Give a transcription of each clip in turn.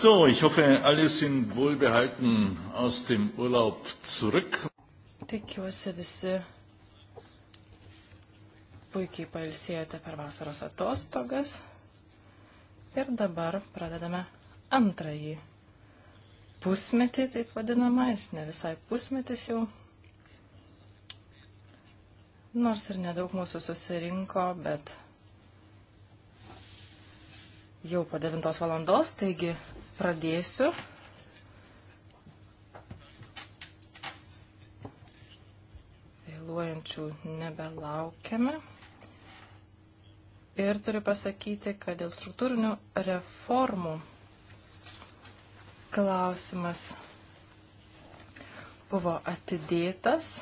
So, ich hoffe, alle sind wohlbehalten aus dem Urlaub zurück. Tikiuosi visi puikiai pailsėjote per vasaros atostogas. Ir dabar pradedame antrąjį pusmetį, taip vadinamais, ne visai pusmetis jau. Nors ir nedaug mūsų susirinko, bet jau po 9 valandos, taigi pradėsiu. Vėluojančių nebelaukiame. Ir turiu pasakyti, kad dėl struktūrinių reformų klausimas buvo atidėtas.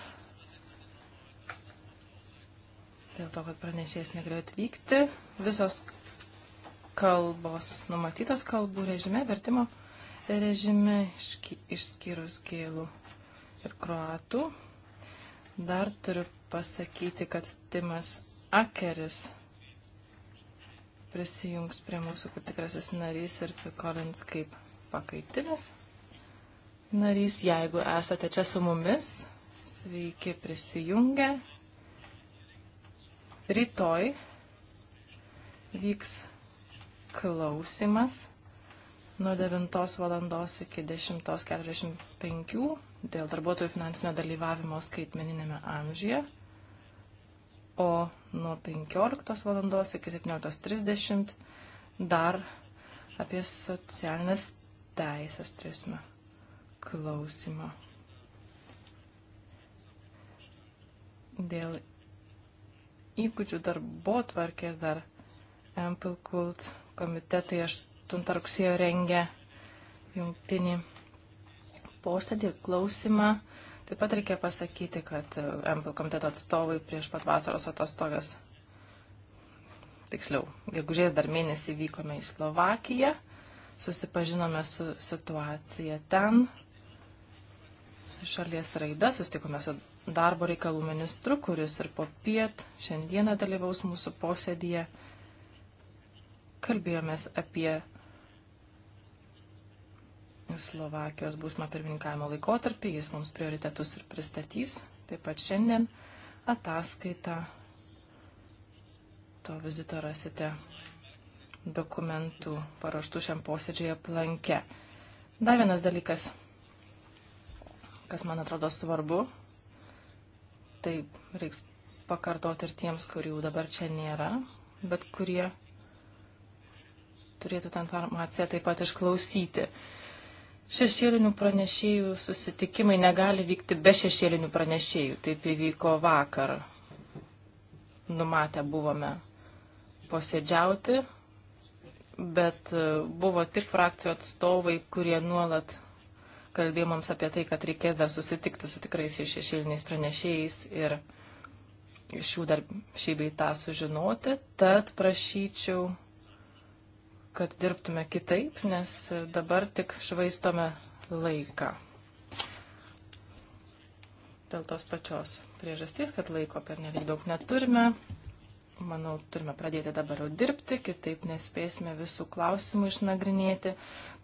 Dėl to, kad pranešėjas negalėjo atvykti, visos kalbos numatytos kalbų režime, vertimo režime, išskyrus gėlų ir kroatų. Dar turiu pasakyti, kad Timas Akeris prisijungs prie mūsų kaip tikrasis narys ir Pikolins kaip pakaitinis narys. Jeigu esate čia su mumis, sveiki prisijungę. Rytoj vyks klausimas nuo 9 valandos iki 10.45 dėl darbuotojų finansinio dalyvavimo skaitmeninėme amžiuje, o nuo 15 valandos iki 17.30 dar apie socialinės teisės turėsime klausimą. Dėl įgūdžių darbo tvarkės dar Ample Cult komitetai 8 rugsėjo rengia jungtinį posėdį, klausimą. Taip pat reikia pasakyti, kad e, MPL komiteto atstovai prieš pat vasaros atostogas, tiksliau, gegužės dar mėnesį vykome į Slovakiją, susipažinome su situacija ten, su šalies raida, sustikome su darbo reikalų ministru, kuris ir po piet šiandieną dalyvaus mūsų posėdėje kalbėjomės apie Slovakijos būsimą pirmininkavimo laikotarpį, jis mums prioritetus ir pristatys, taip pat šiandien ataskaitą to vizito rasite dokumentų paruoštų šiam posėdžiai aplankę. Dar vienas dalykas, kas man atrodo svarbu, tai reiks pakartoti ir tiems, kurių dabar čia nėra, bet kurie turėtų tą informaciją taip pat išklausyti. Šešėlinių pranešėjų susitikimai negali vykti be šešėlinių pranešėjų. Taip įvyko vakar. Numatę buvome posėdžiauti, bet e, buvo tik frakcijų atstovai, kurie nuolat kalbėjo mums apie tai, kad reikės dar susitikti su tikrais šešėliniais pranešėjais ir iš jų dar šį bei tą sužinoti. Tad prašyčiau kad dirbtume kitaip, nes dabar tik švaistome laiką. Dėl tos pačios priežastys, kad laiko per nelik daug neturime, manau, turime pradėti dabar jau dirbti, kitaip nespėsime visų klausimų išnagrinėti.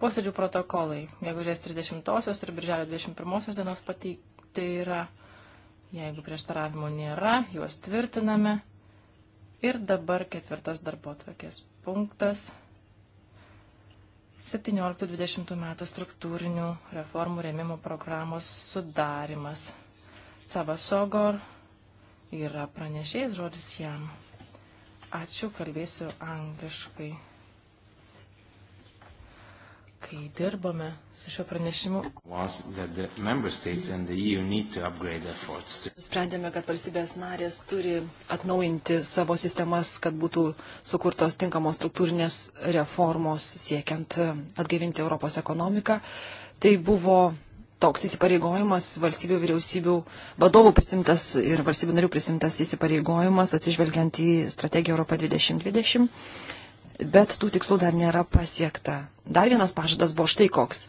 Posėdžių protokolai, jeigu žies 30-osios ir birželio 21-osios dienos pateikti yra, jeigu prieštaravimų nėra, juos tvirtiname. Ir dabar ketvirtas darbo tvarkės punktas 17-20 metų struktūrinių reformų rėmimo programos sudarimas. Savasogor yra pranešėjas žodis jam. Ačiū, kalbėsiu angliškai kai dirbome su šiuo pranešimu, e nusprendėme, kad valstybės narės turi atnaujinti savo sistemas, kad būtų sukurtos tinkamos struktūrinės reformos siekiant e, atgaivinti Europos ekonomiką. Tai buvo toks įsipareigojimas valstybių vyriausybių vadovų prisimtas ir valstybių narių prisimtas įsipareigojimas atsižvelgiant į strategiją Europą 2020 bet tų tikslų dar nėra pasiekta. Dar vienas pažadas buvo štai koks.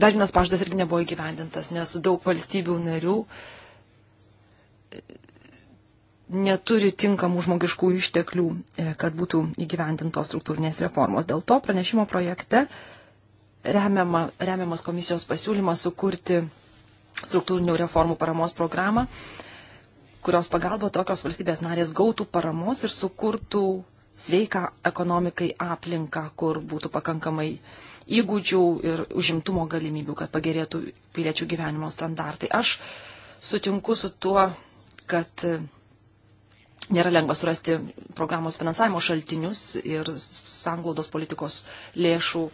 Dar vienas pažadas irgi nebuvo įgyvendintas, nes daug valstybių narių neturi tinkamų žmogiškų išteklių, e, kad būtų įgyvendintos struktūrinės reformos. Dėl to pranešimo projekte remiama, remiamas komisijos pasiūlymas sukurti struktūrinių reformų paramos programą, kurios pagalba tokios valstybės narės gautų paramos ir sukurtų sveiką ekonomikai aplinką, kur būtų pakankamai įgūdžių ir užimtumo galimybių, kad pagerėtų piliečių gyvenimo standartai. Aš sutinku su tuo, kad nėra lengva surasti programos finansavimo šaltinius ir sanglaudos politikos lėšų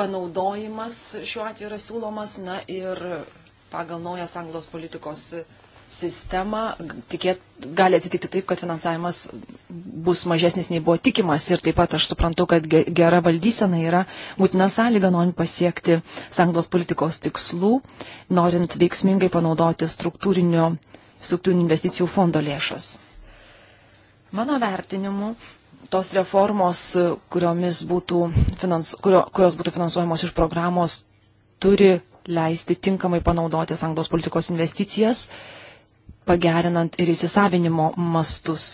panaudojimas šiuo atveju yra siūlomas. Na ir pagal naują sanglaudos politikos sistemą, tikėt, gali atsitikti taip, kad finansavimas bus mažesnis nei buvo tikimas ir taip pat aš suprantu, kad gera valdysena yra būtina sąlyga, norint pasiekti sanglos politikos tikslų, norint veiksmingai panaudoti struktūrinio, struktūrinio investicijų fondo lėšas. Mano vertinimu, tos reformos, kuriomis būtų, finans, kurio, kurios būtų finansuojamos iš programos, turi leisti tinkamai panaudoti sanglos politikos investicijas pagerinant ir įsisavinimo mastus.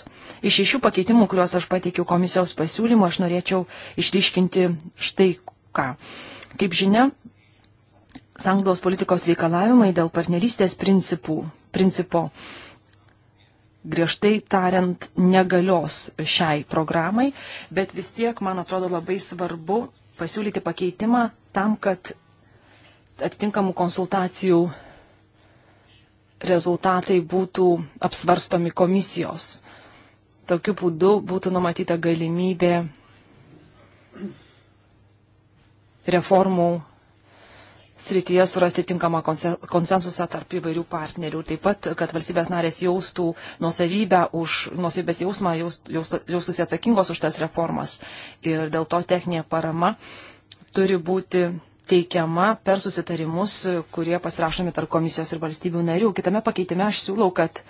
Iš šešių pakeitimų, kuriuos aš pateikiau komisijos pasiūlymu, aš norėčiau išryškinti štai ką. Kaip žinia, sanglaus politikos reikalavimai dėl partnerystės principų, principo griežtai tariant negalios šiai programai, bet vis tiek, man atrodo, labai svarbu pasiūlyti pakeitimą tam, kad atitinkamų konsultacijų rezultatai būtų apsvarstomi komisijos. Tokiu būdu būtų numatyta galimybė reformų srityje surasti tinkamą konsensusą tarp įvairių partnerių. Taip pat, kad valstybės narės jaustų nusavybę už, nusavybės jausmą, jaust, jaustųsi atsakingos už tas reformas. Ir dėl to techninė parama turi būti teikiama per susitarimus, kurie pasirašomi tarp komisijos ir valstybių narių. Kitame pakeitime aš siūlau, kad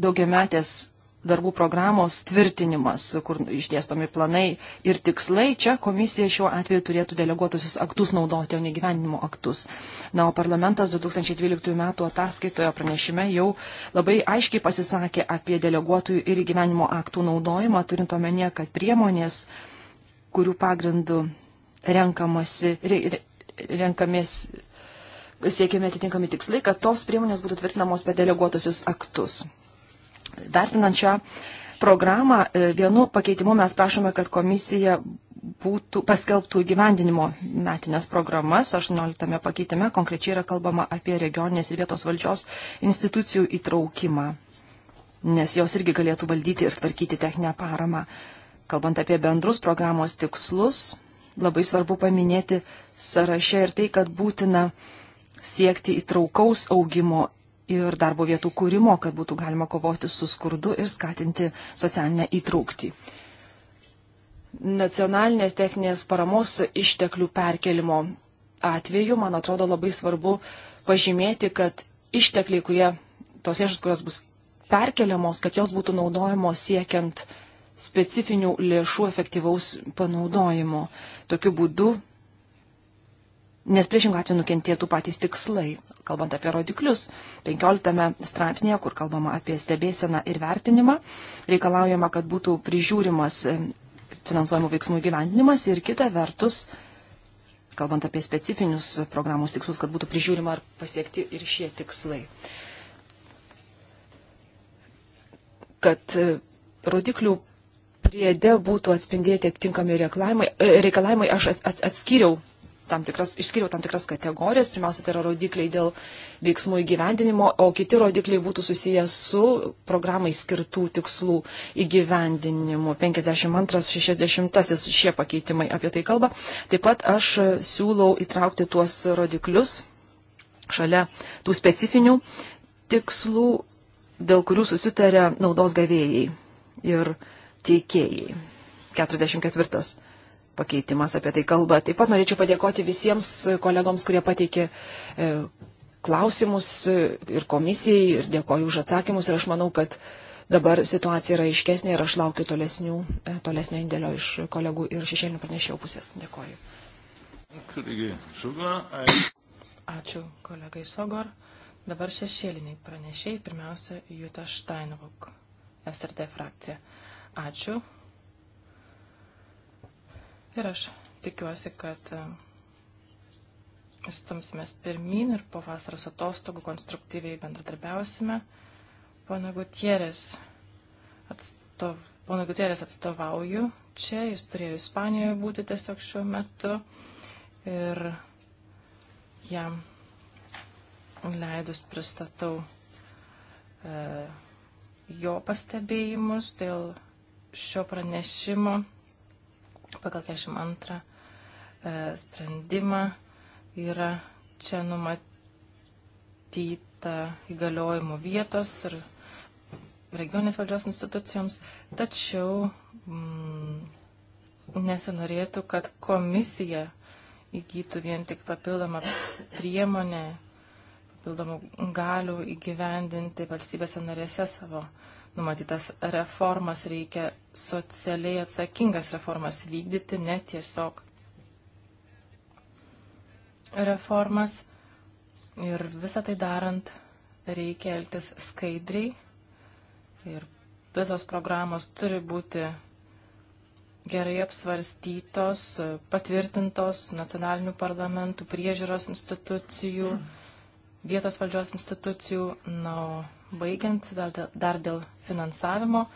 daugiametės darbų programos tvirtinimas, kur išdėstomi planai ir tikslai, čia komisija šiuo atveju turėtų deleguotusius aktus naudoti, o ne gyvenimo aktus. Na, o parlamentas 2012 m. ataskaitoje pranešime jau labai aiškiai pasisakė apie deleguotųjų ir gyvenimo aktų naudojimą, turint omenyje, kad priemonės, kurių pagrindų renkamasi, re, re, renkamės, siekiami atitinkami tikslai, kad tos priemonės būtų tvirtinamos per deleguotusius aktus. Vertinant šią programą, e, vienu pakeitimu mes prašome, kad komisija būtų paskelbtų gyvendinimo metinės programas. 18 pakeitime konkrečiai yra kalbama apie regioninės ir vietos valdžios institucijų įtraukimą, nes jos irgi galėtų valdyti ir tvarkyti techninę paramą. Kalbant apie bendrus programos tikslus, labai svarbu paminėti sąraše ir tai, kad būtina siekti įtraukaus augimo ir darbo vietų kūrimo, kad būtų galima kovoti su skurdu ir skatinti socialinę įtraukti. Nacionalinės techninės paramos išteklių perkelimo atveju, man atrodo, labai svarbu pažymėti, kad ištekliai, kurie, tos lėšos, kurios bus perkeliamos, kad jos būtų naudojamos siekiant specifinių lėšų efektyvaus panaudojimo. Tokiu būdu, nes priešingų atveju nukentėtų patys tikslai, kalbant apie rodiklius. 15 straipsnėje, kur kalbama apie stebėseną ir vertinimą, reikalaujama, kad būtų prižiūrimas e, finansuojamų veiksmų gyvendinimas ir kita vertus, kalbant apie specifinius programos tikslus, kad būtų prižiūrima ar pasiekti ir šie tikslai. Kad e, rodiklių priede būtų atspindėti atitinkami e, reikalavimai. Aš atskyriau tam tikras, išskiriau tam tikras kategorijas. Pirmiausia, tai yra rodikliai dėl veiksmų įgyvendinimo, o kiti rodikliai būtų susijęs su programai skirtų tikslų įgyvendinimu. 52-60 šie pakeitimai apie tai kalba. Taip pat aš siūlau įtraukti tuos rodiklius šalia tų specifinių tikslų, dėl kurių susitarė naudos gavėjai. Ir tiekėjai. 44 pakeitimas apie tai kalba. Taip pat norėčiau padėkoti visiems kolegoms, kurie pateikė e, klausimus ir komisijai ir dėkoju už atsakymus ir aš manau, kad dabar situacija yra iškesnė ir aš laukiu tolesnių, e, tolesnio indėlio iš kolegų ir šešėlinių pranešėjų pusės. Dėkoju. Ačiū kolegai Sogor. Dabar šešėliniai pranešėjai, pirmiausia, Juta Steinvuk, SRT frakcija. Ačiū. Ir aš tikiuosi, kad e, stumsimės pirmin ir po vasaros atostogų konstruktyviai bendradarbiausime. Pana Gutierės, atstov, Pana Gutierės atstovauju čia, jis turėjo Ispanijoje būti tiesiog šiuo metu ir jam leidus pristatau e, jo pastebėjimus dėl šio pranešimo pagal 42 e, sprendimą yra čia numatyta įgaliojimų vietos ir regioninės valdžios institucijoms, tačiau mm, nesinorėtų, kad komisija įgytų vien tik papildomą priemonę, papildomų galių įgyvendinti valstybėse narėse savo numatytas reformas reikia socialiai atsakingas reformas vykdyti, ne tiesiog reformas. Ir visą tai darant reikia elgtis skaidriai ir visos programos turi būti gerai apsvarstytos, patvirtintos nacionalinių parlamentų, priežiūros institucijų, vietos valdžios institucijų. Na, baigiant dar dėl finansavimo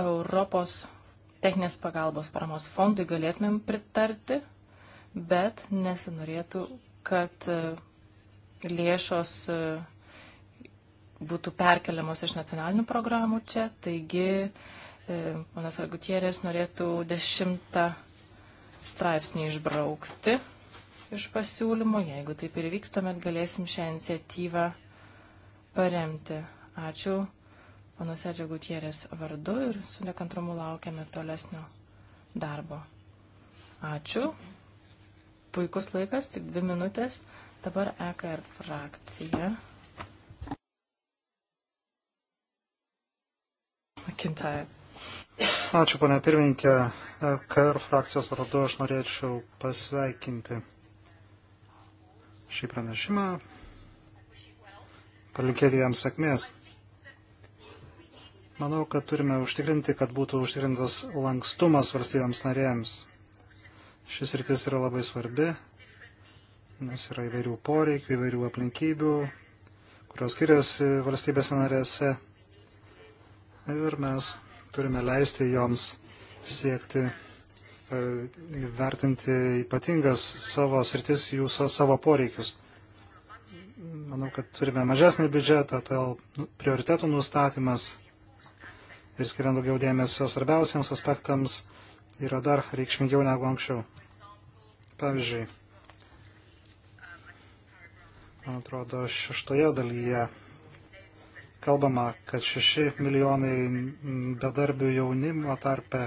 Europos techninės pagalbos paramos fondui galėtumėm pritarti, bet nesinorėtų, kad e, lėšos e, būtų perkeliamos iš nacionalinių programų čia. Taigi, e, ponas Argutierės norėtų dešimtą straipsnį išbraukti iš pasiūlymo. Jeigu taip ir vyks, tuomet galėsim šią iniciatyvą paremti. Ačiū pono Sedžio Gutierės vardu ir su nekantrumu laukiame tolesnio darbo. Ačiū. Puikus laikas, tik dvi minutės. Dabar EKR frakcija. Makintaja. Ačiū, ponia pirmininkė. EKR frakcijos vardu aš norėčiau pasveikinti šį pranešimą. Palinkėti jam sėkmės. Manau, kad turime užtikrinti, kad būtų užtikrintas lankstumas valstybėms narėjams. Šis rytis yra labai svarbi, nes yra įvairių poreikių, įvairių aplinkybių, kurios skiriasi valstybėse narėse. Ir mes turime leisti joms siekti, e, vertinti ypatingas savo sritis, jų savo poreikius manau, kad turime mažesnį biudžetą, todėl prioritetų nustatymas ir skiriant daugiau dėmesio svarbiausiams aspektams yra dar reikšmingiau negu anksčiau. Pavyzdžiui, man atrodo, šeštoje dalyje kalbama, kad šeši milijonai bedarbių jaunimo tarpe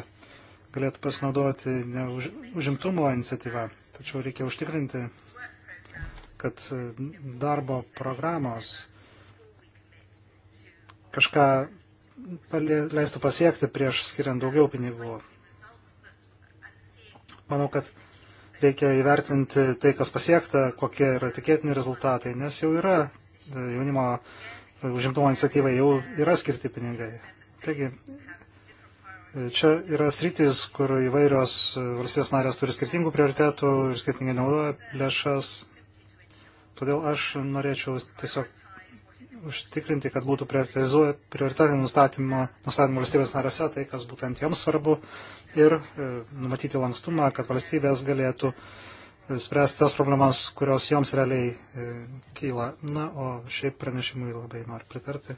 galėtų pasinaudoti už, užimtumo iniciatyvą. Tačiau reikia užtikrinti, kad darbo programos kažką leistų pasiekti prieš skiriant daugiau pinigų. Manau, kad reikia įvertinti tai, kas pasiekta, kokie yra tikėtini rezultatai, nes jau yra e, jaunimo e, užimtumo iniciatyvai, jau yra skirti pinigai. Taigi, e, čia yra sritis, kur įvairios valstybės narės turi skirtingų prioritetų ir skirtingai naudoja lėšas. Todėl aš norėčiau tiesiog užtikrinti, kad būtų prioritetinį nustatymą, nustatymą valstybės narėse, tai kas būtent joms svarbu, ir e, numatyti lankstumą, kad valstybės galėtų e, spręsti tas problemas, kurios joms realiai e, kyla. Na, o šiaip pranešimui labai noriu pritarti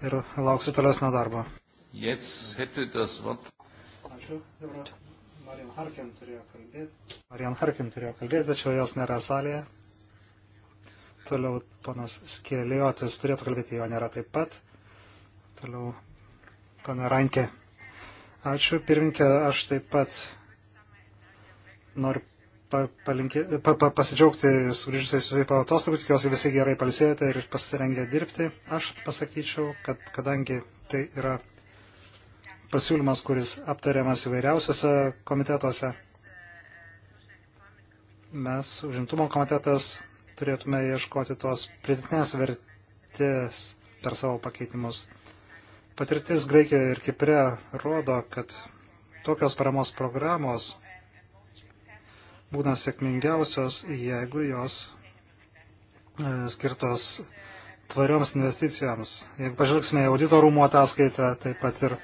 ir lauksiu tolesnio darbo. Ačiū. Dabar Marian Harkin turėjo kalbėti. Marian Harkin turėjo kalbėti, tačiau jos nėra salėje. Toliau panas Skėliotis turėtų kalbėti, jo nėra taip pat. Toliau pana Rankė. Ačiū, pirminkė, aš taip pat noriu pa, palinkė, pa, pa, pasidžiaugti sugrįžusiais visai po atostogų, tikiuosi visi gerai palsėjote ir pasirengę dirbti. Aš pasakyčiau, kad kadangi tai yra pasiūlymas, kuris aptariamas įvairiausiose komitetuose, mes, užimtumo komitetas, turėtume ieškoti tos pridėtinės vertės per savo pakeitimus. Patirtis Graikijoje ir Kipre rodo, kad tokios paramos programos būna sėkmingiausios, jeigu jos e, skirtos tvarioms investicijoms. Jeigu pažvelgsime į audito rūmų ataskaitą, taip pat ir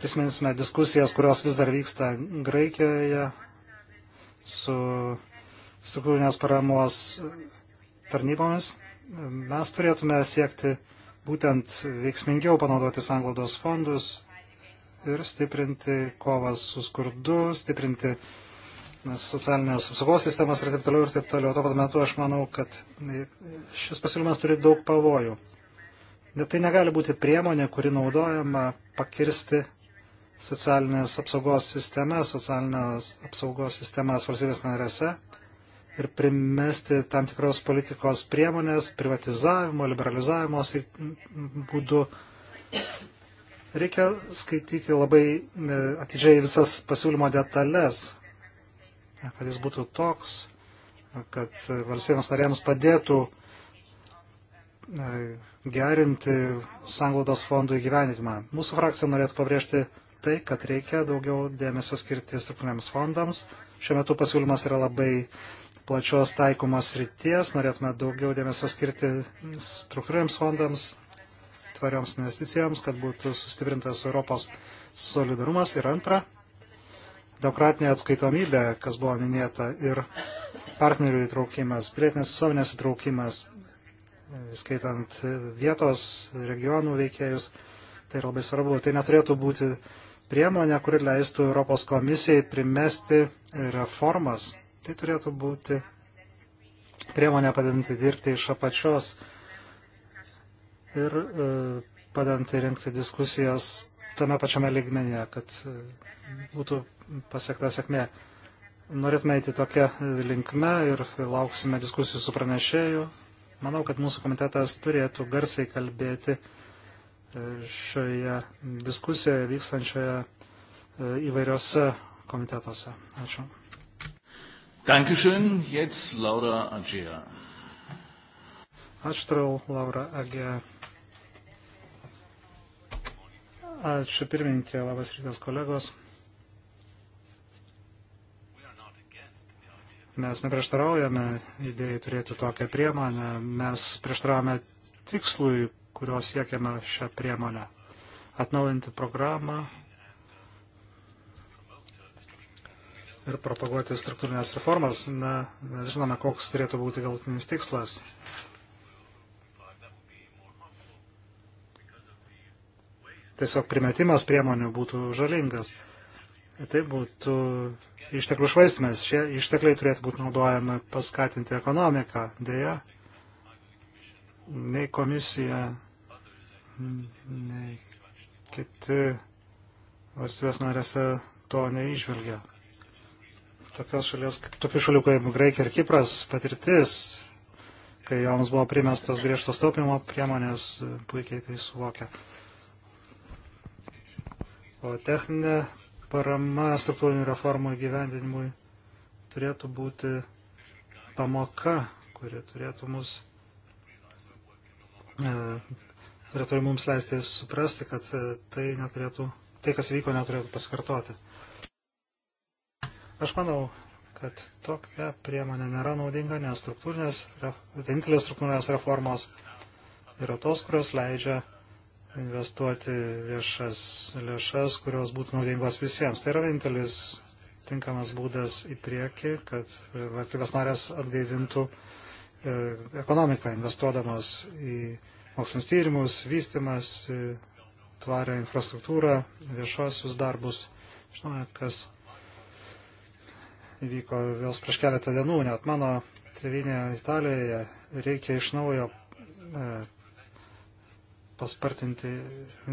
prisiminsime diskusijas, kurios vis dar vyksta Graikijoje su struktūrinės paramos tarnybomis, mes turėtume siekti būtent veiksmingiau panaudoti sanglaudos fondus ir stiprinti kovas su skurdu, stiprinti socialinės apsaugos sistemas ir taip toliau ir taip toliau. Tuo pat metu aš manau, kad šis pasiūlymas turi daug pavojų. Bet tai negali būti priemonė, kuri naudojama pakirsti socialinės apsaugos sistemas, socialinės apsaugos sistemas valstybės narėse ir primesti tam tikros politikos priemonės privatizavimo, liberalizavimo būdu. Reikia skaityti labai e, atidžiai visas pasiūlymo detalės, e, kad jis būtų toks, e, kad valstybės narėms padėtų gerinti sanglaudos fondų įgyvenimą. Mūsų frakcija norėtų pabrėžti tai, kad reikia daugiau dėmesio skirti struktūriniams fondams. Šiuo metu pasiūlymas yra labai plačios taikomos ryties, norėtume daugiau dėmesio skirti struktūriams fondams, tvarioms investicijoms, kad būtų sustiprintas Europos solidarumas. Ir antra, demokratinė atskaitomybė, kas buvo minėta, ir partnerių įtraukimas, pilietinės visuomenės įtraukimas, skaitant vietos, regionų veikėjus. Tai yra labai svarbu. Tai neturėtų būti priemonė, kuri leistų Europos komisijai primesti reformas Tai turėtų būti priemonė padedinti dirbti iš apačios ir e, padedinti rinkti diskusijas tame pačiame ligmenyje, kad e, būtų pasiekta sėkmė. Norėtume eiti tokią e, linkmę ir lauksime diskusijų su pranešėju. Manau, kad mūsų komitetas turėtų garsiai kalbėti šioje diskusijoje vykstančioje įvairiose komitetuose. Ačiū. Dankeschön, jetzt Laura Agea. Ačiū toliau, Laura Agea. Ačiū pirmininkė, labas rytas kolegos. Mes neprieštaraujame idėjai turėti tokią priemonę, mes prieštaravome tikslui, kurios siekiame šią priemonę. Atnaujinti programą, ir propaguoti struktūrinės reformas, na, mes žinome, koks turėtų būti galutinis tikslas. Tiesiog primetimas priemonių būtų žalingas. Tai būtų išteklių švaistimas. Šie ištekliai turėtų būti naudojami paskatinti ekonomiką. Deja, nei komisija, nei kiti valstybės narėse to neižvelgia tokios šalies, tokių šalių kaip Graikija ir Kipras patirtis, kai joms buvo primestos griežtos taupimo priemonės, puikiai tai suvokia. O techninė parama struktūrinių reformų gyvendinimui turėtų būti pamoka, kuri turėtų mus e, turėtų mums leisti suprasti, kad e, tai neturėtų, tai kas vyko neturėtų pasikartoti. Aš manau, kad tokia priemonė nėra naudinga, nes struktūrinės, vienintelės struktūrinės reformos yra tos, kurios leidžia investuoti viešas lėšas, kurios būtų naudingos visiems. Tai yra vienintelis tinkamas būdas į priekį, kad e, valstybės narės atgaivintų e, ekonomiką, investuodamos į mokslinius tyrimus, vystimas, e, tvarę infrastruktūrą, viešuosius darbus. Žinome, kas įvyko vėl prieš keletą dienų, net mano tėvinėje Italijoje reikia iš naujo e, paspartinti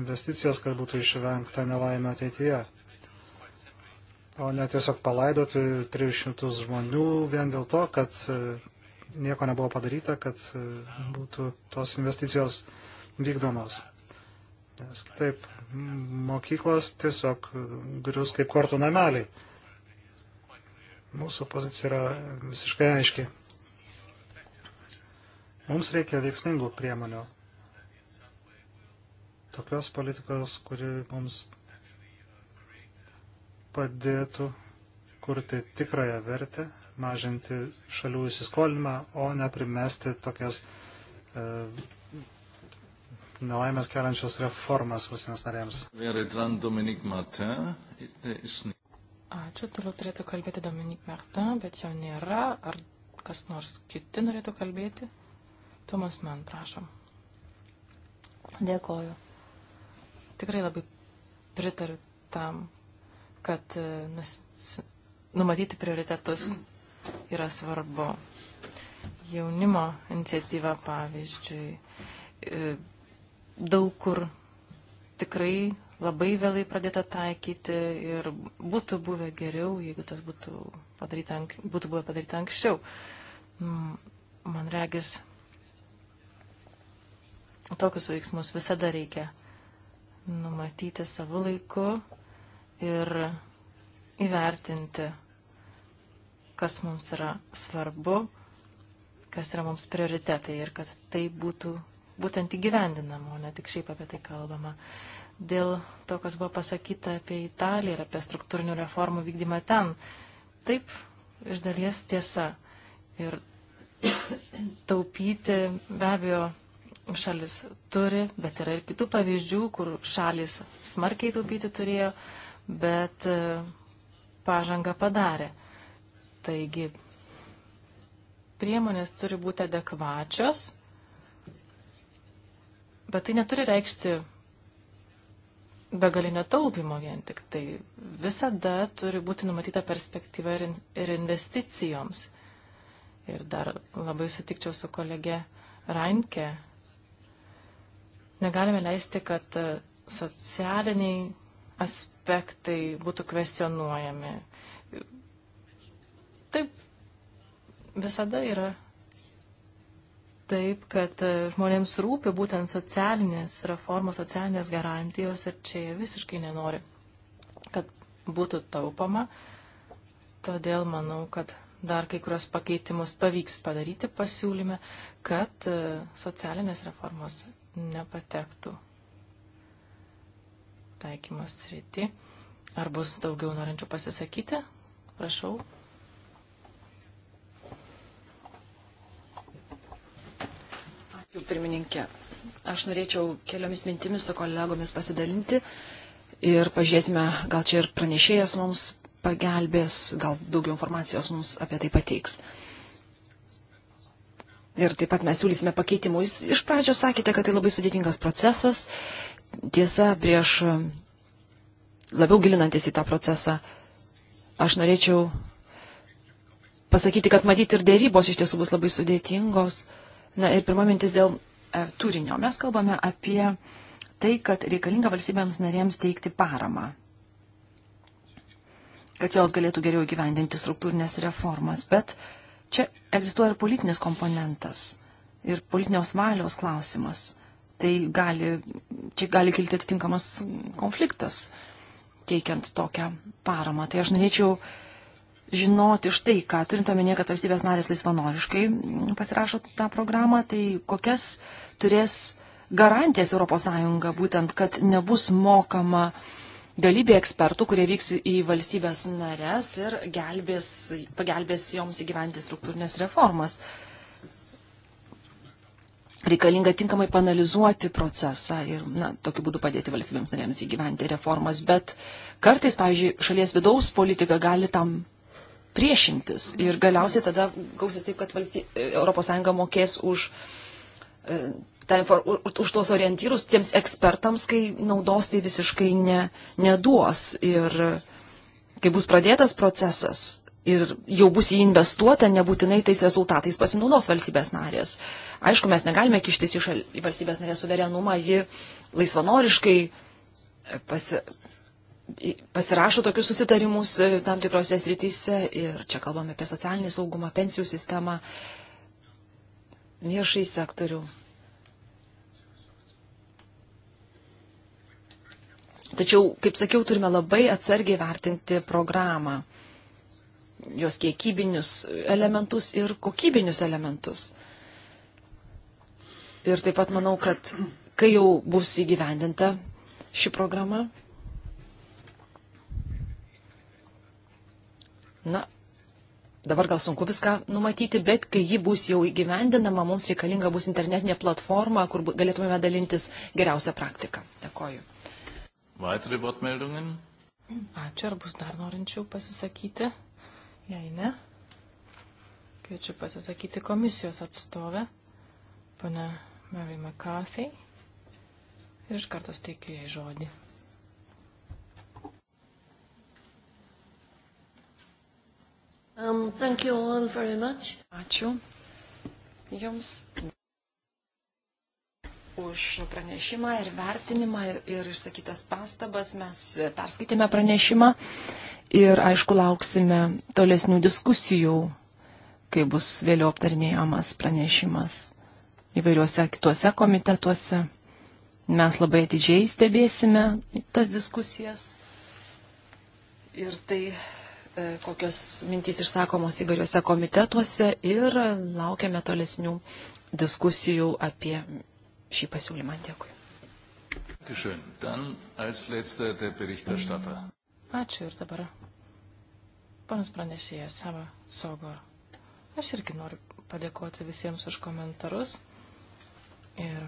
investicijas, kad būtų išvengta nelaimė ateityje. O ne tiesiog palaidoti 300 žmonių vien dėl to, kad e, nieko nebuvo padaryta, kad e, būtų tos investicijos vykdomos. Nes kitaip mokyklos tiesiog grius kaip kortų nameliai. Mūsų pozicija yra visiškai aiški. Mums reikia veiksmingų priemonių. Tokios politikos, kuri mums padėtų kurti tikrąją vertę, mažinti šalių įsiskolinimą, o ne primesti tokias e, nelaimės keliančios reformas visiems narėms. Ačiū, toliau turėtų kalbėti Dominik Merta, bet jo nėra. Ar kas nors kiti norėtų kalbėti? Tomas man, prašom. Dėkoju. Tikrai labai pritariu tam, kad e, nus, numatyti prioritetus yra svarbu. Jaunimo iniciatyva, pavyzdžiui, e, daug kur tikrai labai vėlai pradėta taikyti ir būtų buvę geriau, jeigu tas būtų, padaryta, būtų buvę padaryta anksčiau. Mm, man regis, tokius veiksmus visada reikia numatyti savo laiku ir įvertinti, kas mums yra svarbu, kas yra mums prioritetai ir kad tai būtų būtent įgyvendinama, o ne tik šiaip apie tai kalbama dėl to, kas buvo pasakyta apie Italiją ir apie struktūrinių reformų vykdymą ten. Taip, iš dalies tiesa. Ir taupyti be abejo šalis turi, bet yra ir kitų pavyzdžių, kur šalis smarkiai taupyti turėjo, bet e, pažanga padarė. Taigi, priemonės turi būti adekvačios, bet tai neturi reikšti begalinio taupimo vien tik tai. Visada turi būti numatyta perspektyva ir, ir investicijoms. Ir dar labai sutikčiau su kolegė Rankė. Negalime leisti, kad e, socialiniai aspektai būtų kvestionuojami. Taip visada yra taip, kad e, žmonėms rūpi būtent socialinės reformos, socialinės garantijos ir čia jie visiškai nenori, kad būtų taupama. Todėl manau, kad dar kai kurios pakeitimus pavyks padaryti pasiūlyme, kad e, socialinės reformos nepatektų taikymas srity. Ar bus daugiau norinčių pasisakyti? Prašau. Ačiū pirmininkė. Aš norėčiau keliomis mintimis su kolegomis pasidalinti ir pažiūrėsime, gal čia ir pranešėjas mums pagelbės, gal daugiau informacijos mums apie tai pateiks. Ir taip pat mes siūlysime pakeitimus. Iš pradžio sakėte, kad tai labai sudėtingas procesas. Tiesa, prieš um, labiau gilinantis į tą procesą, aš norėčiau pasakyti, kad matyti ir dėrybos iš tiesų bus labai sudėtingos. Uh, Na ir pirma mintis dėl e, turinio. Mes kalbame apie tai, kad reikalinga valstybėms narėms teikti paramą, kad jos galėtų geriau gyvendinti struktūrinės reformas. Bet čia egzistuoja ir politinis komponentas, ir politinios valios klausimas. Tai gali, čia gali kilti atitinkamas konfliktas, teikiant tokią paramą. Tai aš norėčiau žinoti štai ką, turint omenyje, kad valstybės narės laisvanoriškai pasirašo tą programą, tai kokias turės garantijas ES būtent, kad nebus mokama galybė ekspertų, kurie vyks į valstybės narės ir gelbės, pagelbės joms įgyventi struktūrinės reformas. Reikalinga tinkamai panalizuoti procesą ir na, tokiu būdu padėti valstybėms narėms įgyventi reformas, bet kartais, pavyzdžiui, šalies vidaus politika gali tam priešintis. Ir galiausiai tada gausis taip, kad valsty... ES mokės už, e, ta, už tuos orientyrus tiems ekspertams, kai naudos tai visiškai ne, neduos. Ir kai bus pradėtas procesas ir jau bus į investuota, nebūtinai tais rezultatais pasinaudos valstybės narės. Aišku, mes negalime kištis į, šal... į valstybės narės suverenumą, ji laisvanoriškai pasi pasirašo tokius susitarimus e, tam tikrose srityse ir čia kalbame apie socialinį saugumą, pensijų sistemą, viešai sektorių. Tačiau, kaip sakiau, turime labai atsargiai vertinti programą, jos kiekybinius elementus ir kokybinius elementus. Ir taip pat manau, kad kai jau bus įgyvendinta ši programa, Na, dabar gal sunku viską numatyti, bet kai ji bus jau įgyvendinama, mums reikalinga bus internetinė platforma, kur galėtumėme dalintis geriausią praktiką. Dėkoju. Ačiū, ar bus dar norinčių pasisakyti? Jei ne, kviečiu pasisakyti komisijos atstovę, pana Mary McCarthy. Ir iš karto steikiu jai žodį. Um, thank you all very much. Ačiū Jums už pranešimą ir vertinimą ir, ir išsakytas pastabas. Mes perskaitėme pranešimą ir, aišku, lauksime tolesnių diskusijų, kai bus vėliau aptarinėjamas pranešimas įvairiuose kituose komitetuose. Mes labai atidžiai stebėsime tas diskusijas. Ir tai E, kokios mintys išsakomos įvairiuose komitetuose ir laukiame tolesnių diskusijų apie šį pasiūlymą. Dėkui. Ačiū ir dabar. Panas pranešėjas savo saugo. Aš irgi noriu padėkoti visiems už komentarus ir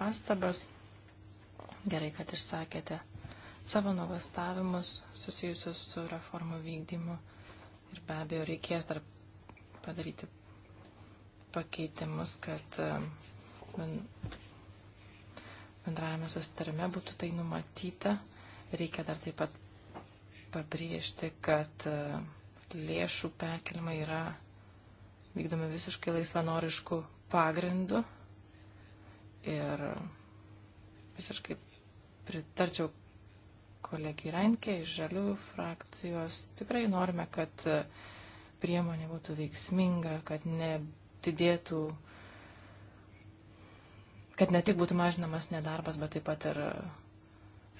pastabas. Gerai, kad išsakėte savo nuogastavimus susijusius su reformų vykdymu ir be abejo reikės dar padaryti pakeitimus, kad bendravime susitarime būtų tai numatyta. Reikia dar taip pat pabrėžti, kad lėšų perkelimai yra vykdomi visiškai laisvanoriškų pagrindų ir visiškai pritarčiau kolegį Renkę iš Žaliųjų frakcijos. Tikrai norime, kad e, priemonė būtų veiksminga, kad nedidėtų, kad ne tik būtų mažinamas nedarbas, bet taip pat ir e,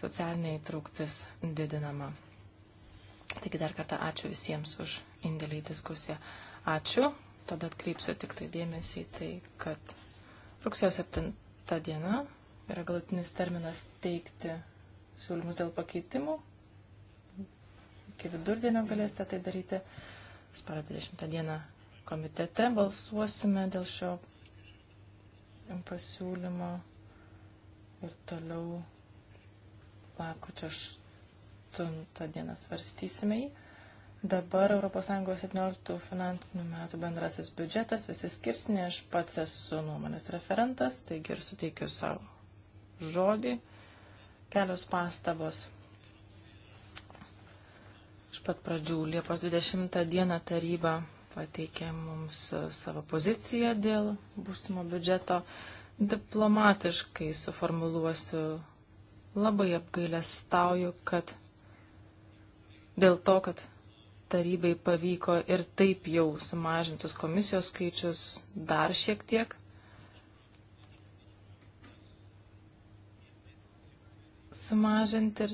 socialinė įtrauktis didinama. Taigi dar kartą ačiū visiems už indėlį į diskusiją. Ačiū. Tada atkreipsiu tik tai dėmesį į tai, kad rugsėjo 7 diena yra galutinis terminas teikti siūlymus dėl pakeitimų. Iki vidurdienio galėsite tai daryti. Spalio 20 dieną komitete balsuosime dėl šio pasiūlymo ir toliau lakučio 8 dieną svarstysime jį. Dabar ES 17 finansinių metų bendrasis biudžetas, visi skirsniai, aš pats esu nuomonės referentas, taigi ir suteikiu savo žodį. Kelios pastabos. Iš pat pradžių Liepos 20 dieną taryba pateikė mums e, savo poziciją dėl būsimo biudžeto. Diplomatiškai suformuluosiu, labai apgailestauju, kad dėl to, kad tarybai pavyko ir taip jau sumažintus komisijos skaičius dar šiek tiek sumažinti ir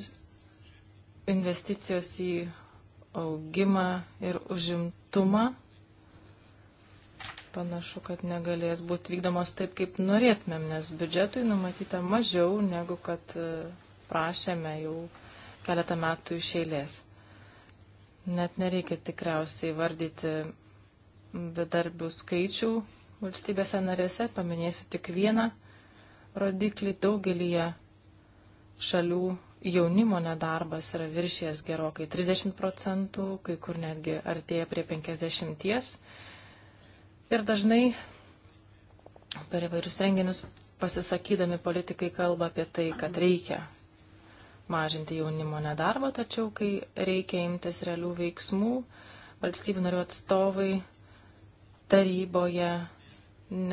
investicijos į augimą ir užimtumą panašu, kad negalės būti vykdomos taip, kaip norėtumėm, nes biudžetui numatyta mažiau negu kad e, prašėme jau keletą metų iš eilės. Net nereikia tikriausiai vardyti bedarbių skaičių valstybėse narėse, paminėsiu tik vieną rodiklį daugelyje šalių jaunimo nedarbas yra viršijęs gerokai 30 procentų, kai kur netgi artėja prie 50. Ir dažnai per įvairius renginius pasisakydami politikai kalba apie tai, kad reikia mažinti jaunimo nedarbą, tačiau kai reikia imtis realių veiksmų, valstybių narių atstovai taryboje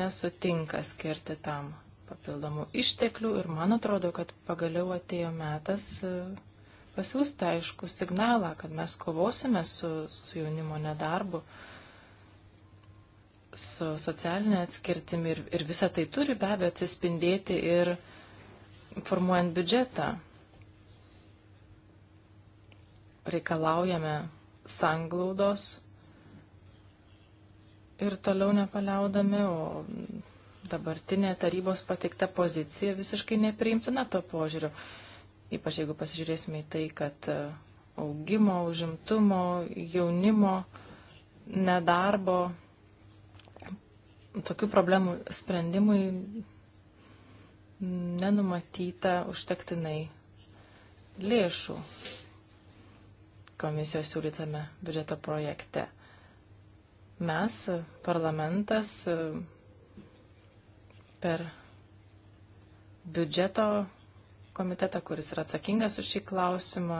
nesutinka skirti tam papildomų išteklių ir man atrodo, kad pagaliau atėjo metas e, pasiūsti aišku signalą, kad mes kovosime su, su jaunimo nedarbu, su socialinė atskirtimi ir, ir visa tai turi be abejo atsispindėti ir formuojant biudžetą. Reikalaujame sanglaudos ir toliau nepaliaudami, o dabartinė tarybos pateikta pozicija visiškai nepriimtina to požiūriu. Ypač jeigu pasižiūrėsime į tai, kad e, augimo, užimtumo, jaunimo, nedarbo, tokių problemų sprendimui nenumatyta užtektinai lėšų komisijos siūlytame biudžeto projekte. Mes, parlamentas, per biudžeto komitetą, kuris yra atsakingas už šį klausimą,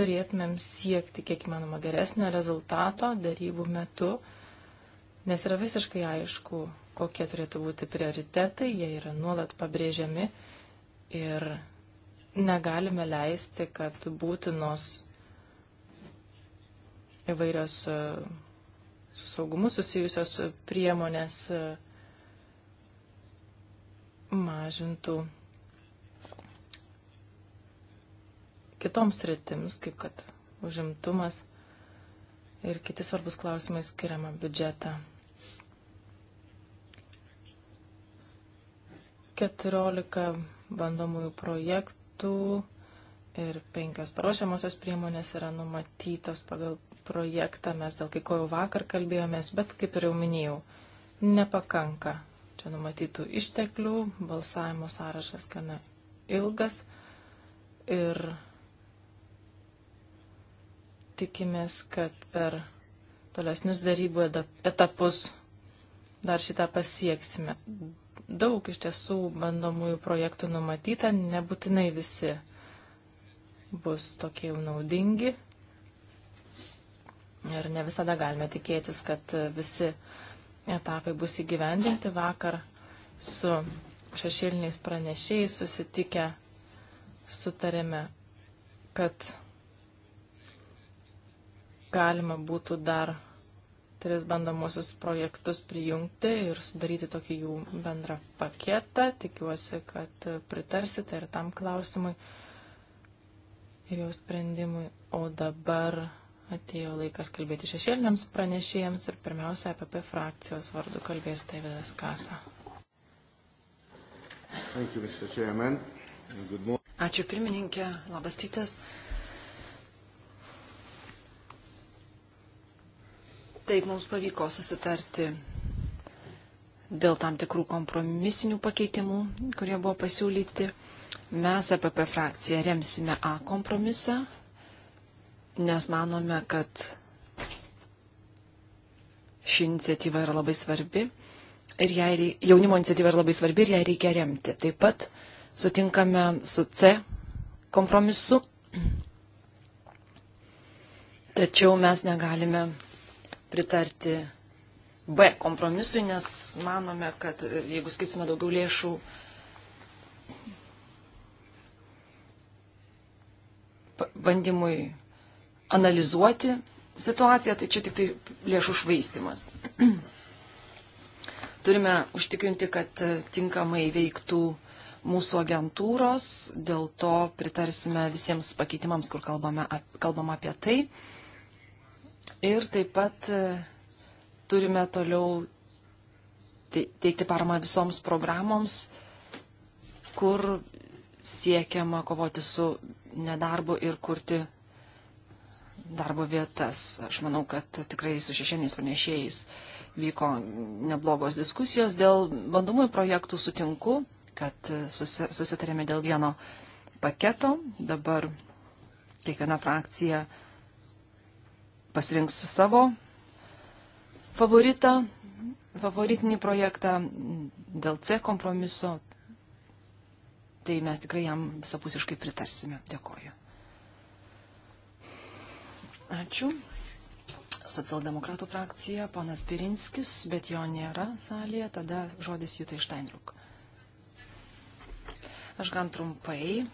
turėtumėm siekti kiek įmanoma geresnio rezultato darybų metu, nes yra visiškai aišku, kokie turėtų būti prioritetai, jie yra nuolat pabrėžiami ir negalime leisti, kad būtinos įvairios e, su saugumu susijusios priemonės uh, mažintų kitoms rytims, kaip kad užimtumas ir kiti svarbus klausimai skiriama biudžetą. 14 bandomųjų projektų ir 5 paruošiamosios priemonės yra numatytos pagal projektą. Mes dėl kai ko jau vakar kalbėjomės, bet kaip ir jau minėjau, nepakanka čia numatytų išteklių, balsavimo sąrašas gana ilgas ir tikimės, kad per tolesnius darybų etapus dar šitą pasieksime. Daug iš tiesų bandomųjų projektų numatyta, nebūtinai visi bus tokie jau naudingi. Ir ne visada galime tikėtis, kad visi uh, etapai bus įgyvendinti. Vakar su šešėliniais pranešėjais susitikę sutarėme, kad galima būtų dar tris bandomosius projektus prijungti ir sudaryti tokį jų bendrą paketą. Tikiuosi, kad pritarsite ir tam klausimui ir jau sprendimui. O dabar atėjo laikas kalbėti šešėliniams pranešėjams ir pirmiausia APP e frakcijos vardu kalbės Taivedas Kasa. You, Ačiū pirmininkė, labas rytas. Taip mums pavyko susitarti dėl tam tikrų kompromisinių pakeitimų, kurie buvo pasiūlyti. Mes APP e frakciją remsime A kompromisą, nes manome, kad ši iniciatyva yra labai svarbi ir jai, reikia, jaunimo iniciatyva yra labai svarbi ir ją reikia remti. Taip pat sutinkame su C kompromisu, tačiau mes negalime pritarti B kompromisui, nes manome, kad jeigu skirsime daugiau lėšų bandymui analizuoti situaciją, tai čia tik tai lėšų švaistimas. Turime užtikrinti, kad tinkamai veiktų mūsų agentūros, dėl to pritarsime visiems pakeitimams, kur kalbame, kalbame apie tai. Ir taip pat e, turime toliau teikti paramą visoms programoms, kur siekiama kovoti su nedarbu ir kurti darbo vietas. Aš manau, kad tikrai su šešėniais pranešėjais vyko neblogos diskusijos. Dėl bandomųjų projektų sutinku, kad susitarėme dėl vieno paketo. Dabar kiekviena frakcija pasirinks savo favoritą, favoritinį projektą dėl C kompromiso. Tai mes tikrai jam visapusiškai pritarsime. Dėkoju. Ačiū. Socialdemokratų frakcija, ponas Pirinskis, bet jo nėra salėje, tada žodis Jutai Štainruk. Aš gan trumpai.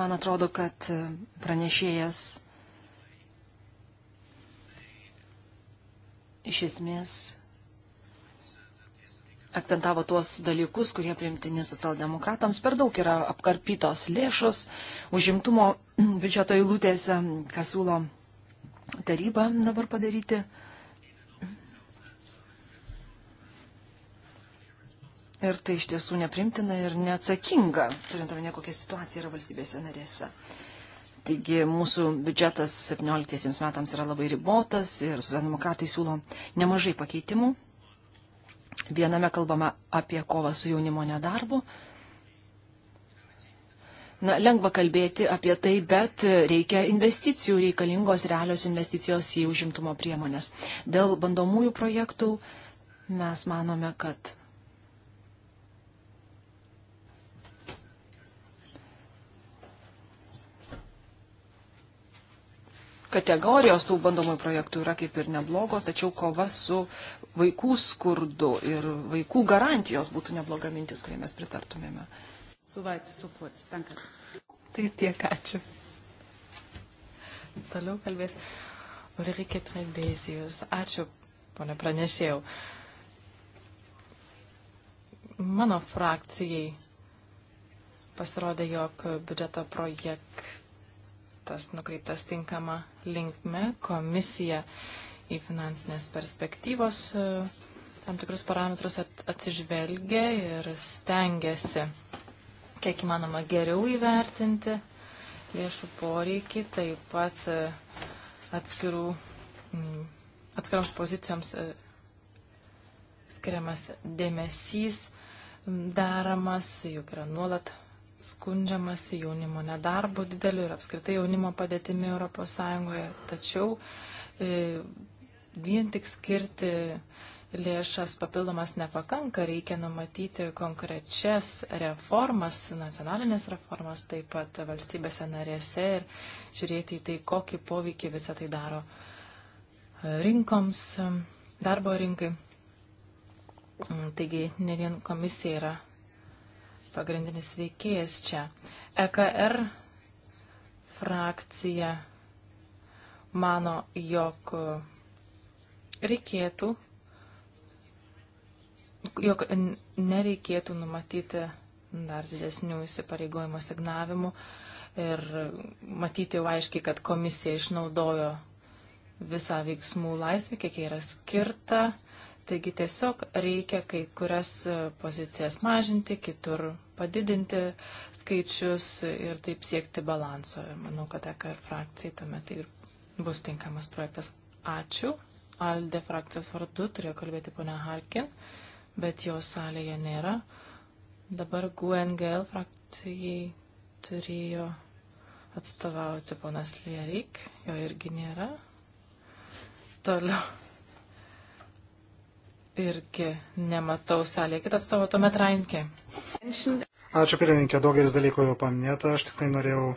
Man atrodo, kad pranešėjas iš esmės akcentavo tuos dalykus, kurie priimtini socialdemokratams. Per daug yra apkarpytos lėšos užimtumo biudžeto eilutėse, ką siūlo taryba dabar padaryti. Ir tai iš tiesų neprimtina ir neatsakinga, turint omenyje, kokia situacija yra valstybėse narėse. Taigi mūsų biudžetas 17 metams yra labai ribotas ir socialdemokratai siūlo nemažai pakeitimų Viename kalbama apie kovą su jaunimo nedarbu. Na, lengva kalbėti apie tai, bet reikia investicijų, reikalingos realios investicijos į užimtumo priemonės. Dėl bandomųjų projektų mes manome, kad kategorijos tų bandomųjų projektų yra kaip ir neblogos, tačiau kova su vaikų skurdu ir vaikų garantijos būtų nebloga mintis, kuriai mes pritartumėme. Suvait, supuots, tenka. Tai tiek, ačiū. Toliau kalbės Ulrike Trebezijus. Ačiū, ponė pranešėjau. Mano frakcijai pasirodė, jog biudžeto projektas nukreiptas tinkama linkme. Komisija uh, į finansinės perspektyvos e, tam tikrus parametrus atsižvelgia ir stengiasi kiek įmanoma geriau įvertinti lėšų poreikį, taip pat e, atskirų, atskiroms pozicijoms e, skiriamas dėmesys deramas, juk yra nuolat skundžiamas jaunimo nedarbo dideliu ir apskritai jaunimo padėtimi ES, tačiau vien tik skirti lėšas papildomas nepakanka, reikia numatyti konkrečias reformas, nacionalinės reformas taip pat valstybėse narėse ir žiūrėti į tai, kokį poveikį visą tai daro rinkoms, darbo rinkai. Taigi ne vien komisija yra pagrindinis veikėjas čia. EKR er frakcija mano, jog reikėtų, jog nereikėtų numatyti dar didesnių įsipareigojimo signavimų ir matyti jau aiškiai, kad komisija išnaudojo visą veiksmų laisvę, kiek yra skirta. Taigi tiesiog reikia kai kurias pozicijas mažinti, kitur padidinti skaičius ir taip siekti balanso. Ir manau, kad EKR frakcijai tuomet tai ir bus tinkamas projektas. Ačiū. Alde frakcijos vardu turėjo kalbėti ponia Harkin, bet jos salėje nėra. Dabar GUNGL frakcijai turėjo atstovauti ponas Lierik, jo irgi nėra. Toliau. Irgi nematau salėje kitą atstovą, tuomet Rainkė. Ačiū pirmininkė, daugelis dalykų jau paminėta, aš tik tai norėjau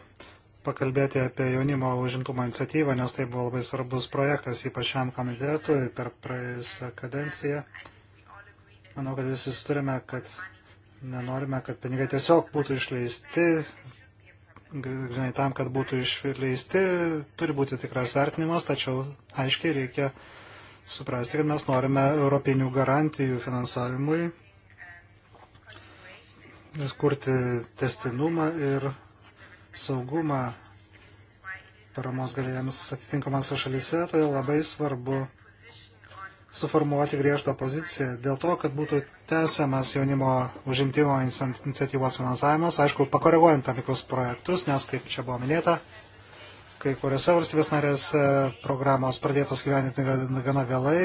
pakalbėti apie jaunimo užimtumo iniciatyvą, nes tai buvo labai svarbus projektas, ypač šiam komitetui per praėjusią kadenciją. Manau, kad visi turime, kad nenorime, kad pinigai tiesiog būtų išleisti, grinai tam, kad būtų išleisti, turi būti tikras vertinimas, tačiau aiškiai reikia suprasti, kad mes norime europinių garantijų finansavimui, kurti testinumą ir saugumą paramos galėjams atitinkamose šalise, todėl labai svarbu suformuoti griežtą poziciją dėl to, kad būtų tęsiamas jaunimo užimtimo iniciatyvos finansavimas, aišku, pakoreguojant tam tikrus projektus, nes, kaip čia buvo minėta, kai kuriuose valstybės narės programos pradėtos gyveninti gana vėlai,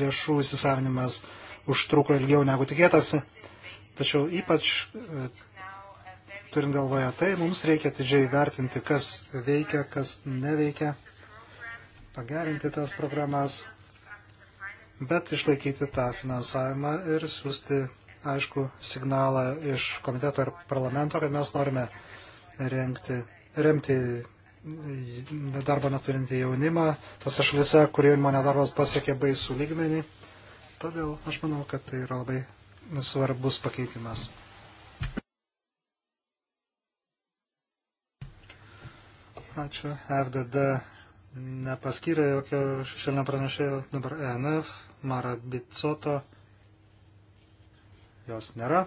lėšų įsisavinimas užtruko ilgiau negu tikėtasi, tačiau ypač e, turint galvoje tai, mums reikia didžiai vertinti, kas veikia, kas neveikia, pagerinti tas programas, bet išlaikyti tą finansavimą ir siūsti aišku signalą iš komiteto ir parlamento, kad mes norime rengti, remti nedarbą neturintį jaunimą, tose šalise, kur jaunimo nedarbas pasiekė baisų lygmenį. Todėl aš manau, kad tai yra labai svarbus pakeitimas. Ačiū. FDD nepaskyrė jokio šešėlinio pranešėjo. Dabar ENF, Mara Bicoto. Jos nėra.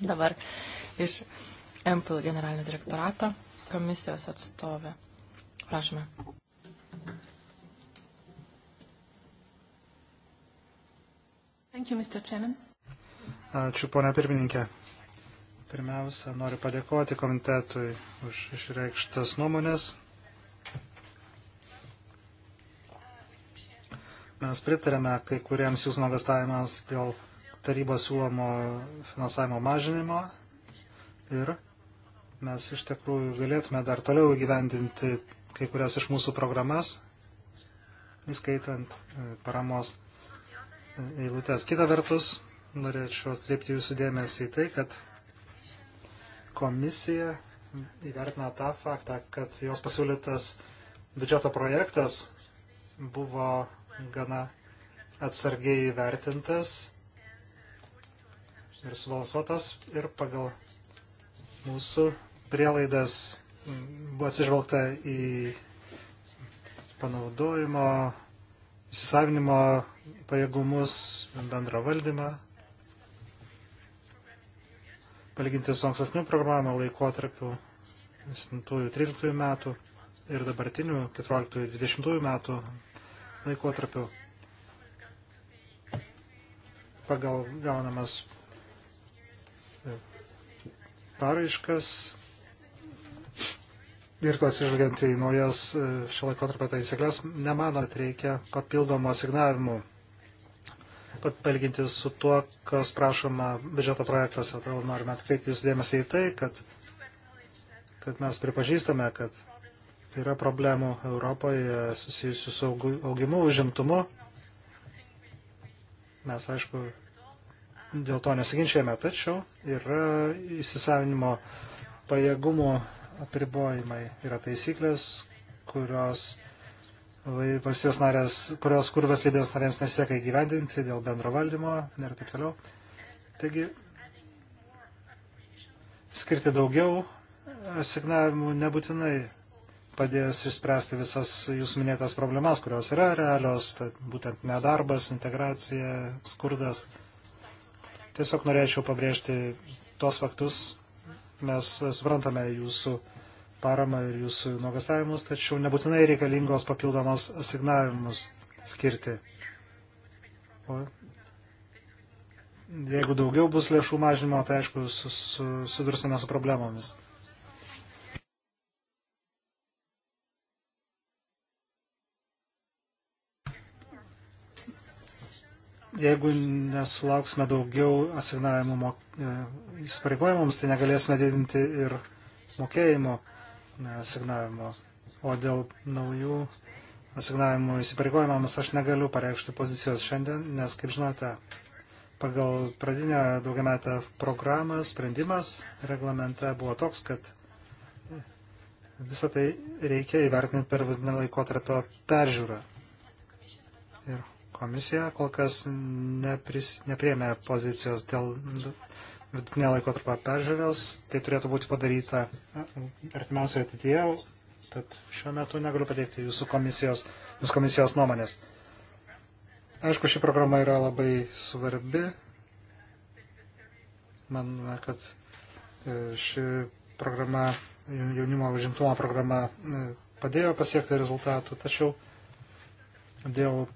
Dabar iš Ample generalinio direktorato komisijos atstovė. Prašome. Thank you, Mr. Chairman. Ačiū, ponia pirmininkė. Pirmiausia, noriu padėkoti komitetui už išreikštas nuomonės. Mes pritarėme kai kuriems jūsų nuogastavimams dėl tarybos siūlomo finansavimo mažinimo ir mes iš tikrųjų galėtume dar toliau įgyvendinti kai kurias iš mūsų programas, įskaitant e, paramos eilutės. Kita vertus, norėčiau atkreipti jūsų dėmesį į tai, kad komisija įvertina tą faktą, kad jos pasiūlytas biudžeto projektas buvo gana atsargiai įvertintas ir subalansuotas ir pagal mūsų prielaidas buvo atsižvelgta į panaudojimo įsisavinimo pajėgumus, bendrą valdymą. Palyginti su ankstesniu programavimo laikotarpiu 7-13 metų ir dabartiniu 14-20 metų laikotarpiu pagal gaunamas paraiškas ir tas išvelgiant į naujas e, šio laikotarpio taisyklės, nemano, kad reikia papildomo asignavimų, palyginti su tuo, kas prašoma biudžeto projektuose. Todėl norime atkreipti jūsų dėmesį į tai, kad, kad mes pripažįstame, kad tai yra problemų Europoje susijusių su augimu, užimtumu. Mes, aišku, dėl to nesiginčiame, tačiau yra įsisavinimo pajėgumo apribojimai, yra taisyklės, kurios valstybės narės, kurios kur valstybės narėms nesiekia įgyvendinti dėl bendro valdymo ir taip toliau. Taigi, skirti daugiau asignavimų nebūtinai padės išspręsti visas jūs minėtas problemas, kurios yra realios, tai būtent nedarbas, integracija, skurdas. Tiesiog norėčiau pabrėžti tos faktus, Mes suprantame jūsų paramą ir jūsų nuogastavimus, tačiau nebūtinai reikalingos papildomos asignavimus skirti. O jeigu daugiau bus lėšų mažinimo, tai aišku, sudursime su problemomis. Jeigu nesulauksime daugiau asignavimų e, įsipareigojimams, tai negalėsime didinti ir mokėjimo e, asignavimo. O dėl naujų asignavimų įsipareigojimams aš negaliu pareikšti pozicijos šiandien, nes, kaip žinote, pagal pradinę daugiametę programą sprendimas reglamente buvo toks, kad visą tai reikia įvertinti per vidinę laikotarpio peržiūrą. Ir komisija kol kas nepris, nepriemė pozicijos dėl vidutinė laiko tarp peržiūros, tai turėtų būti padaryta artimiausioje ateityje, tad šiuo metu negaliu pateikti jūsų komisijos, jūsų komisijos nuomonės. Aišku, ši programa yra labai svarbi. Man, kad e, ši programa, jaunimo užimtumo programa e, padėjo pasiekti rezultatų, tačiau dėl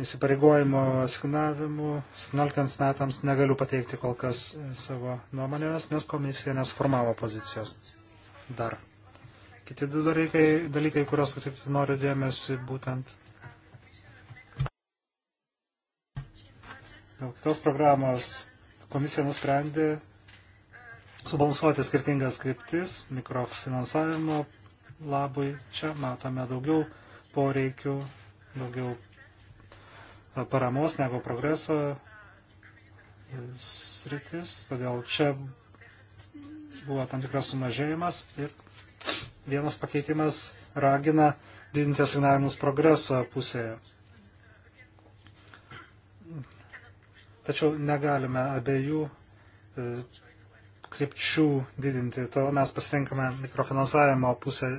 įsipareigojimo asignavimu 17 metams negaliu pateikti kol kas savo nuomonės, nes komisija nesuformavo pozicijos dar. Kiti du dalykai, dalykai kuriuos atkreipti noriu dėmesį būtent dėl kitos programos komisija nusprendė subalansuoti skirtingas kryptis mikrofinansavimo labui. Čia matome daugiau poreikių, daugiau paramos negu progreso sritis, todėl čia buvo tam tikras sumažėjimas ir vienas pakeitimas ragina didinti asignavimus progreso pusėje. Tačiau negalime abiejų e, krypčių didinti, todėl mes pasirinkame mikrofinansavimo pusę,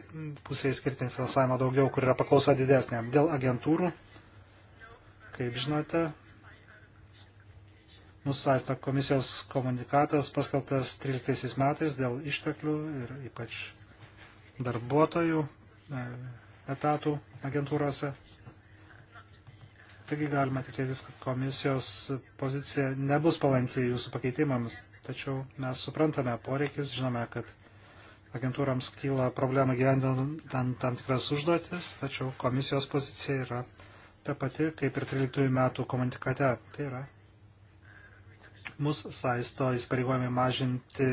pusėje skirti finansavimo daugiau, kur yra paklausa didesnė. Dėl agentūrų Kaip žinote, nusaisto komisijos komunikatas paskeltas 13 metais dėl išteklių ir ypač darbuotojų e, etatų agentūrose. Taigi galima tikėtis, kad komisijos pozicija nebus palankiai jūsų pakeitimams, tačiau mes suprantame poreikis, žinome, kad agentūrams kyla problema gyvendant tam tikras užduotis, tačiau komisijos pozicija yra ta pati kaip ir 13 metų komunikate. Tai yra, mus saisto įsipareigojami mažinti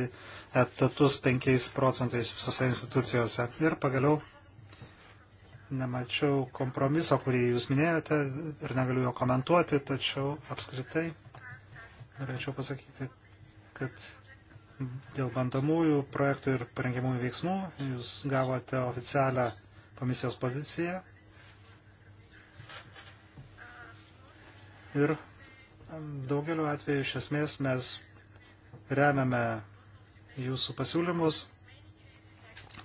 etatus 5 procentais visose institucijose. Ir pagaliau nemačiau kompromiso, kurį jūs minėjote ir negaliu jo komentuoti, tačiau apskritai norėčiau pasakyti, kad dėl bandomųjų projektų ir parengiamųjų veiksmų jūs gavote oficialią komisijos poziciją Ir daugeliu atveju iš esmės mes remiame jūsų pasiūlymus,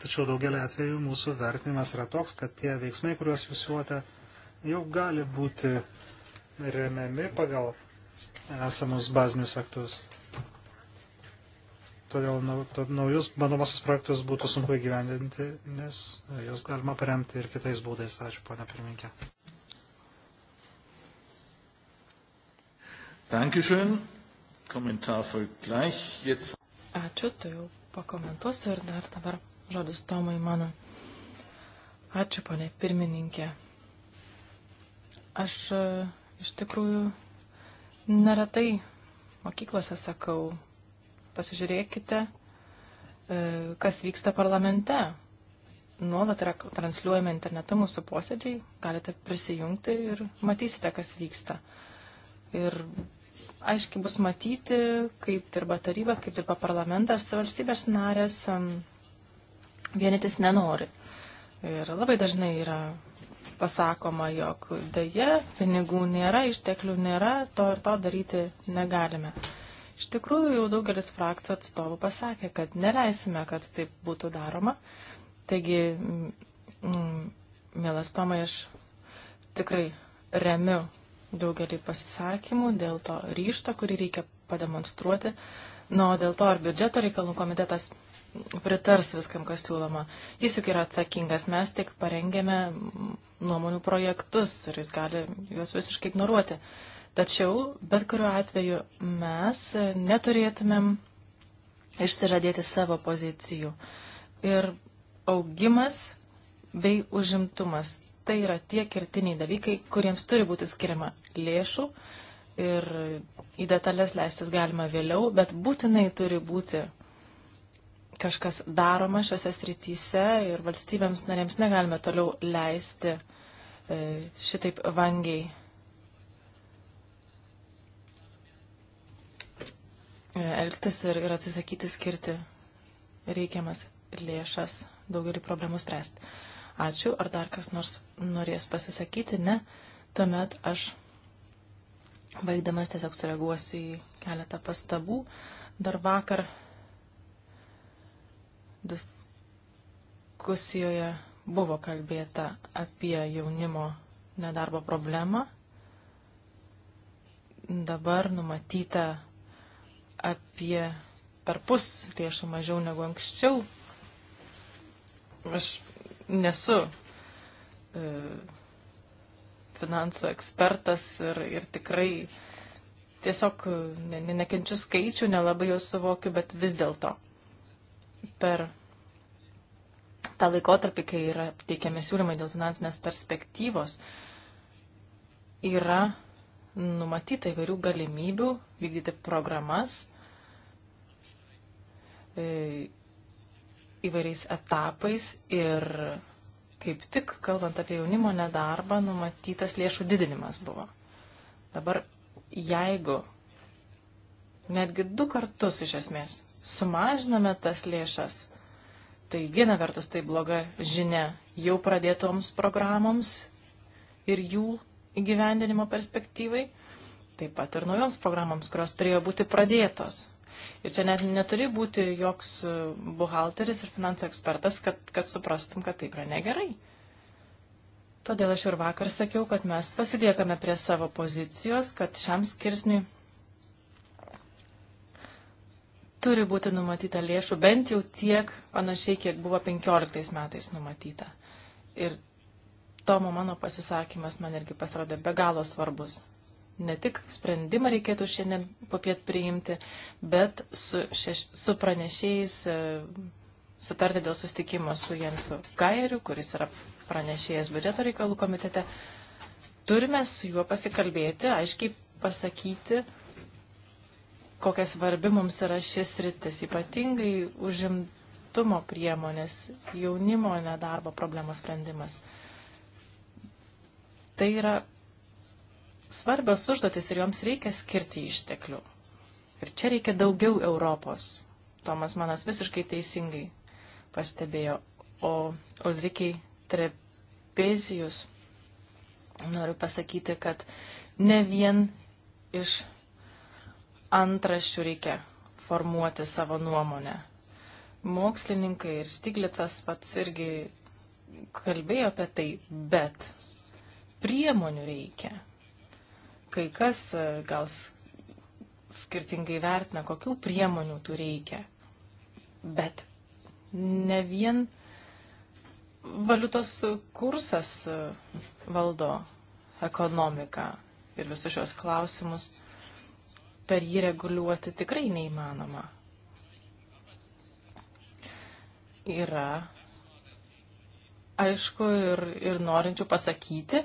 tačiau daugelį atvejų mūsų vertinimas yra toks, kad tie veiksmai, kuriuos jūs siūlote, jau gali būti remiami pagal esamus bazinius aktus. Todėl naujus bandomosius projektus būtų sunku įgyvendinti, nes juos galima paremti ir kitais būdais. Ačiū, ponia pirminkė. Dankeschön. Komentar folgt gleich. Jetzt. Ačiū, tu tai jau pakomentuosiu ir dar dabar žodis Tomai mano. Ačiū, ponė pirmininkė. Aš e, iš tikrųjų neretai mokyklose sakau, pasižiūrėkite, e, kas vyksta parlamente. Nuolat yra transliuojami internetu mūsų posėdžiai, galite prisijungti ir matysite, kas vyksta. Ir aiškiai bus matyti, kaip dirba taryba, kaip dirba parlamentas, valstybės narės vienytis nenori. Ir labai dažnai yra pasakoma, jog dėje pinigų nėra, išteklių nėra, to ir to daryti negalime. Iš tikrųjų, jau daugelis frakcijų atstovų pasakė, kad neleisime, kad taip būtų daroma. Taigi, mielas Tomai, aš tikrai remiu daugelį pasisakymų, dėl to ryšto, kurį reikia pademonstruoti. Na, o dėl to, ar biudžeto reikalų komitetas pritars viskam, kas siūloma. Jis juk yra atsakingas, mes tik parengėme nuomonių projektus ir jis gali juos visiškai ignoruoti. Tačiau, bet kuriuo atveju, mes neturėtumėm išsižadėti savo pozicijų. Ir augimas bei užimtumas tai yra tie kertiniai dalykai, kuriems turi būti skiriama lėšų ir į detalės leistis galima vėliau, bet būtinai turi būti kažkas daroma šiuose srityse ir valstybėms narėms negalime toliau leisti e, šitaip vangiai e, elgtis ir, ir atsisakyti skirti reikiamas lėšas daugelį problemų spręsti. Ačiū. Ar dar kas nors norės pasisakyti? Ne. Tuomet aš Baigdamas tiesiog sureaguosiu į keletą pastabų. Dar vakar diskusijoje buvo kalbėta apie jaunimo nedarbo problemą. Dabar numatyta apie per pus lėšų mažiau negu anksčiau. Aš nesu e, finansų ekspertas ir, ir tikrai tiesiog ne, ne, nekenčiu skaičių, nelabai juos suvokiu, bet vis dėlto per tą laikotarpį, kai yra teikiami siūlymai dėl finansinės perspektyvos, yra numatyta įvairių galimybių vykdyti programas e, įvairiais etapais ir kaip tik, kalbant apie jaunimo nedarbą, numatytas lėšų didinimas buvo. Dabar jeigu netgi du kartus iš esmės sumažiname tas lėšas, tai viena vertus tai bloga žinia jau pradėtoms programoms ir jų įgyvendinimo perspektyvai, taip pat ir naujoms programoms, kurios turėjo būti pradėtos. Ir čia net neturi būti joks e, buhalteris ir finansų ekspertas, kad, kad suprastum, kad taip yra negerai. Todėl aš ir vakar sakiau, kad mes pasiliekame prie savo pozicijos, kad šiam skirsniui turi būti numatyta lėšų bent jau tiek panašiai, kiek buvo 15 metais numatyta. Ir Tomo mano pasisakymas man irgi pasirodė be galo svarbus ne tik sprendimą reikėtų šiandien popiet priimti, bet su, šeš, su pranešėjais e, sutarti dėl sustikimo su Jensu Gairiu, kuris yra pranešėjas biudžeto reikalų komitete. Turime su juo pasikalbėti, aiškiai pasakyti, kokia svarbi mums yra šis rytis, ypatingai užimtumo priemonės, jaunimo nedarbo problemos sprendimas. Tai yra svarbios užduotis ir joms reikia skirti išteklių. Ir čia reikia daugiau Europos. Tomas Manas visiškai teisingai pastebėjo. O Ulrikiai Trepezijus noriu pasakyti, kad ne vien iš antraščių reikia formuoti savo nuomonę. Mokslininkai ir Stiglicas pats irgi kalbėjo apie tai, bet priemonių reikia kai kas e, gal skirtingai vertina, kokių priemonių tu reikia. Bet ne vien valiutos kursas e, valdo ekonomiką ir visus šios klausimus per jį reguliuoti tikrai neįmanoma. Yra aišku ir, ir norinčių pasakyti,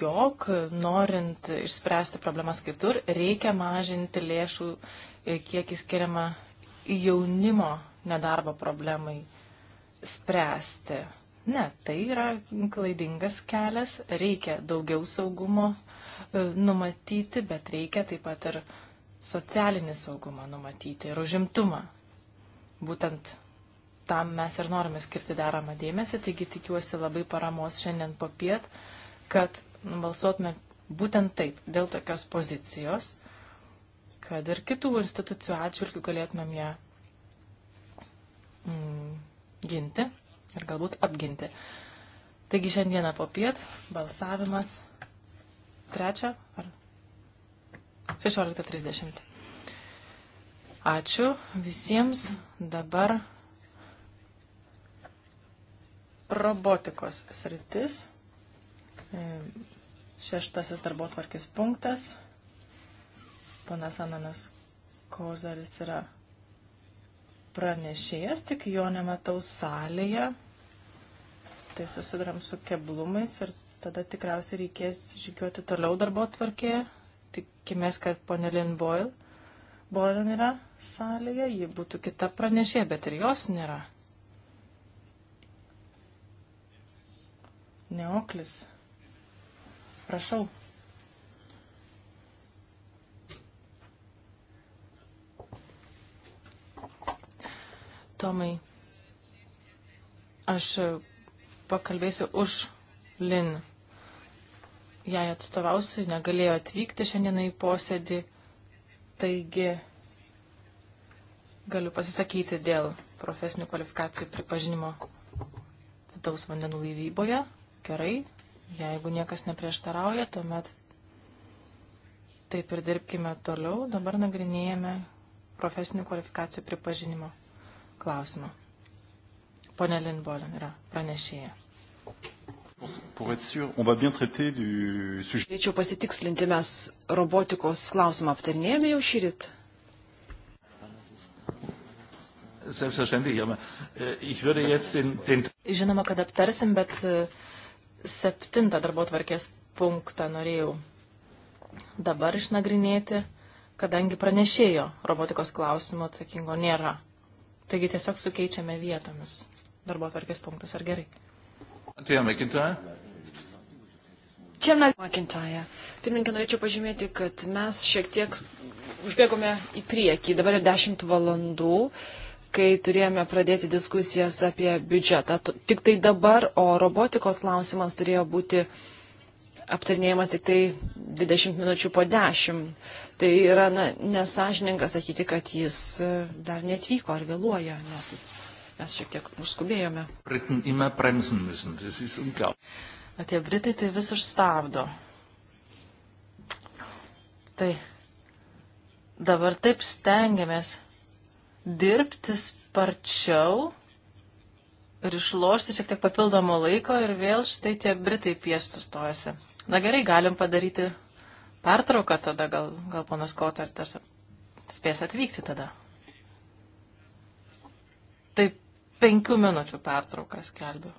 jog norint išspręsti problemas kitur, reikia mažinti lėšų, e, kiek įskiriama jaunimo nedarbo problemai spręsti. Ne, tai yra klaidingas kelias, reikia daugiau saugumo e, numatyti, bet reikia taip pat ir socialinį saugumą numatyti ir užimtumą. Būtent tam mes ir norime skirti deramą dėmesį, taigi tikiuosi labai paramos šiandien popiet, kad balsuotume būtent taip, dėl tokios pozicijos, kad ir kitų institucijų atžvilgių galėtumėm ją mm, ginti ir galbūt apginti. Taigi šiandieną popiet balsavimas 3 ar 16.30. Ačiū visiems. Dabar robotikos sritis. E, šeštasis darbo tvarkės punktas. Panas Ananas Kozaris yra pranešėjas, tik jo nematau salėje. Tai susidurėm su keblumais ir tada tikriausiai reikės žygiuoti toliau darbo tvarkėje. Tikimės, kad ponė Lin Boyle, Boyle yra salėje, ji būtų kita pranešė, bet ir jos nėra. Neoklis. Prašau. Tomai, aš pakalbėsiu už Lin. Jai atstovausiu, negalėjo atvykti šiandieną į posėdį, taigi galiu pasisakyti dėl profesinių kvalifikacijų pripažinimo vidaus vandenų laivyboje Gerai, jeigu niekas neprieštarauja, tuomet taip ir dirbkime toliau. Dabar nagrinėjame profesinių kvalifikacijų pripažinimo klausimą. Pone Lindbolin yra pranešėja. Norėčiau pasitikslinti, mes robotikos klausimą aptarnėjome jau šį rytą. Äh, Žinoma, kad aptarsim, bet septintą darbo tvarkės punktą norėjau dabar išnagrinėti, kadangi pranešėjo robotikos klausimų atsakingo nėra. Taigi tiesiog sukeičiame vietomis darbo tvarkės punktus. Ar gerai? Atėjome McIntyre. Čia McIntyre. Pirmininkė, norėčiau pažymėti, kad mes šiek tiek užbėgome į priekį. Dabar yra 10 valandų. Uh, kai turėjome pradėti diskusijas apie biudžetą. Tik tai dabar, o robotikos klausimas turėjo būti aptarnėjimas tik tai 20 minučių po 10. Tai yra na, nesažininka sakyti, kad jis e, dar netvyko ar vėluoja, nes jis, mes šiek tiek užskubėjome. Atė Britai tai vis užstabdo. Tai dabar taip stengiamės dirbti sparčiau ir išlošti šiek tiek papildomo laiko ir vėl štai tie Britai piestų stojasi. Na gerai, galim padaryti pertrauką tada, gal, gal ponas Kotar tarsi spės atvykti tada. Taip, penkių minučių pertrauką skelbiu.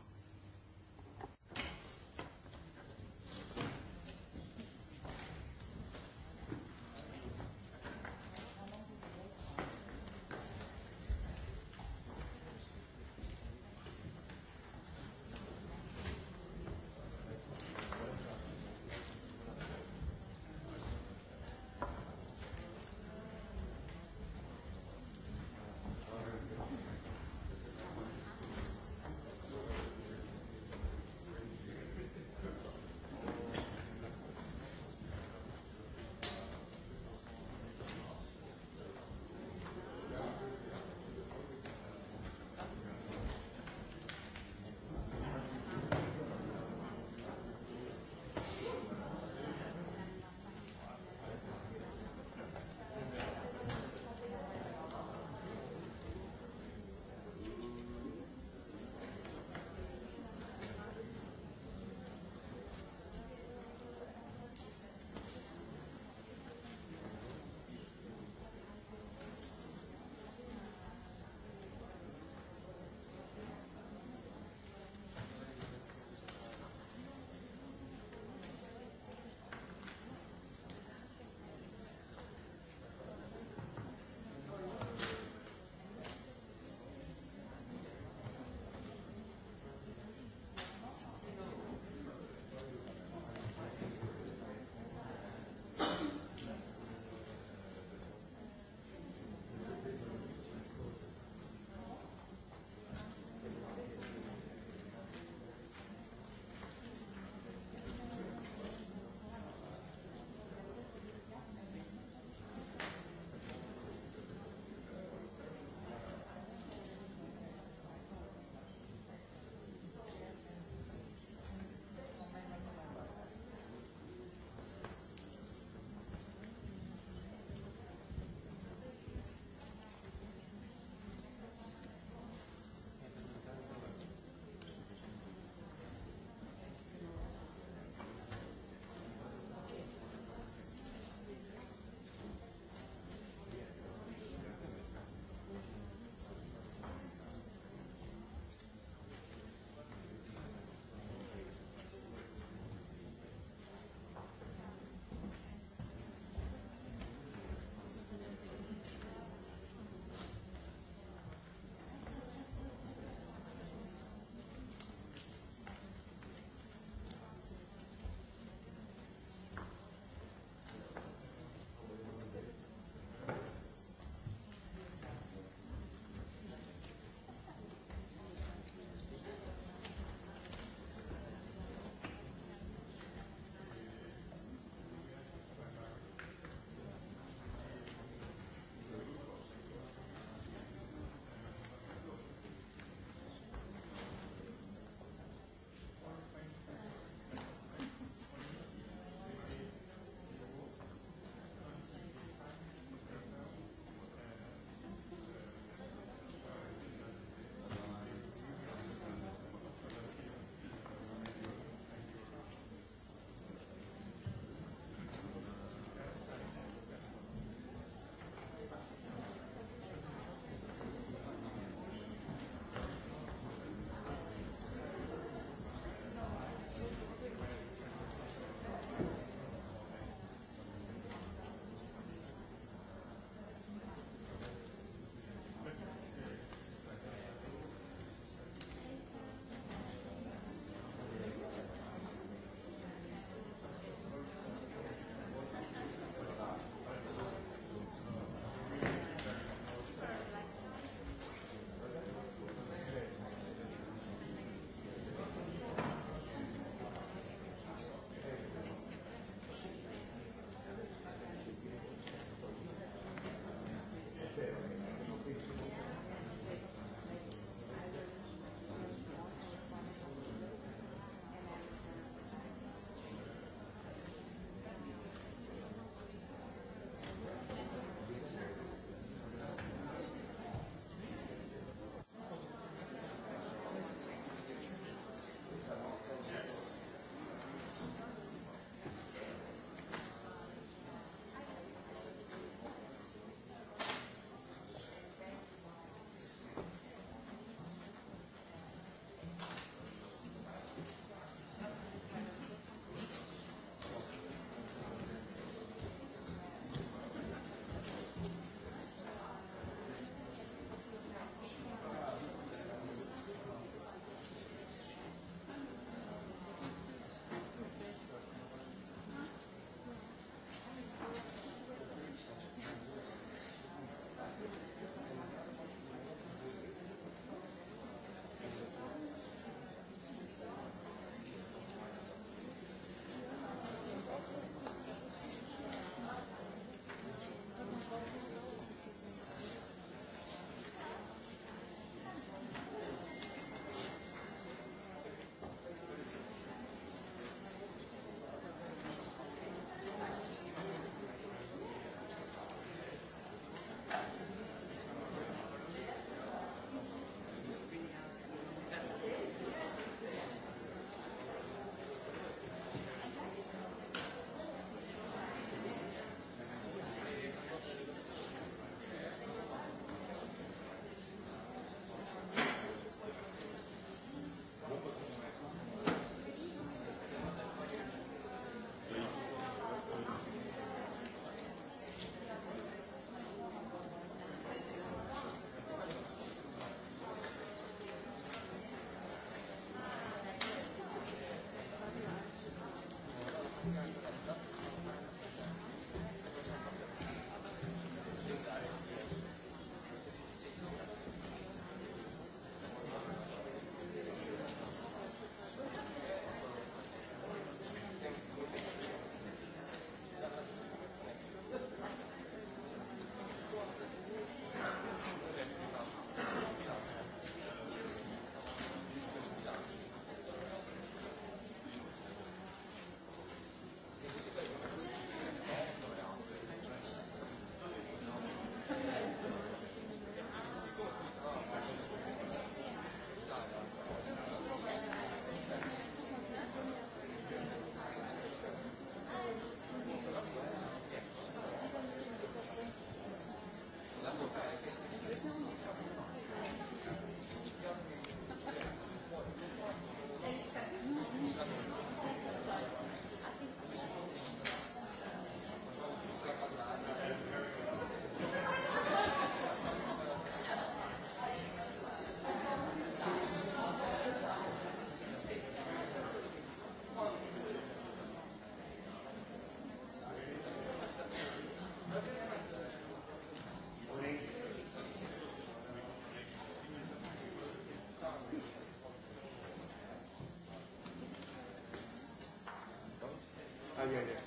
yeah, yeah.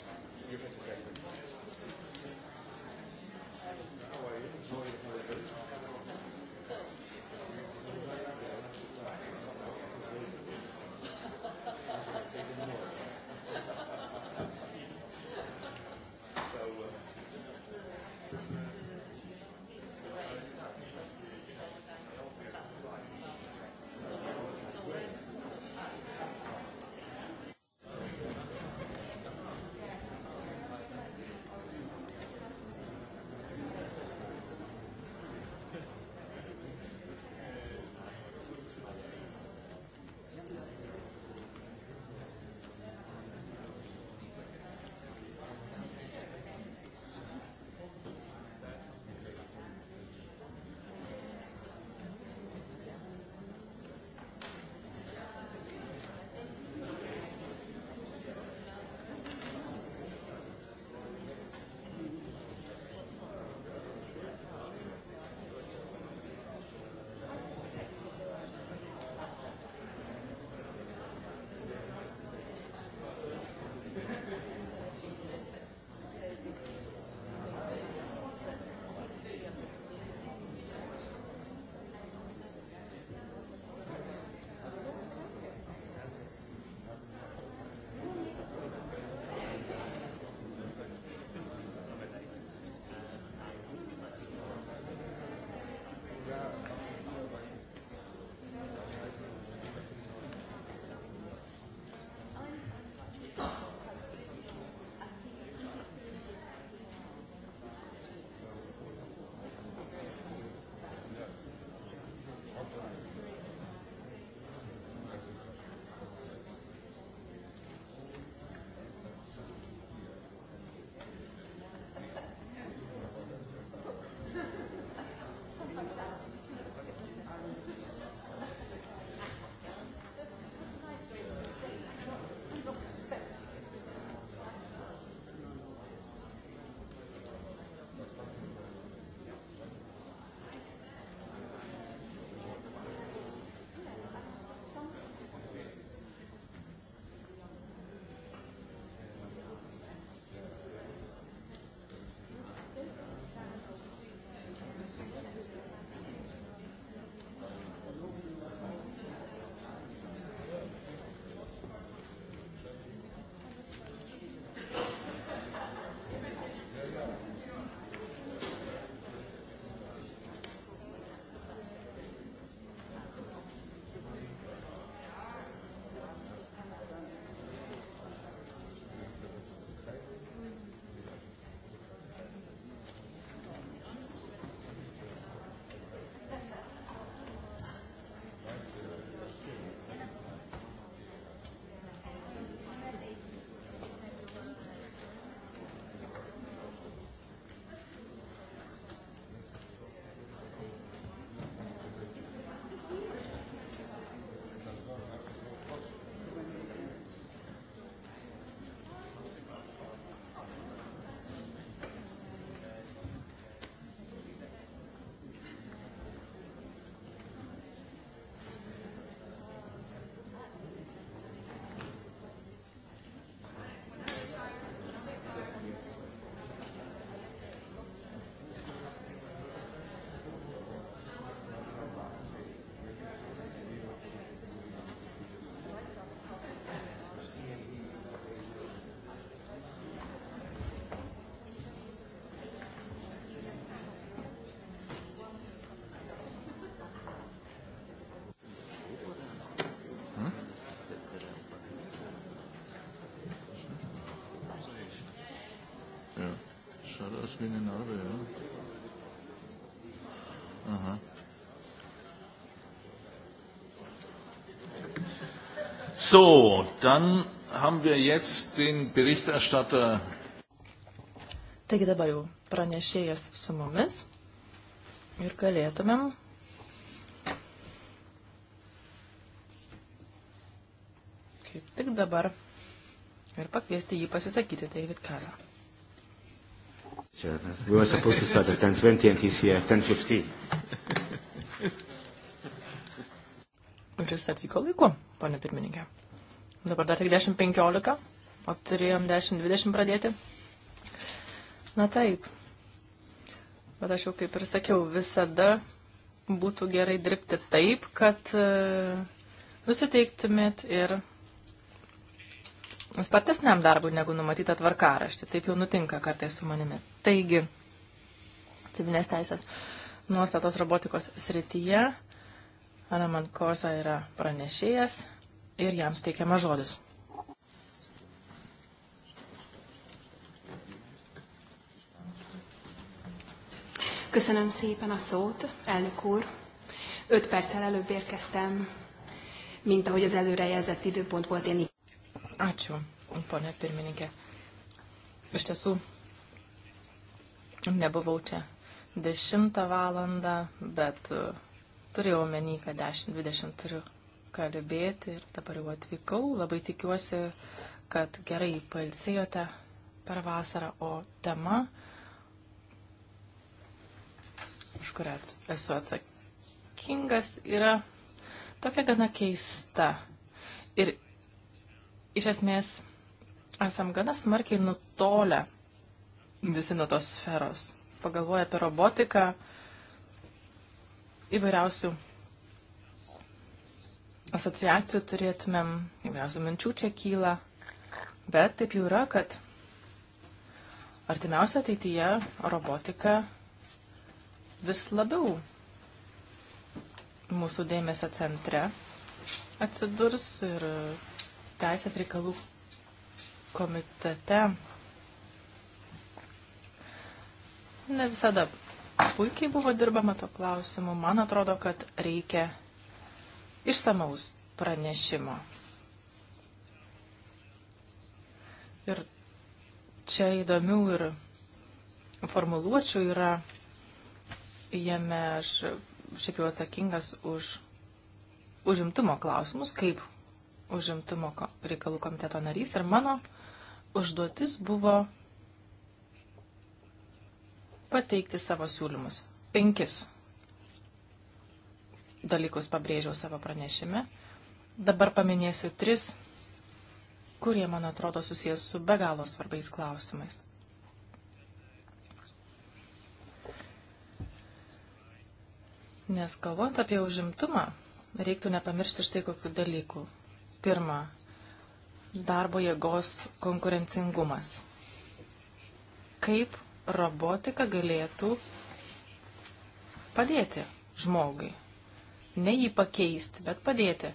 schaut aus wie eine Narbe, ja. Aha. So, dann haben wir jetzt den Berichterstatter. Taigi dabar jau pranešėjas su mumis ir galėtumėm kaip tik dabar ir pakviesti jį pasisakyti, David Kazak. Chairman. We were supposed to start at 10.20 and he's here at 10.15. Ir jis atvyko laiku, ponė pirmininkė. Dabar dar tik 10.15, o turėjom 10.20 pradėti. Na taip. Bet aš jau kaip ir sakiau, visada būtų gerai dirbti taip, kad e, nusiteiktumėt ir spartesniam darbui negu numatyta tvarkaraštį. Taip jau nutinka kartais su manimi. Taigi, civilinės teisės nuostatos robotikos srityje Anaman Korsa yra pranešėjas ir jam suteikiama žodis. Köszönöm szépen a szót, elnök úr. Öt perccel előbb érkeztem, mint ahogy az előrejelzett időpont volt én. Ačiū, ponė pirmininkė. Iš tiesų, Nebuvau čia 10 valandą, bet e, turėjau menį, kad 10-20 turiu kalbėti ir dabar jau atvykau. Labai tikiuosi, kad gerai pailsėjote per vasarą, o tema, už kurią esu atsakingas, yra tokia gana keista. Ir iš esmės esam gana smarkiai nutolę visi nuo tos sferos. Pagalvoja apie robotiką įvairiausių asociacijų turėtumėm, įvairiausių minčių čia kyla, bet taip jau yra, kad artimiausia ateityje robotika vis labiau mūsų dėmesio centre atsidurs ir Teisės reikalų komitete Ne visada puikiai buvo dirbama to klausimu. Man atrodo, kad reikia išsamaus pranešimo. Ir čia įdomių ir formuluočių yra jame. Aš šiaip jau atsakingas už užimtumo klausimus, kaip užimtumo reikalų komiteto narys. Ir mano užduotis buvo pateikti savo siūlymus. Penkis dalykus pabrėžiau savo pranešime. Dabar paminėsiu tris, kurie, man atrodo, susijęs su be galo svarbiais klausimais. Nes kalbant apie užimtumą, reiktų nepamiršti štai kokių dalykų. Pirma, darbo jėgos konkurencingumas. Kaip robotika galėtų padėti žmogui. Ne jį pakeisti, bet padėti.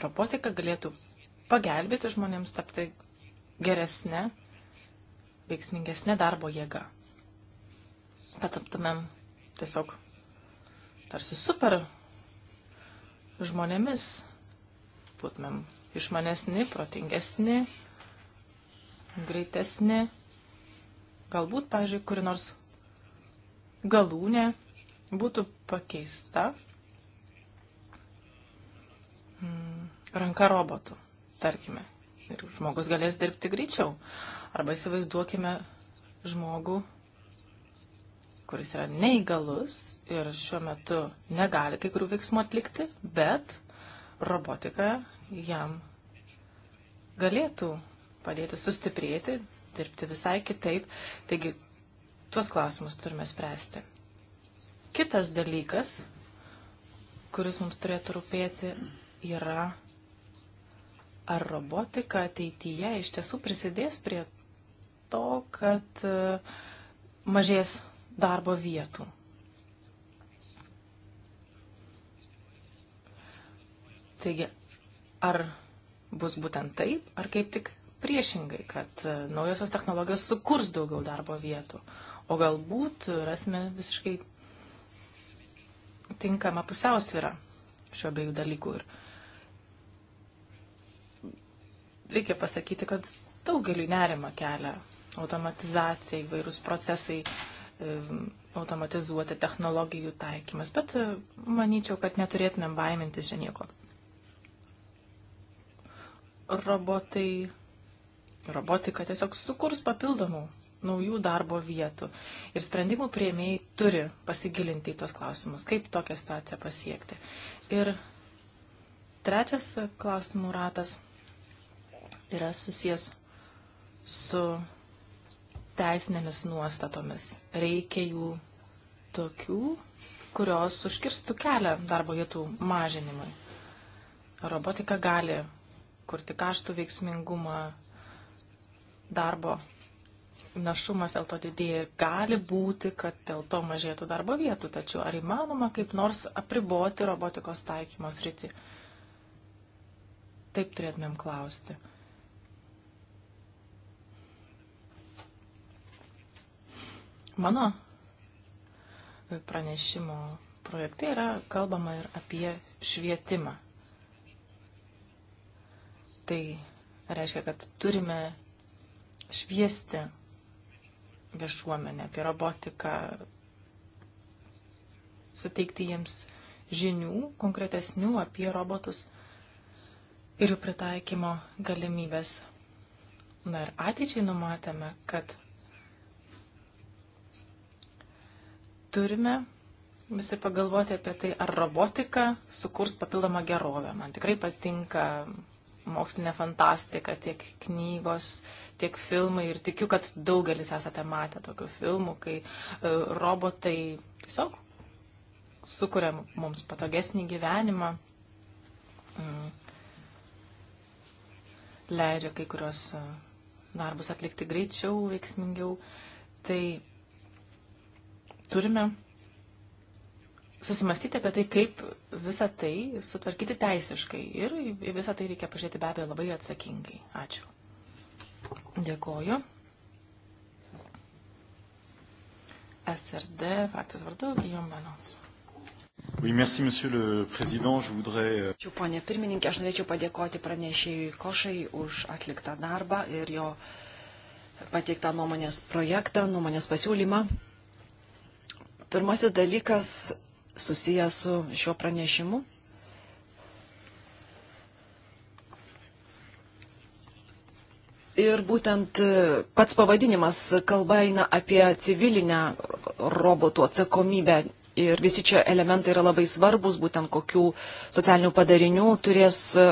Robotika galėtų pagelbėti žmonėms tapti geresnė, veiksmingesnė darbo jėga. Kad taptumėm tiesiog tarsi super žmonėmis, būtumėm išmanesni, protingesni, greitesni. Galbūt, pavyzdžiui, kuri nors galūnė būtų pakeista mm, ranka robotų, tarkime. Ir žmogus galės dirbti greičiau. Arba įsivaizduokime žmogų, kuris yra neįgalus ir šiuo metu negali kai kurių veiksmų atlikti, bet robotika jam galėtų padėti sustiprėti, dirbti visai kitaip. Taigi, tuos klausimus turime spręsti. Kitas dalykas, kuris mums turėtų rūpėti, yra, ar robotika ateityje iš tiesų prisidės prie to, kad e, mažės darbo vietų. Taigi, ar bus būtent taip, ar kaip tik priešingai, kad e, naujosios technologijos sukurs daugiau darbo vietų, o galbūt rasime visiškai tinkamą pusiausvyrą šio abiejų dalykų. Ir reikia pasakyti, kad daugelį nerimą kelia automatizacija, įvairūs procesai, e, automatizuoti technologijų taikymas, bet e, manyčiau, kad neturėtumėm baimintis čia nieko robotai robotika tiesiog sukurs papildomų naujų darbo vietų. Ir sprendimų prieimėjai turi pasigilinti į tos klausimus, kaip tokią situaciją pasiekti. Ir trečias klausimų ratas yra susijęs su teisinėmis nuostatomis. Reikia jų tokių, kurios užkirstų kelią darbo vietų mažinimui. Robotika gali kurti kaštų veiksmingumą, darbo našumas dėl to didėja. Gali būti, kad dėl to mažėtų darbo vietų, tačiau ar įmanoma kaip nors apriboti robotikos taikymos rytį? Taip turėtumėm klausti. Mano pranešimo projekte yra kalbama ir apie švietimą. Tai reiškia, kad turime šviesti viešuomenę apie robotiką, suteikti jiems žinių konkretesnių apie robotus ir jų pritaikymo galimybės. Na ir ateičiai numatėme, kad turime visi pagalvoti apie tai, ar robotika sukurs papildomą gerovę. Man tikrai patinka mokslinė fantastika, tiek knygos, tiek filmai ir tikiu, kad daugelis esate matę tokių filmų, kai e, robotai tiesiog sukuria mums patogesnį gyvenimą, mm, leidžia kai kurios e, darbus atlikti greičiau, veiksmingiau. Tai turime susimastyti apie tai, kaip visą tai sutvarkyti teisiškai. Ir į visą tai reikia pažiūrėti be abejo labai atsakingai. Ačiū. Dėkoju. SRD, frakcijos vardu, Gijom Benos. Oui, merci, monsieur le président. Je voudrais... Euh, Ačiū, ponė pirmininkė, aš norėčiau padėkoti pranešėjui Košai už atliktą darbą ir jo pateiktą nuomonės projektą, nuomonės pasiūlymą. Pirmasis dalykas susijęs su šiuo pranešimu ir būtent e, pats pavadinimas kalba eina apie civilinę robotų atsakomybę. Ir visi čia elementai yra labai svarbus, būtent kokių socialinių padarinių turės e,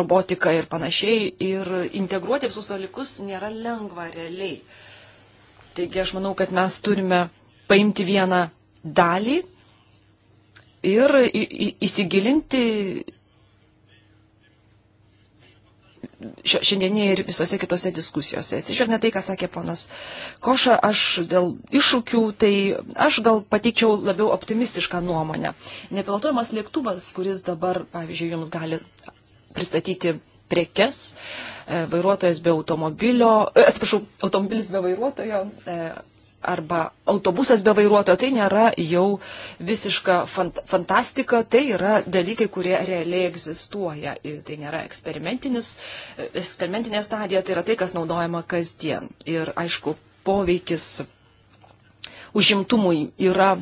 robotika ir panašiai. Ir integruoti visus dalykus nėra lengva realiai. Taigi aš manau, kad mes turime paimti vieną dalį ir įsigilinti šiandienėje ir visose kitose diskusijose. Atsižvelgiant tai, ką sakė ponas Koša, aš dėl iššūkių, tai aš gal pateikčiau labiau optimistišką nuomonę. Nepilotuojamas lėktuvas, kuris dabar, pavyzdžiui, jums gali pristatyti prekes, e, vairuotojas be automobilio, e, atsiprašau, automobilis be vairuotojo, e, arba autobusas be vairuotojo, tai nėra jau visiška fant fantastika, tai yra dalykai, kurie realiai egzistuoja. Ir tai nėra eksperimentinė stadija, tai yra tai, kas naudojama kasdien. Ir aišku, poveikis užimtumui yra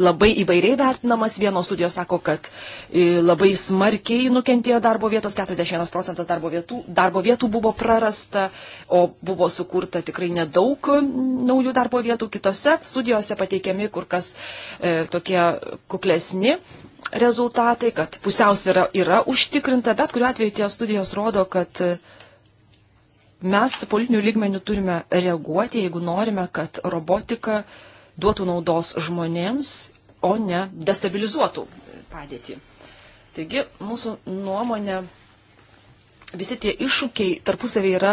labai įvairiai vertinamas. Vienos studijos sako, kad e, labai smarkiai nukentėjo darbo vietos, 41 procentas darbo vietų, darbo vietų buvo prarasta, o buvo sukurta tikrai nedaug naujų darbo vietų. Kitose studijose pateikiami kur kas e, tokie kuklesni rezultatai, kad pusiausvėra yra užtikrinta, bet kuriuo atveju tie studijos rodo, kad e, mes politinių lygmenių turime reaguoti, jeigu norime, kad robotika duotų naudos žmonėms, o ne destabilizuotų padėtį. Taigi, mūsų nuomonė, visi tie iššūkiai tarpusavį yra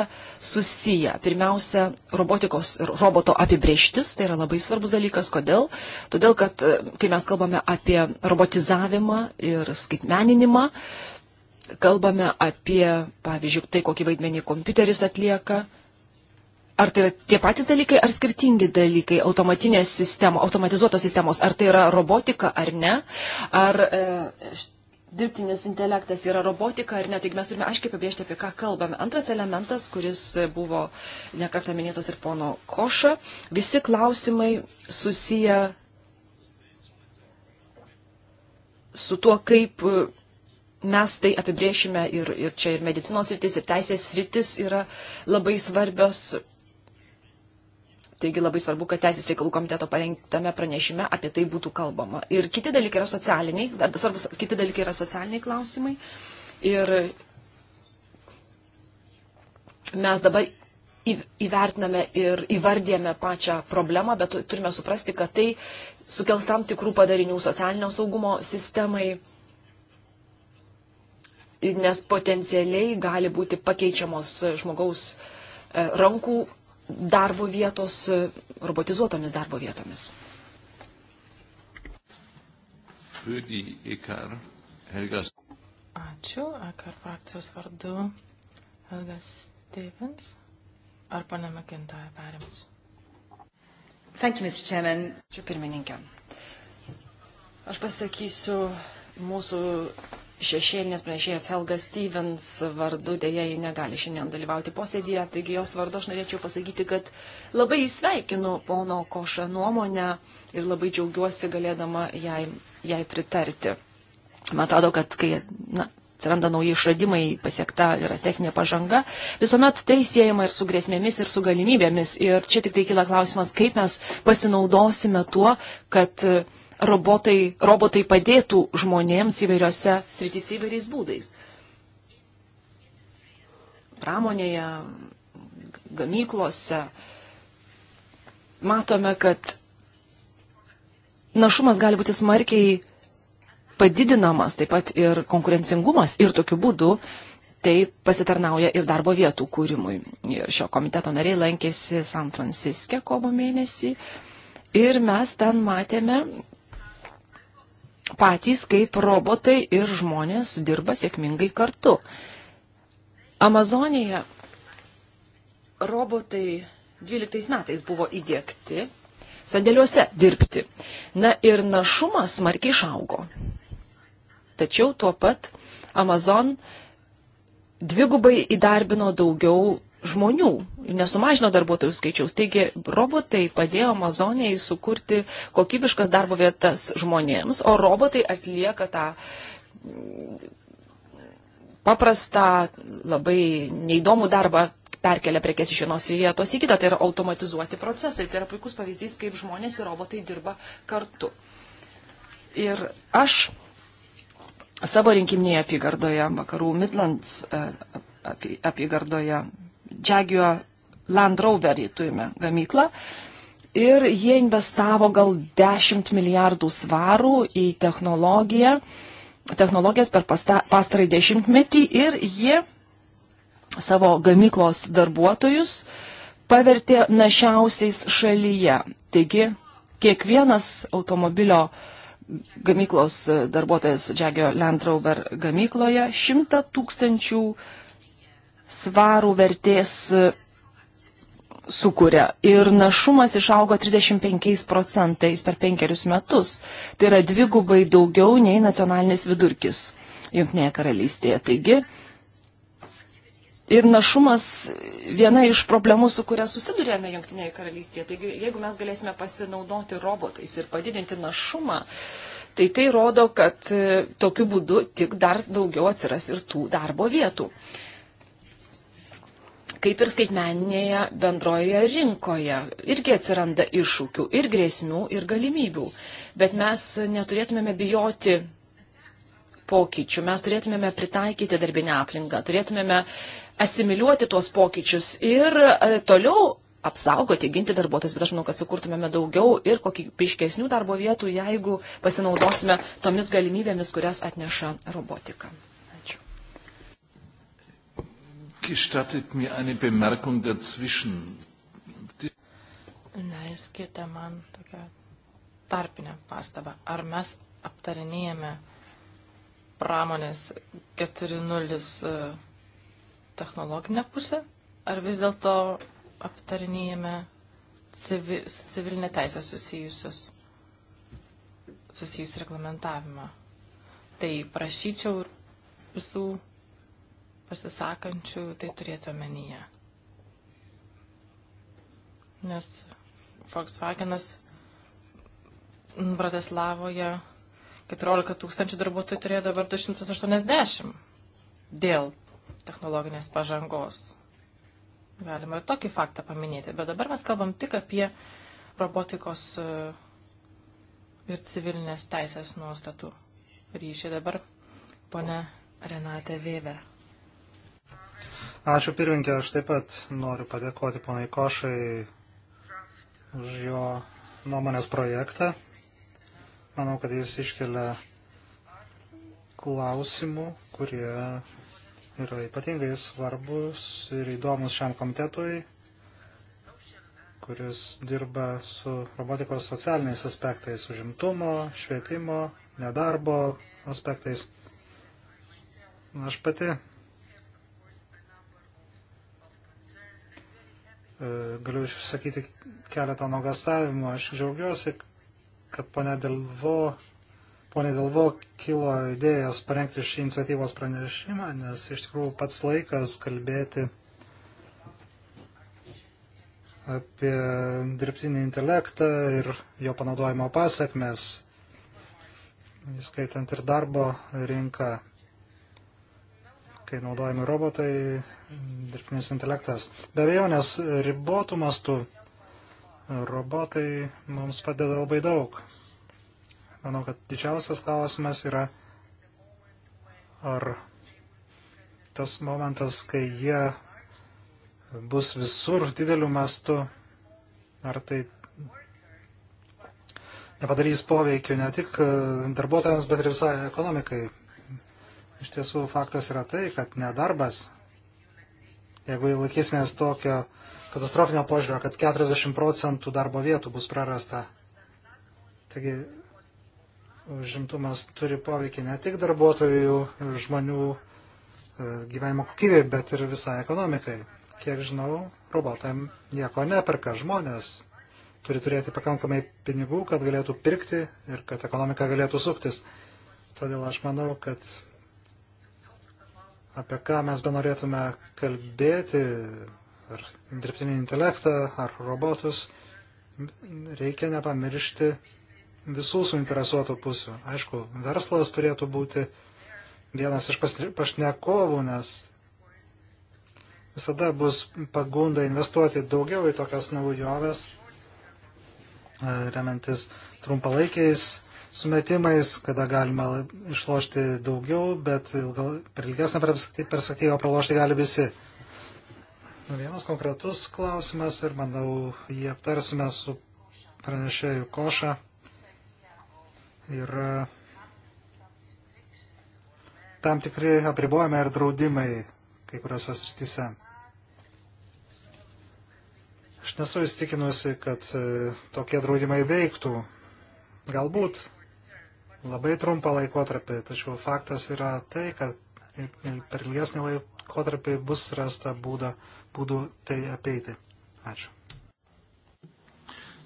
susiję. Pirmiausia, robotikos ir roboto apibrieštis, tai yra labai svarbus dalykas. Kodėl? Todėl, kad e, kai mes kalbame apie robotizavimą ir skaitmeninimą, kalbame apie, pavyzdžiui, tai, kokį vaidmenį kompiuteris atlieka, Ar tai yra tie patys dalykai, ar skirtingi dalykai, automatinės sistemos, automatizuotos sistemos, ar tai yra robotika ar ne, ar e, dirbtinis intelektas yra robotika ar ne, taigi mes turime aiškiai apibriežti, apie ką kalbame. Antras elementas, kuris buvo nekartą minėtas ir pono Koša, visi klausimai susiję su tuo, kaip e, mes tai apibriešime ir, ir čia ir medicinos rytis, ir teisės rytis yra labai svarbios Taigi labai svarbu, kad Teisės reikalų komiteto parengtame pranešime apie tai būtų kalbama. Ir kiti dalykai yra socialiniai, svarbus, kiti dalykai yra socialiniai klausimai. Ir mes dabar įvertiname ir įvardėme pačią problemą, bet turime suprasti, kad tai sukels tam tikrų padarinių socialinio saugumo sistemai, nes potencialiai gali būti pakeičiamos žmogaus e, rankų darbo vietos robotizuotomis darbo vietomis. E Ačiū, EKR frakcijos vardu Helgas Stevens. Ar pana McIntyre perims? Thank you, Mr. Chairman. Ačiū pirmininkė. Aš pasakysiu mūsų šešėlinės pranešėjas Helga Stevens vardu, dėja ji negali šiandien dalyvauti posėdėje, taigi jos vardu aš norėčiau pasakyti, kad labai sveikinu pono Košą nuomonę ir labai džiaugiuosi galėdama jai, jai pritarti. Man atrodo, kad kai na, atsiranda nauji išradimai, pasiekta yra techninė pažanga, visuomet tai siejama ir su grėsmėmis, ir su galimybėmis. Ir čia tik tai kyla klausimas, kaip mes pasinaudosime tuo, kad uh, robotai, robotai padėtų žmonėms įvairiose srityse įvairiais būdais. Pramonėje, gamyklose matome, kad našumas gali būti smarkiai padidinamas, taip pat ir konkurencingumas ir tokiu būdu tai pasitarnauja ir darbo vietų kūrimui. Ir šio komiteto nariai lankėsi San Franciske kovo mėnesį ir mes ten matėme, patys kaip robotai ir žmonės dirba sėkmingai kartu. Amazonėje robotai 12 metais buvo įdėkti sandėliuose dirbti. Na ir našumas smarkiai išaugo. Tačiau tuo pat Amazon dvigubai įdarbino daugiau žmonių ir nesumažino darbuotojų skaičiaus. Taigi robotai padėjo Amazonijai sukurti kokybiškas darbo vietas žmonėms, o robotai atlieka tą mm, paprastą, labai neįdomų darbą perkelia prekes iš vienos vietos į kitą, tai yra automatizuoti procesai. Tai yra puikus pavyzdys, kaip žmonės ir robotai dirba kartu. Ir aš savo rinkiminėje apygardoje, vakarų Midlands e, apygardoje, Jaguar Land Roverį turime gamyklą. Ir jie investavo gal 10 milijardų svarų į technologiją, technologijas per pastarąjį dešimtmetį ir jie savo gamyklos darbuotojus pavertė našiausiais šalyje. Taigi kiekvienas automobilio gamyklos darbuotojas Jaguar Land Rover gamykloje 100 tūkstančių 000 svarų vertės sukuria ir našumas išaugo 35 procentais per penkerius metus. Tai yra dvigubai daugiau nei nacionalinis vidurkis Junktinėje karalystėje. Taigi, ir našumas viena iš problemų, su kuria susidurėme Junktinėje karalystėje. Taigi, jeigu mes galėsime pasinaudoti robotais ir padidinti našumą, tai tai rodo, kad tokiu būdu tik dar daugiau atsiras ir tų darbo vietų. Uh, kaip ir skaitmeninėje bendroje rinkoje. Irgi atsiranda iššūkių ir grėsmių ir galimybių. Bet mes neturėtumėme bijoti pokyčių, mes turėtumėme pritaikyti darbinę aplinką, turėtumėme asimiliuoti tuos pokyčius ir e, toliau apsaugoti, ginti darbuotojus, bet aš manau, kad sukurtumėme daugiau ir kokybiškesnių darbo vietų, jeigu pasinaudosime tomis galimybėmis, kurias atneša robotika. Gestattet mir eine Bemerkung dazwischen. Leiskite man tokią tarpinę pastabą. Ar mes aptarinėjame pramonės 4.0 e, technologinę pusę, ar vis dėlto aptarinėjame civi, su civilinė teisė susijusius, susijus reglamentavimą. Tai prašyčiau visų pasisakančių, tai turėtų omenyje. Nes Volkswagenas Bratislavoje 14 tūkstančių darbuotojų turėjo dabar 280 dėl technologinės pažangos. Galima ir tokį faktą paminėti, bet dabar mes kalbam tik apie robotikos e, ir civilinės teisės nuostatų ryšį. Dabar ponia Renate Weber. Ačiū pirmininkė, aš taip pat noriu padėkoti ponai Košai už jo nuomonės projektą. Manau, kad jis iškelia klausimų, kurie yra ypatingai svarbus ir įdomus šiam komitetui, kuris dirba su robotikos socialiniais aspektais, užimtumo, švietimo, nedarbo aspektais. Aš pati E, galiu išsakyti keletą nuogastavimų. Aš džiaugiuosi, kad ponė Delvo, ponė Delvo kilo idėjas parengti šį iniciatyvos pranešimą, nes iš tikrųjų pats laikas kalbėti apie dirbtinį intelektą ir jo panaudojimo pasiekmes, įskaitant ir darbo rinką, kai naudojami robotai dirbtinis intelektas. Be abejo, nes ribotų mastų robotai mums padeda labai daug. Manau, kad didžiausias klausimas yra, ar tas momentas, kai jie bus visur dideliu mastu, ar tai nepadarys poveikių ne tik e, darbuotojams, bet ir visai ekonomikai. Iš tiesų faktas yra tai, kad nedarbas Jeigu laikysimės tokio katastrofinio požiūrio, kad 40 procentų darbo vietų bus prarasta, taigi užimtumas turi poveikį ne tik darbuotojų, žmonių e, gyvenimo kokybė, bet ir visai ekonomikai. Kiek žinau, robotai nieko neperka, žmonės turi turėti pakankamai pinigų, kad galėtų pirkti ir kad ekonomika galėtų suktis. Todėl aš manau, kad apie ką mes benorėtume kalbėti, ar dirbtinį intelektą, ar robotus, reikia nepamiršti visų suinteresuotų pusių. Aišku, verslas turėtų būti vienas iš pašnekovų, nes visada bus pagunda investuoti daugiau į tokias naujoves, e, remiantis trumpalaikiais sumetimais, kada galima išlošti daugiau, bet ilgal, per ilgesnę perspektyvą pralošti gali visi. Vienas konkretus klausimas ir manau jį aptarsime su pranešėjų košą. Yra tam tikri apribojimai ir draudimai kai kuriuose srityse. Aš nesu įstikinusi, kad e, tokie draudimai veiktų. Galbūt labai trumpą laikotarpį, tačiau faktas yra tai, kad per ilgesnį laikotarpį bus rasta būda, būdų tai apeiti. Ačiū.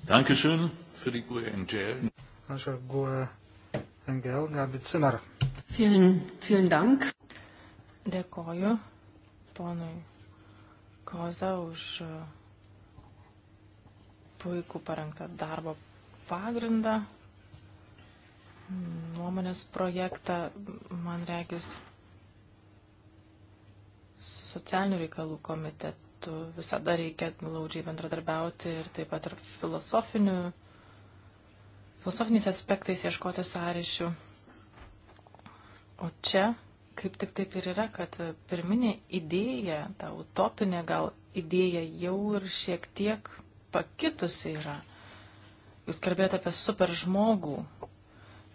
Dankeschön für die GUE NGL. Ačiū GUE NGL, Gabi Cimer. Vielen, vielen Dank. Dėkoju ponui Koza už uh, puikų parengtą darbo pagrindą nuomonės projektą, man reikis, socialinių reikalų komitetu visada reikia glaudžiai bendradarbiauti ir taip pat ir filosofinių, filosofiniais aspektais ieškoti sąryšių. O čia kaip tik taip ir yra, kad pirminė idėja, ta utopinė gal idėja jau ir šiek tiek pakitusi yra. Jūs kalbėjote apie super žmogų,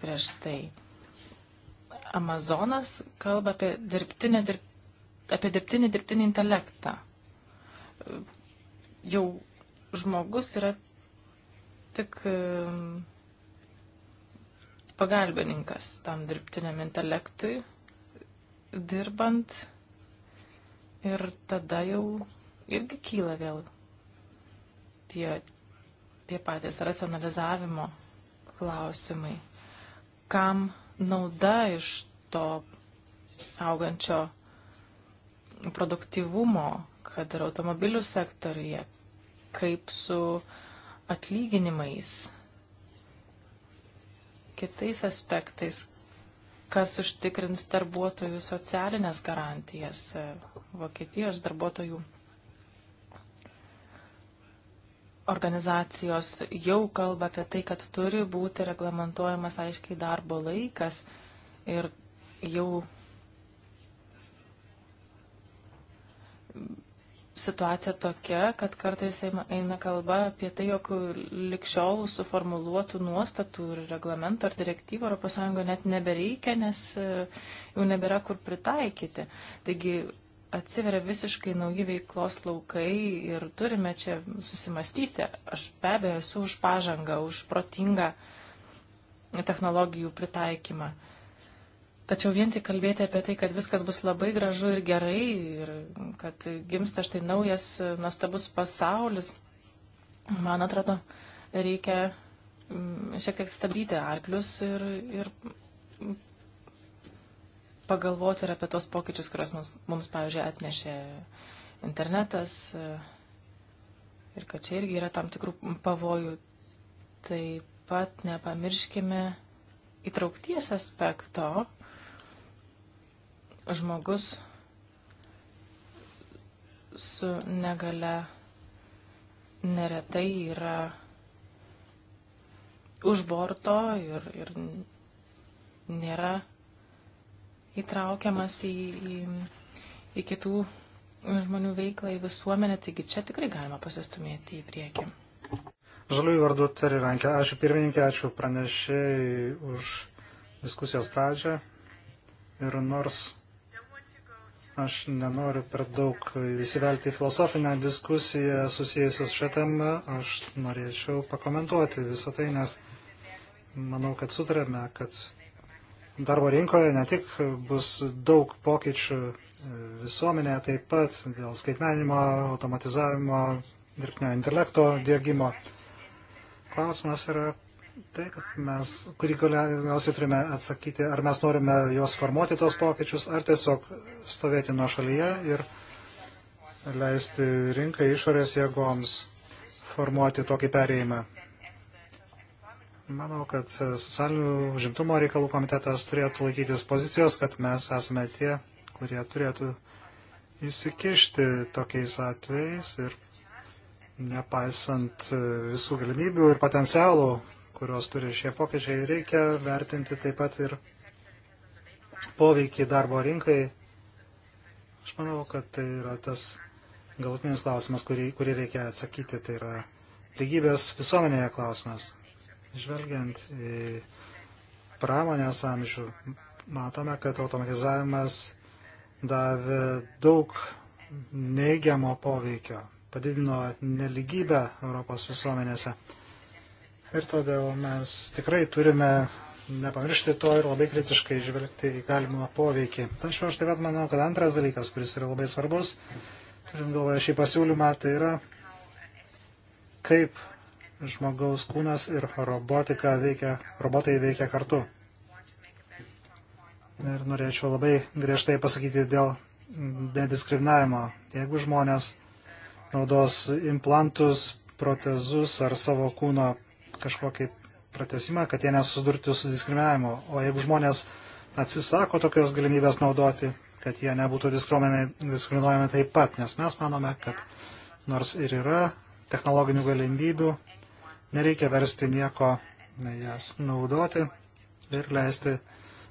prieš tai. Amazonas kalba apie dirbtinę, dirb, apie dirbtinį, dirbtinį intelektą. Jau žmogus yra tik um, pagalbininkas tam dirbtiniam intelektui dirbant ir tada jau irgi kyla vėl tie, tie patys racionalizavimo klausimai kam nauda iš to augančio produktivumo, kad ir automobilių sektorija, kaip su atlyginimais, kitais aspektais, kas užtikrins darbuotojų socialinės garantijas, Vokietijos darbuotojų organizacijos jau kalba apie tai, kad turi būti reglamentojamas aiškiai darbo laikas ir jau situacija tokia, kad kartais eina kalba apie tai, jog likščiol suformuluotų nuostatų ir reglamento ar direktyvų ES net nebereikia, nes e, jau nebėra kur pritaikyti. Taigi atsiveria visiškai nauji veiklos laukai ir turime čia susimastyti. Aš be abejo esu už pažangą, už protingą technologijų pritaikymą. Tačiau vien tik kalbėti apie tai, kad viskas bus labai gražu ir gerai ir kad gimsta štai naujas nuostabus pasaulis, man atrodo, reikia mm, šiek tiek stabdyti arklius ir, ir pagalvoti ir apie tos pokyčius, kurios mums, mums pavyzdžiui, atnešė internetas ir kad čia irgi yra tam tikrų pavojų. Taip pat nepamirškime įtraukties aspekto. Žmogus su negale neretai yra už borto ir, ir nėra įtraukiamas į, į, į kitų žmonių veiklą, į visuomenę, taigi čia tikrai galima pasistumėti į priekį. Žaliųjų vardu tari rankę. Ačiū pirmininkė, ačiū pranešėjai už diskusijos pradžią. Ir nors aš nenoriu per daug įsivelti į filosofinę diskusiją susijusios šią temą, aš norėčiau pakomentuoti visą tai, nes manau, kad sutarėme, kad darbo rinkoje ne tik bus daug pokyčių e, visuomenėje, taip pat dėl skaitmenimo, automatizavimo, dirbtinio intelekto dėgymo. Klausimas yra tai, kad mes, kurį galiausiai turime atsakyti, ar mes norime juos formuoti, tos pokyčius, ar tiesiog stovėti nuo šalyje ir leisti rinkai išorės jėgoms formuoti tokį perėjimą. Manau, kad socialinių užimtumo reikalų komitetas turėtų laikytis pozicijos, kad mes esame tie, kurie turėtų įsikišti tokiais atvejais ir nepaisant visų galimybių ir potencialų, kurios turi šie pokyčiai, reikia vertinti taip pat ir poveikį darbo rinkai. Aš manau, kad tai yra tas galutinis klausimas, kurį, kurį reikia atsakyti, tai yra lygybės visuomenėje klausimas. Žvelgiant į pramonės amžių, matome, kad automatizavimas davė daug neigiamo poveikio, padidino neligybę Europos visuomenėse. Ir todėl mes tikrai turime nepamiršti to ir labai kritiškai žvelgti į galimą poveikį. Tačiau aš taip pat manau, kad antras dalykas, kuris yra labai svarbus, turint galvoje šį pasiūlymą, tai yra kaip žmogaus kūnas ir robotika veikia, robotai veikia kartu. Ir norėčiau labai griežtai pasakyti dėl nediskriminavimo. Jeigu žmonės naudos implantus, protezus ar savo kūno kažkokį pratesimą, kad jie nesusidurtų su diskriminavimu. O jeigu žmonės atsisako tokios galimybės naudoti, kad jie nebūtų diskriminuojami taip pat, nes mes manome, kad nors ir yra technologinių galimybių, Nereikia versti nieko jas naudoti ir leisti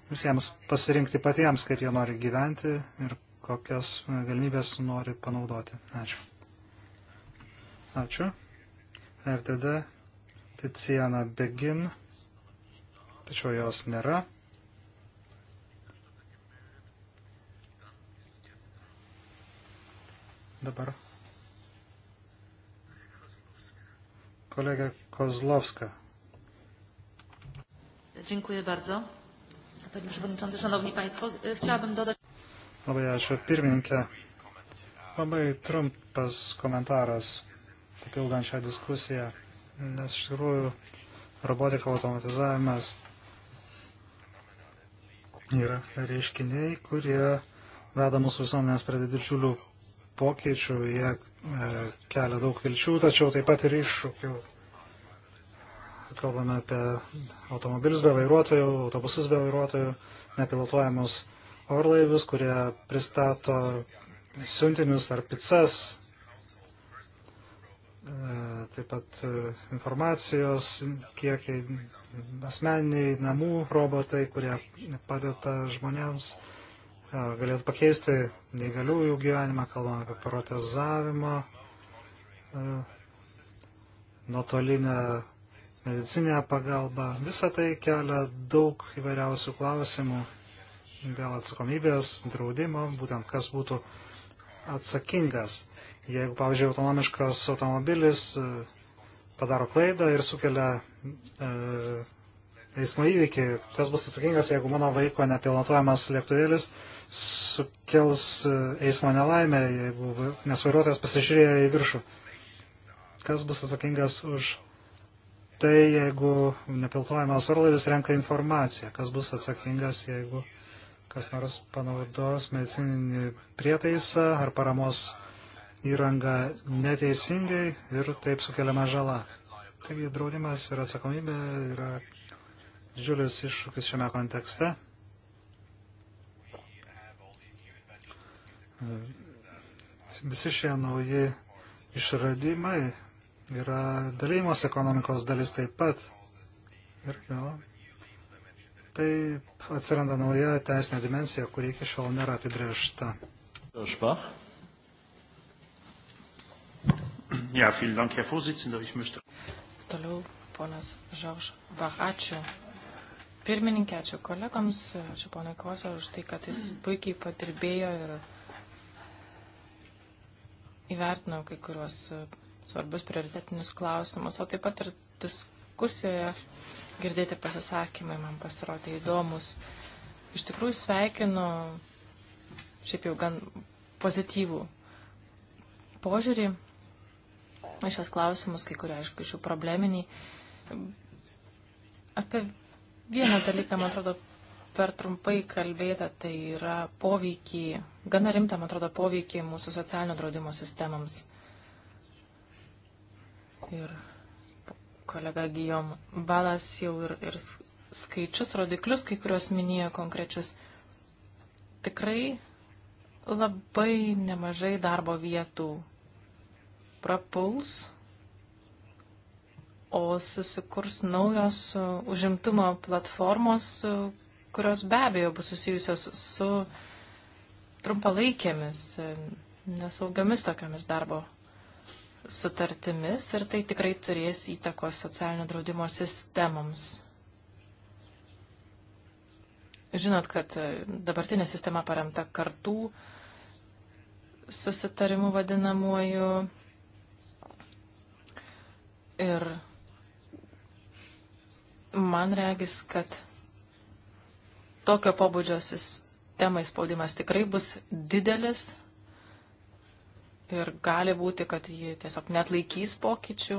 visiems pasirinkti patiems, kaip jie nori gyventi ir kokias galimybės nori panaudoti. Ačiū. Ačiū. Ir tada Ticiana Begin, tačiau jos nėra. Dabar Kolega Kozlowska. Dziękuję bardzo. Panie Przewodniczący, Szanowni Państwo, e, chciałabym dodać... Labai ačiū pirmininkė. Labai trumpas komentaras, papildant šią diskusiją, nes iš tikrųjų robotika automatizavimas yra reiškiniai, kurie veda mūsų visuomenės prie didžiulių pokyčių, jie e, kelia daug vilčių, tačiau taip pat ir iššūkių. Kalbame apie automobilius be vairuotojų, autobusus be vairuotojų, nepilotuojamus orlaivius, kurie pristato siuntinius ar pizzas, e, taip pat e, informacijos kiekiai, asmeniniai namų robotai, kurie padeda žmonėms galėtų pakeisti neįgaliųjų gyvenimą, kalbame apie protezavimą, nuotolinę medicinę pagalbą. Visą tai kelia daug įvairiausių klausimų dėl atsakomybės, draudimo, būtent kas būtų atsakingas. Jeigu, pavyzdžiui, autonomiškas automobilis padaro klaidą ir sukelia eismo įvykį, kas bus atsakingas, jeigu mano vaiko nepilotuojamas lėktuvėlis sukels e, eismo nelaimę, jeigu nesvairuotojas pasižiūrėjo į viršų. Kas bus atsakingas už tai, jeigu nepiltojamas orlaivis renka informaciją? Kas bus atsakingas, jeigu kas nors panaudos medicininį prietaisą ar paramos įrangą neteisingai ir taip sukeliama žala? Taigi draudimas ir atsakomybė yra didžiulis iššūkis šiame kontekste. Visi šie nauji išradimai yra dalymos ekonomikos dalis taip pat. Ir vėl taip atsiranda nauja teisinė dimensija, kuri iki šiol nėra apibriešta. Špach. Ja, vielen Dank, Herr Vorsitzender. Ich möchte. Toliau, ponas Žorž Bach, ačiū. Pirmininkė, ačiū kolegoms, ačiū ponui Kozar už tai, kad jis puikiai padirbėjo ir įvertinau kai kuriuos e, svarbius prioritetinius klausimus, o taip pat ir diskusijoje girdėti pasisakymai man pasirodė įdomus. Iš tikrųjų sveikinu šiaip jau gan pozityvų požiūrį į šios klausimus, kai kurie, aišku, iš jų probleminiai. Apie vieną dalyką, man atrodo, per trumpai kalbėta, tai yra poveikiai, gana rimta, man atrodo, poveikiai mūsų socialinio draudimo sistemams. Ir kolega Gijom Balas jau ir, ir skaičius, rodiklius, kai kuriuos minėjo konkrečius. Tikrai labai nemažai darbo vietų prapuls, o susikurs naujos užimtumo platformos, kurios be abejo bus susijusios su trumpalaikėmis, nesaugiomis tokiamis darbo sutartimis ir tai tikrai turės įtakos socialinio draudimo sistemoms. Žinot, kad dabartinė sistema paremta kartų susitarimu vadinamuoju ir man regis, kad tokio pobūdžio sistemai spaudimas tikrai bus didelis ir gali būti, kad ji tiesiog net laikys pokyčių.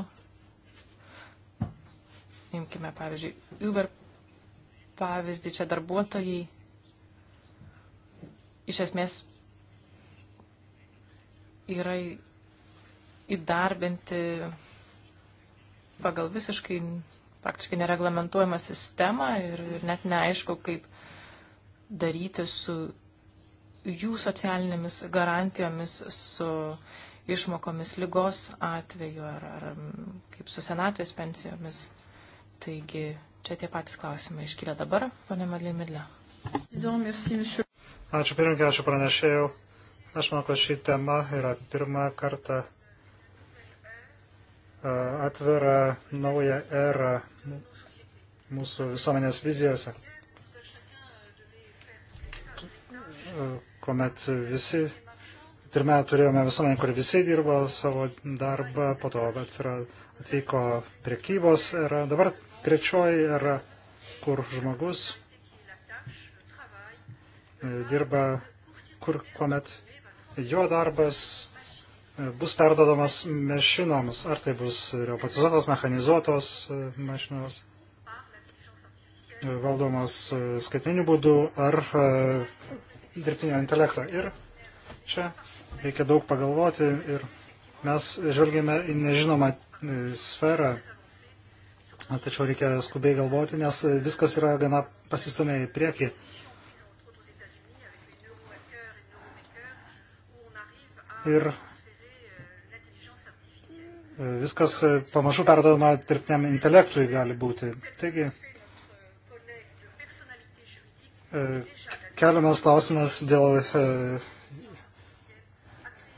Imkime, pavyzdžiui, Uber pavyzdį, čia darbuotojai iš esmės yra įdarbinti pagal visiškai praktiškai nereglamentuojamą sistemą ir, ir net neaišku, kaip daryti su jų socialinėmis garantijomis, su išmokomis lygos atveju ar, ar kaip su senatvės pensijomis. Taigi čia tie patys klausimai iškyla dabar, ponė Madlin Midle. Ačiū pirmininkai, ačiū pranešėjau. Aš manau, kad ši tema yra pirmą kartą atvira naują erą mūsų visuomenės vizijose. kuomet visi, pirmia turėjome visuomenę, kur visi dirbo savo darbą, po to atsirado, atvyko priekybos era, dabar trečioji era, kur žmogus e, dirba, kur kuomet jo darbas e, bus perdodamas mašinoms, ar tai bus robotizuotos, mechanizuotos e, mašinos, valdomos skaitminių būdų, ar dirbtinio intelekto. Ir čia reikia daug pagalvoti ir mes žvelgėme į nežinomą e, sferą, tačiau reikia skubiai galvoti, nes viskas yra gana pasistumę į priekį. Ir e, viskas pamažu perdodama dirbtiniam intelektui gali būti. Taigi, e, Keliamas klausimas dėl e,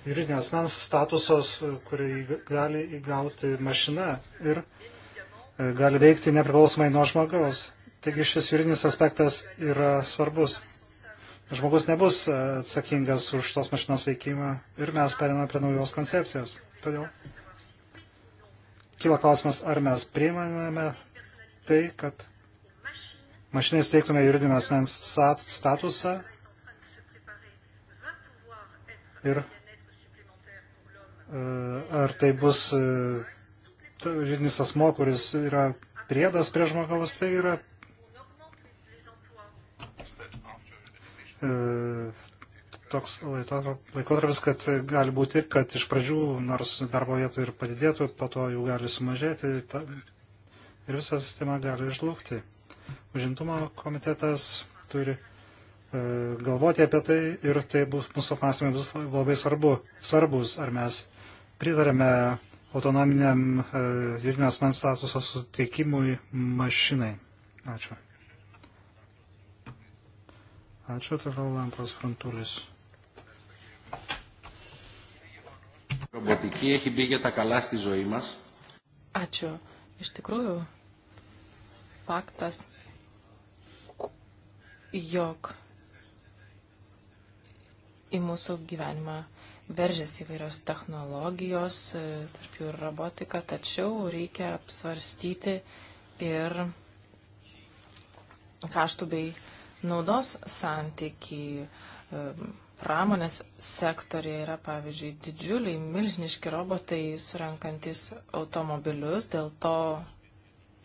juridinio asmens statusos, kurį gali įgauti mašina ir e, gali veikti nepriklausomai nuo žmogaus. Taigi šis juridinis aspektas yra svarbus. Žmogus nebus e, atsakingas už tos mašinos veikimą ir mes periname prie naujos koncepcijos. Todėl kyla klausimas, ar mes priimame tai, kad mašinai suteiktume juridinio asmens statusą ir e, ar tai bus e, juridinis asmo, kuris yra priedas prie žmogaus, tai yra e, toks laikotarpis, kad gali būti, kad iš pradžių nors darbo vietų ir padidėtų, po to jų gali sumažėti ta, ir visa sistema gali žlugti. Užimtumo komitetas turi e, galvoti apie tai ir tai bus mūsų apmąstymai bus labai svarbu, svarbus, ar mes pritarėme autonominiam e, juridinio asmens statuso suteikimui mašinai. Ačiū. Ačiū, toliau Lampas Frontulis. Ρομποτική έχει μπει για τα καλά στη ζωή μας. Ačiū. Iš tikrųjų, faktas, jog į mūsų gyvenimą veržiasi įvairios technologijos, e, tarp jų ir robotika, tačiau reikia apsvarstyti ir kaštų bei naudos santykį. E, pramonės sektorija yra, pavyzdžiui, didžiuliai, milžiniški robotai surenkantis automobilius, dėl to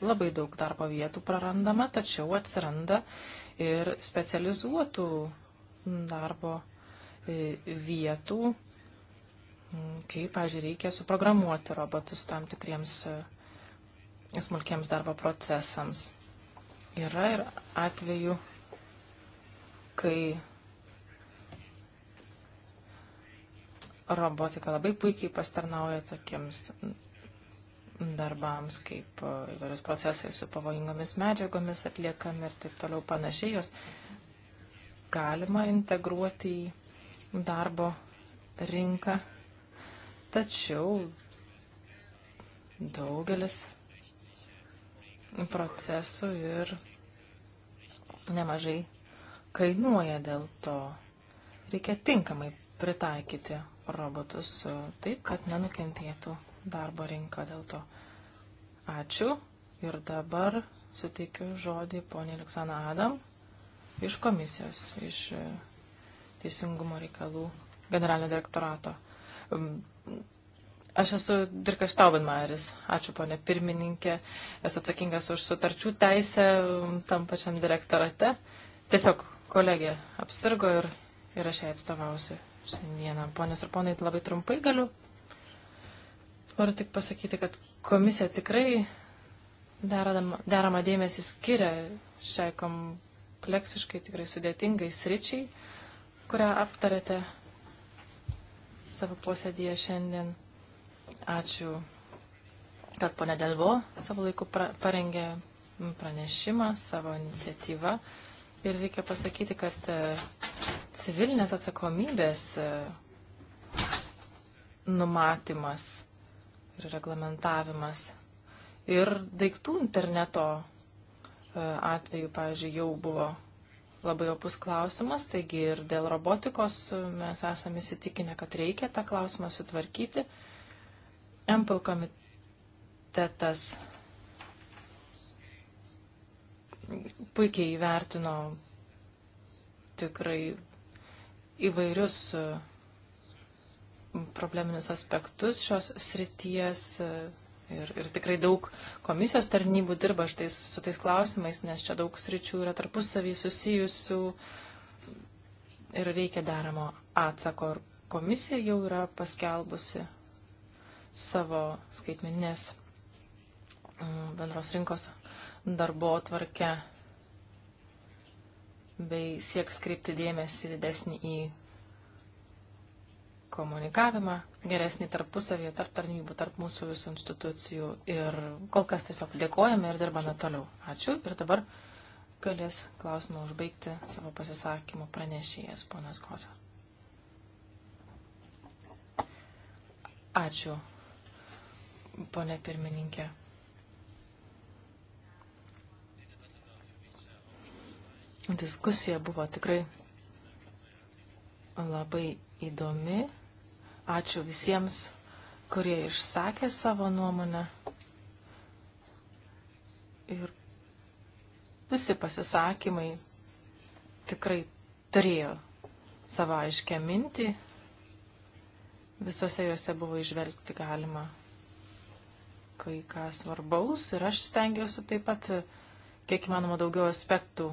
labai daug darbo vietų prarandama, tačiau atsiranda ir specializuotų darbo e, vietų, kai, pažiūrėjau, reikia suprogramuoti robotus tam tikriems e, smulkiems darbo procesams. Yra ir atveju, kai robotika labai puikiai pastarnauja tokiems darbams, kaip e, įvairius procesai su pavojingomis medžiagomis atliekami ir taip toliau panašiai, jos galima integruoti į darbo rinką. Tačiau daugelis procesų ir nemažai kainuoja dėl to. Reikia tinkamai pritaikyti robotus e, taip, kad nenukentėtų darbo rinka dėl to. Ačiū. Ir dabar suteikiu žodį ponė Aleksana Adam iš komisijos, iš e, Teisingumo reikalų generalinio direktorato. Aš esu Dirka Štaubenmaeris. Ačiū, ponė pirmininkė. Esu atsakingas už sutarčių teisę tam pačiam direktorate. Tiesiog kolegė apsirgo ir, ir aš ją atstovausiu šiandieną. Ponės ir ponai, labai trumpai galiu. Noriu tik pasakyti, kad komisija tikrai deramą dėmesį skiria šiai kompleksiškai, tikrai sudėtingai sričiai, kurią aptarėte savo posėdėje šiandien. Ačiū, kad ponė Delvo savo laiku pra parengė pranešimą savo iniciatyvą. Ir reikia pasakyti, kad e, civilinės atsakomybės e, numatymas ir reglamentavimas. Ir daiktų interneto e, atveju, pavyzdžiui, jau buvo labai opus klausimas, taigi ir dėl robotikos e, mes esame įsitikinę, kad reikia tą klausimą sutvarkyti. MPL komitetas puikiai įvertino tikrai įvairius uh, probleminius aspektus šios srities e, ir, ir tikrai daug komisijos tarnybų dirba štais, su tais klausimais, nes čia daug sričių yra tarpusavį susijusių ir reikia deramo atsako. Komisija jau yra paskelbusi savo skaitmeninės mm, bendros rinkos darbo tvarkę bei sieks kreipti dėmesį didesnį į komunikavimą, geresnį tarpusavį, tarp tarnybų, tarp mūsų visų institucijų. Ir kol kas tiesiog dėkojame ir dirbame toliau. Ačiū. Ir dabar galės klausimą užbaigti savo pasisakymo pranešėjas, ponas Kosa. Ačiū, ponė pirmininkė. Diskusija buvo tikrai labai įdomi. Ačiū visiems, kurie išsakė savo nuomonę. Ir visi pasisakymai tikrai turėjo savo aiškę mintį. Visose juose buvo išvelgti galima kai ką svarbaus ir aš stengiuosi taip pat, kiek įmanoma, daugiau aspektų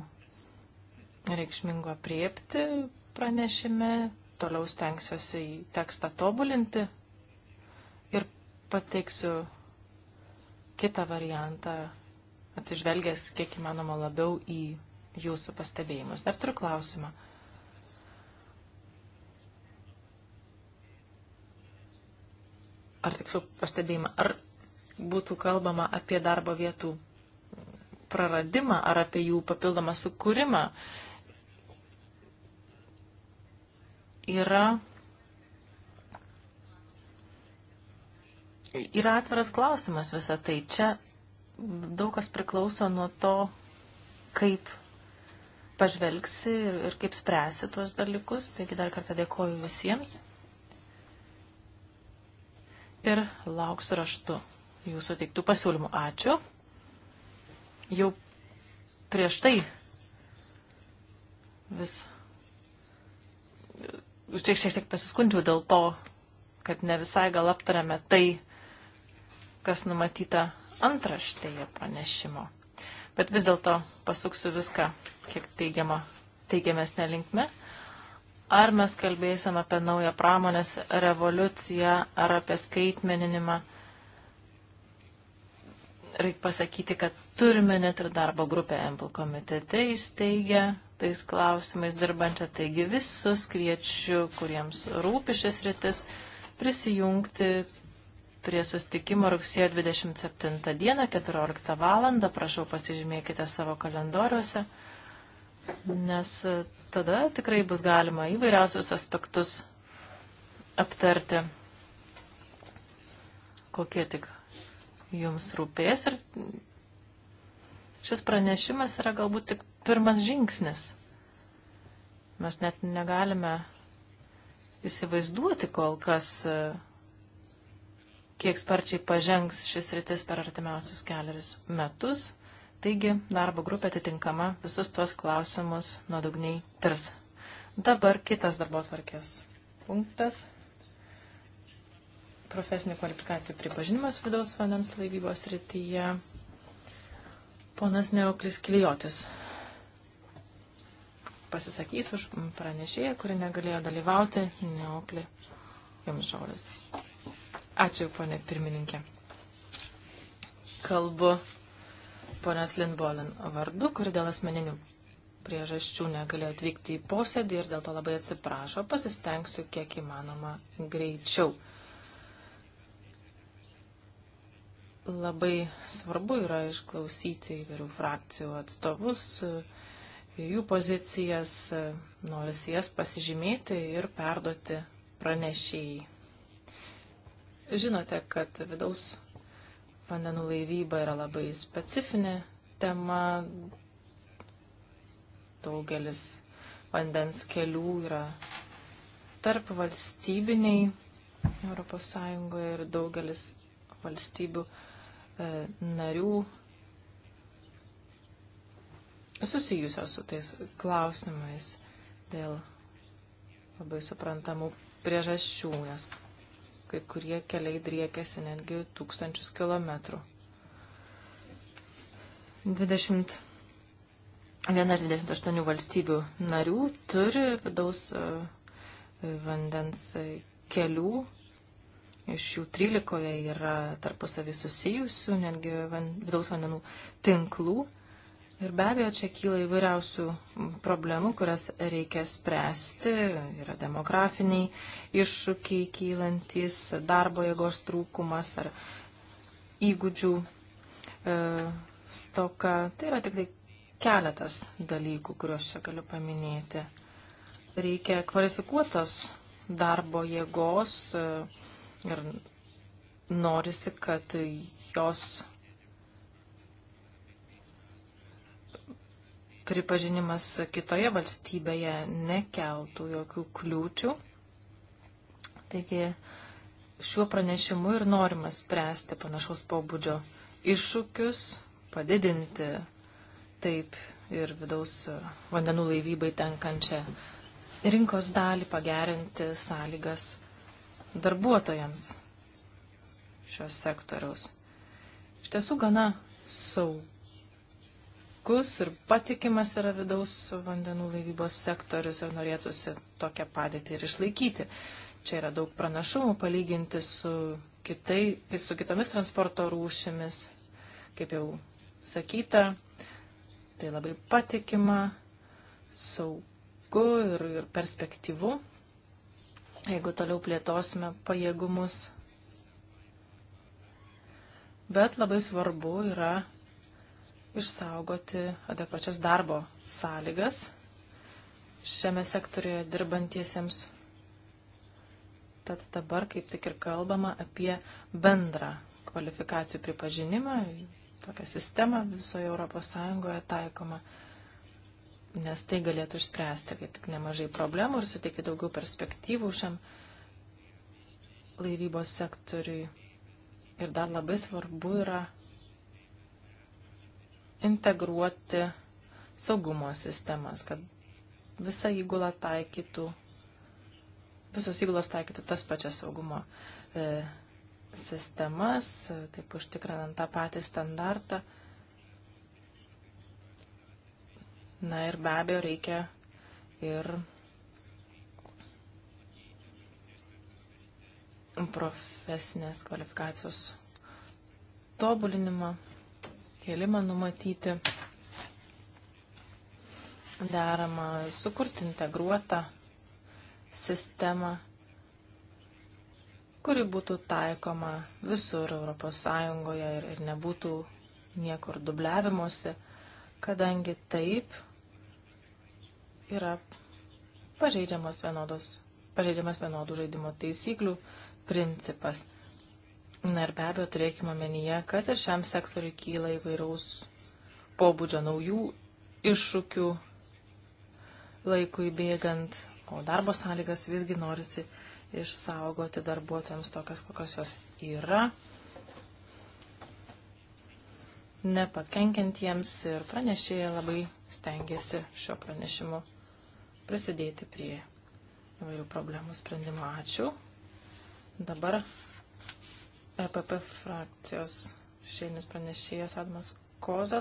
reikšmingo apriepti pranešime, toliau stengsiuosi į tekstą tobulinti ir pateiksiu kitą variantą, atsižvelgęs kiek įmanoma labiau į jūsų pastebėjimus. Dar turiu klausimą. Ar tiksliau pastebėjimą, ar būtų kalbama apie darbo vietų praradimą, ar apie jų papildomą sukūrimą? Uh, yra, yra atviras klausimas visą tai. Čia daug kas priklauso nuo to, kaip pažvelgsi ir, ir kaip spręsi tuos dalykus. Taigi dar kartą dėkoju visiems. Ir lauksiu raštu jūsų teiktų pasiūlymų. Ačiū. Jau prieš tai vis šiek, šiek tiek pasiskundžiau dėl to, kad ne visai gal aptarėme tai, kas numatyta antraštėje pranešimo. Bet vis dėlto pasuksiu viską kiek teigiama, teigiamesnė linkme. Ar mes kalbėsim apie naują pramonės revoliuciją ar apie skaitmeninimą, reikia pasakyti, kad turime net ir darbo grupę Ample komitete įsteigę tais klausimais dirbančią. Taigi visus kviečiu, kuriems rūpi šis rytis, prisijungti prie sustikimo rugsėjo 27 dieną 14 val. Prašau pasižymėkite savo kalendoriuose, nes tada tikrai bus galima įvairiausius aspektus aptarti, kokie tik jums rūpės. Ir šis pranešimas yra galbūt tik pirmas žingsnis. Mes net negalime įsivaizduoti kol kas, kiek sparčiai pažengs šis rytis per artimiausius keliarius metus. Taigi, darbo grupė atitinkama visus tuos klausimus nuodugniai tirs. Dabar kitas darbo tvarkės punktas profesinių kvalifikacijų pripažinimas vidaus vandens laivybos rytyje. Ponas Neoklis Kilijotis pasisakys už pranešėją, kuri negalėjo dalyvauti. Neoklė, jums žodis. Ačiū, ponė pirmininkė. Kalbu ponios Lindbolen vardu, kuri dėl asmeninių priežasčių negalėjo atvykti į posėdį ir dėl to labai atsiprašo. Pasistengsiu kiek įmanoma greičiau. Labai svarbu yra išklausyti įvairių frakcijų atstovus. Uh, jų pozicijas, norisi jas pasižymėti ir perduoti pranešėjai. Žinote, kad vidaus vandenų laivyba yra labai specifinė tema. Daugelis vandens kelių yra tarp valstybiniai ES ir daugelis valstybių e, narių susijusios su tais klausimais dėl labai suprantamų priežasčių, nes kai kurie keliai driekiasi netgi tūkstančius kilometrų. 21 ar 28 valstybių narių turi vidaus e, vandens e, kelių. Iš jų 13 yra tarpusavį susijusių, netgi vidaus vandenų tinklų. Ir be abejo, čia kyla įvairiausių problemų, kurias reikia spręsti. Yra demografiniai iššūkiai kylantis, darbo jėgos trūkumas ar įgūdžių e, stoka. Tai yra tik tai keletas dalykų, kuriuos čia galiu paminėti. Reikia kvalifikuotos darbo jėgos e, ir norisi, kad jos pripažinimas kitoje valstybėje nekeltų jokių kliūčių. Taigi šiuo pranešimu ir norima spręsti panašaus pobūdžio iššūkius, padidinti taip ir vidaus vandenų laivybai tenkančią rinkos dalį, pagerinti sąlygas darbuotojams šios sektoriaus. Iš tiesų gana saug saugus ir patikimas yra vidaus vandenų laivybos sektorius ir norėtųsi tokią padėtį ir išlaikyti. Čia yra daug pranašumų palyginti su, kitai, su kitomis transporto rūšimis, kaip jau sakyta, tai labai patikima, saugu ir, ir perspektyvu, jeigu toliau plėtosime pajėgumus. Bet labai svarbu yra išsaugoti adekvačias darbo sąlygas šiame sektorijoje dirbantiesiems. Tad dabar kaip tik ir kalbama apie bendrą kvalifikacijų pripažinimą, tokią sistemą visoje Europos Sąjungoje taikoma, nes tai galėtų išspręsti kaip tik nemažai problemų ir suteikti daugiau perspektyvų šiam laivybos sektoriui. Ir dar labai svarbu yra integruoti saugumo sistemas, kad visa įgula taikytų, visos įgulos taikytų tas pačias saugumo e, sistemas, e, taip užtikrinant tą patį standartą. Na ir be abejo reikia ir profesinės kvalifikacijos tobulinimą perkelimą numatyti deramą, sukurti integruotą sistemą, kuri būtų taikoma visur ES ir, ir nebūtų niekur dubliavimuose, kadangi taip yra pažeidžiamas vienodos pažeidimas vienodų žaidimo taisyklių principas. Na ir be abejo turėkime omenyje, kad ir šiam sektoriu kyla įvairaus pobūdžio naujų iššūkių laikui bėgant, o darbo sąlygas visgi norisi išsaugoti darbuotojams tokias, kokios jos yra, nepakenkiantiems ir pranešėjai labai stengiasi šio pranešimu prisidėti prie įvairių problemų sprendimo. Ačiū. Dabar EPP frakcijos šeinis pranešėjas Admas Koza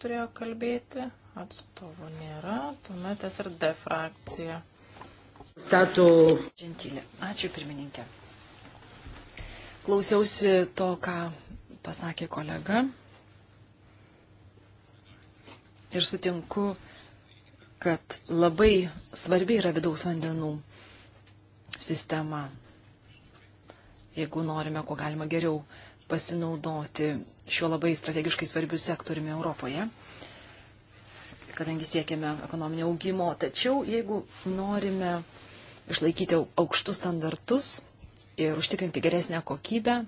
turėjo kalbėti, atstovų nėra, tuomet SRD frakcija. Tatų. Gentilė, ačiū pirmininkė. Klausiausi to, ką pasakė kolega ir sutinku, kad labai svarbi yra vidaus vandenų sistema jeigu norime, kuo galima geriau pasinaudoti šiuo labai strategiškai svarbiu sektoriumi Europoje, kadangi siekiame ekonominio augimo. Tačiau jeigu norime išlaikyti aukštus standartus ir užtikrinti geresnę kokybę,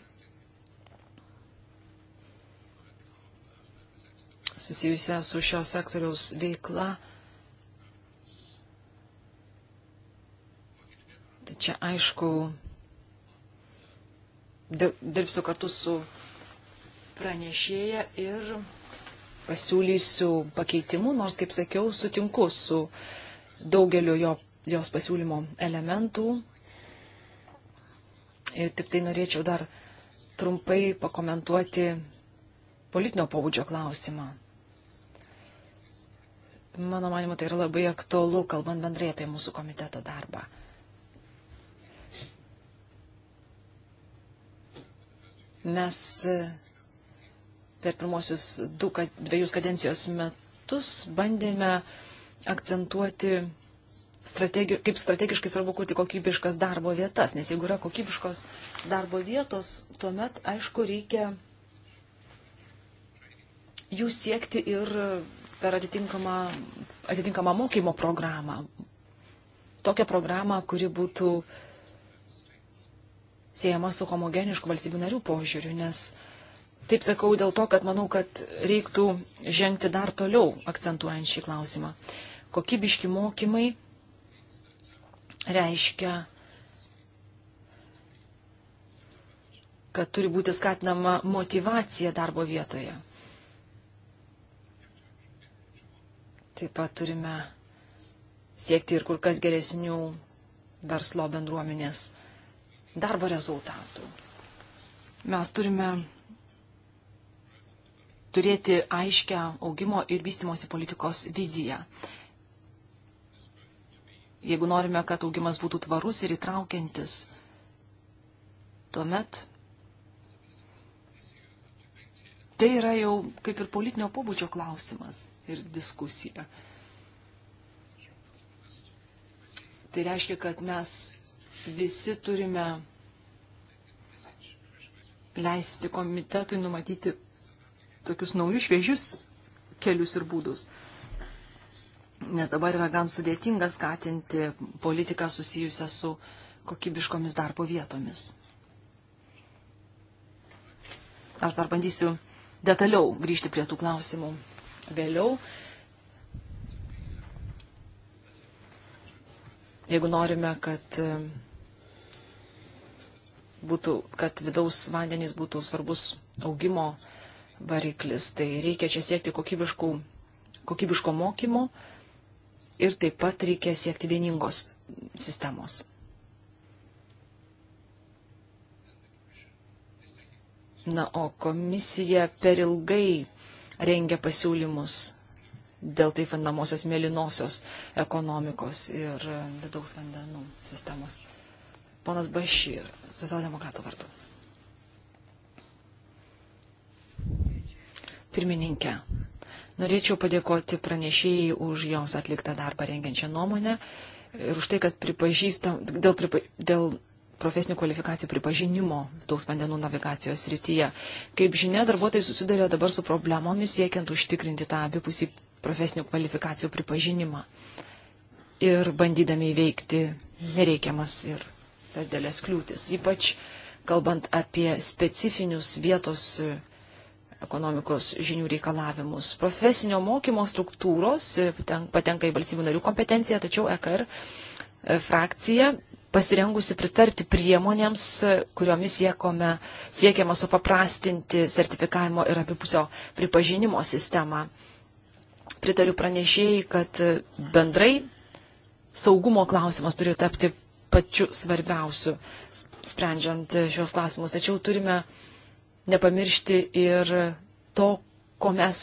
susijusią su šio sektoriaus veikla. Tai čia aišku, dirbsiu kartu su pranešėja ir pasiūlysiu pakeitimų, nors, kaip sakiau, sutinku su daugeliu jo, jos pasiūlymo elementų. Ir tik tai norėčiau dar trumpai pakomentuoti politinio pobūdžio klausimą. Mano manimo, tai yra labai aktualu, kalbant bendrai apie mūsų komiteto darbą. Mes e, per pirmosius du, dviejus kadencijos metus bandėme akcentuoti strategi, kaip strategiškai svarbu kurti kokybiškas darbo vietas, nes jeigu yra kokybiškos darbo vietos, tuomet, aišku, reikia jų siekti ir per atitinkamą, atitinkamą mokymo programą. Tokią programą, kuri būtų uh, siejama su homogenišku valstybių narių požiūriu, nes taip sakau dėl to, kad manau, kad reiktų žengti dar toliau, akcentuojant šį klausimą. Kokybiški mokymai reiškia, kad turi būti skatinama motivacija darbo vietoje. Taip pat turime siekti ir kur kas geresnių verslo bendruomenės darbo rezultatų. Mes turime turėti aiškę augimo ir vystimosi politikos viziją. Jeigu norime, kad augimas būtų tvarus ir įtraukiantis, tuomet tai yra jau kaip ir politinio pobūdžio klausimas ir diskusija. Tai reiškia, kad mes visi turime leisti komitetui numatyti tokius naujus, šviežius kelius ir būdus. Nes dabar yra gan sudėtinga skatinti politiką susijusią su kokybiškomis darbo vietomis. Aš dar bandysiu detaliau grįžti prie tų klausimų vėliau. Jeigu norime, kad būtų, kad vidaus vandenys būtų svarbus augimo variklis. Tai reikia čia siekti kokybiško mokymo ir taip pat reikia siekti vieningos sistemos. Na, o komisija per ilgai rengia pasiūlymus dėl taip vadinamosios mėlynosios ekonomikos ir vidaus vandenų sistemos ponas Bašyr, socialdemokratų vardu. Pirmininkė, norėčiau padėkoti pranešėjai už jos atliktą darbą rengiančią nuomonę ir už tai, kad pripažįstam, dėl, pripa, dėl profesinių kvalifikacijų pripažinimo vidaus vandenų navigacijos rytyje. Kaip žinia, darbuotojai susiduria dabar su problemomis siekiant užtikrinti tą abipusį profesinių kvalifikacijų pripažinimą ir bandydami įveikti nereikiamas ir per dėlės kliūtis, ypač kalbant apie specifinius vietos e, ekonomikos žinių reikalavimus. Profesinio mokymo struktūros e, patenka į valstybių narių kompetenciją, tačiau EKR e, frakcija pasirengusi pritarti priemonėms, kuriomis siekome, siekiama supaprastinti sertifikavimo ir abipusio pripažinimo sistemą. Pritariu pranešėjai, kad bendrai saugumo klausimas turi tapti pačiu svarbiausiu, sprendžiant e, šios klausimus. Tačiau turime nepamiršti ir to, ko mes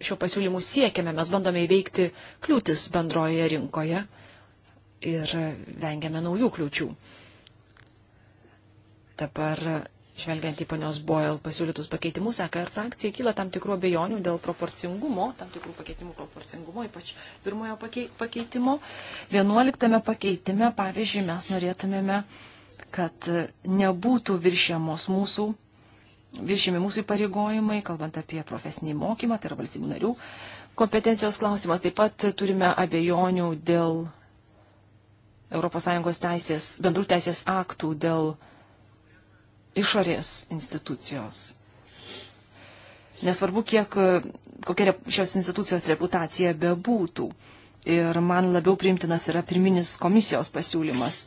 šio pasiūlymu siekiame. Mes bandome įveikti kliūtis bendroje rinkoje ir vengiame naujų kliūčių. Dabar žvelgiant į ponios Boyle pasiūlytus pakeitimus, EKR frakcijai kyla tam tikrų abejonių dėl proporcingumo, tam tikrų pakeitimų proporcingumo, ypač pirmojo pakeitimo. Vienuoliktame pakeitime, pavyzdžiui, mes norėtumėme, kad nebūtų viršiamos mūsų, viršimi mūsų įpareigojimai, kalbant apie profesinį mokymą, tai yra valstybių narių. Kompetencijos klausimas taip pat turime abejonių dėl ES teisės, bendrų teisės aktų, dėl išorės institucijos. Nesvarbu, kiek, kokia šios institucijos reputacija bebūtų. Ir man labiau priimtinas yra pirminis komisijos pasiūlymas.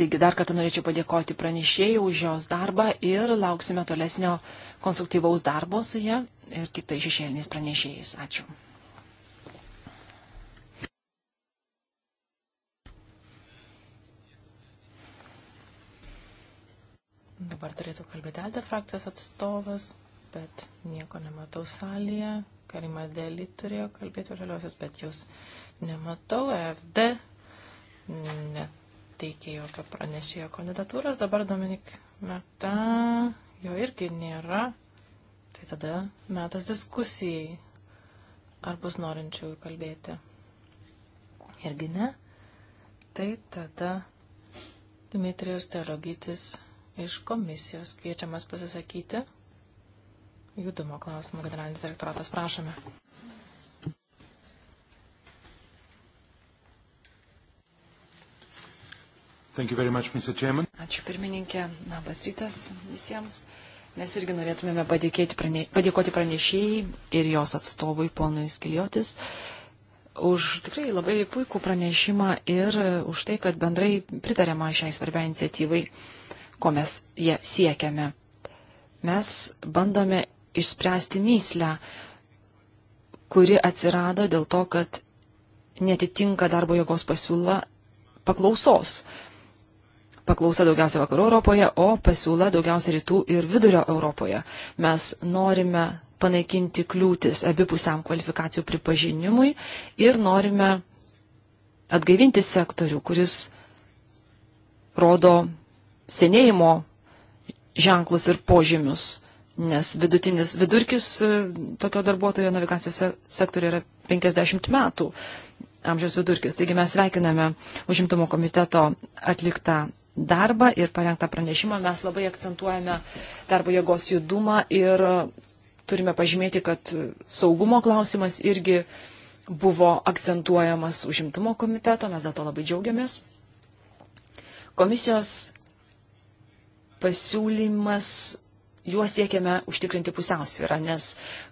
Taigi dar kartą norėčiau padėkoti pranešėjai už jos darbą ir lauksime tolesnio konstruktyvaus darbo su ją ir kitais šešėliniais pranešėjais. Ačiū. Dabar turėtų kalbėti Alde frakcijos atstovas, bet nieko nematau salėje. Karima Deli turėjo kalbėti žaliosios, bet jūs nematau. FD neteikė jokio pranešėjo kandidatūros. Dabar Dominik Meta, jo irgi nėra. Tai tada metas diskusijai. Ar bus norinčių kalbėti? Irgi ne. Tai tada Dmitrijus Teologytis iš komisijos kviečiamas pasisakyti. Judumo klausimų generalinis direktoratas, prašome. Much, Ačiū pirmininkė, labas rytas visiems. Mes irgi norėtumėme prane, padėkoti pranešėjai ir jos atstovui ponui Skiliotis už tikrai labai puikų pranešimą ir už tai, kad bendrai pritarėma šiai svarbia iniciatyvai ko mes jie siekiame. Mes bandome išspręsti myslę, kuri atsirado dėl to, kad netitinka darbo jėgos pasiūla paklausos. Paklausa daugiausia vakarų Europoje, o pasiūla daugiausia rytų ir vidurio Europoje. Mes norime panaikinti kliūtis abipusiam kvalifikacijų pripažinimui ir norime atgaivinti sektorių, kuris rodo senėjimo ženklus ir požymius, nes vidutinis vidurkis e, tokio darbuotojo navigacijos sektoriuje yra 50 metų amžiaus vidurkis. Taigi mes sveikiname užimtumo komiteto atliktą darbą ir parengtą pranešimą. Mes labai akcentuojame darbo jėgos judumą ir e, turime pažymėti, kad saugumo klausimas irgi buvo akcentuojamas užimtumo komiteto. Mes dėl to labai džiaugiamės. Komisijos pasiūlymas, juo siekiame užtikrinti pusiausvyrą, nes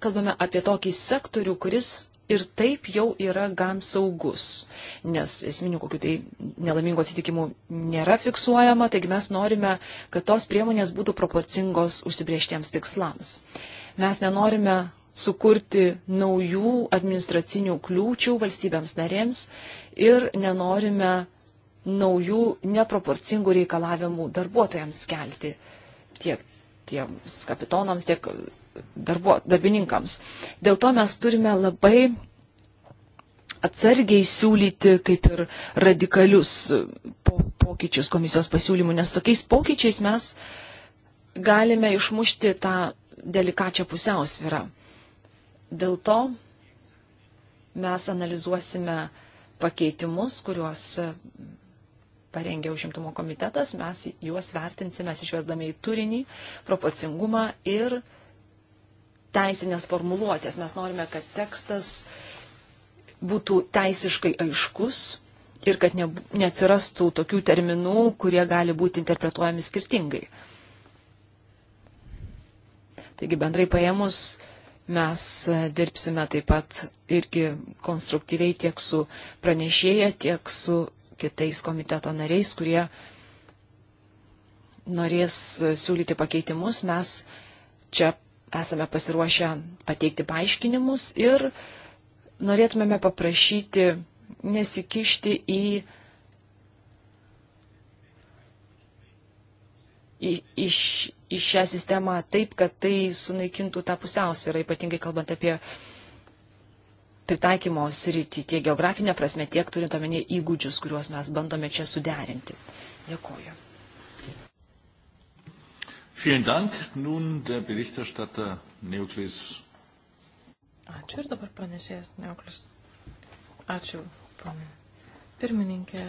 kalbame apie tokį sektorių, kuris ir taip jau yra gan saugus, nes esminių kokių tai nelaimingų atsitikimų nėra fiksuojama, taigi mes norime, kad tos priemonės būtų proporcingos užsibrieštiems tikslams. Mes nenorime sukurti naujų administracinių kliūčių valstybėms narėms ir nenorime naujų neproporcingų reikalavimų darbuotojams kelti tiek tiems kapitonams, tiek darbo, darbininkams. Dėl to mes turime labai atsargiai siūlyti kaip ir radikalius po, pokyčius komisijos pasiūlymų, nes tokiais pokyčiais mes galime išmušti tą delikačią pusiausvyrą. Dėl to mes analizuosime pakeitimus, kuriuos parengė užimtumo komitetas, mes juos vertinsime atsižvelgdami į turinį, proporcingumą ir teisinės formuluotės. Mes norime, kad tekstas būtų teisiškai aiškus ir kad ne, neatsirastų tokių terminų, kurie gali būti interpretuojami skirtingai. Taigi bendrai paėmus mes dirbsime taip pat irgi konstruktyviai tiek su pranešėja, tiek su kitais komiteto nariais, kurie norės e, siūlyti pakeitimus, mes čia esame pasiruošę pateikti paaiškinimus ir norėtumėme paprašyti nesikišti į, į, į, į šią sistemą taip, kad tai sunaikintų tą pusiausvyrą, ypatingai kalbant apie uh, pritaikymo sritį tiek geografinė prasme, tiek turint omenyje įgūdžius, kuriuos mes bandome čia suderinti. Dėkuoju. Vielen Dank. Nun der Berichterstatter Neuklis. Ačiū ir dabar pranešėjas Neuklis. Ačiū, ponė. Pirmininkė,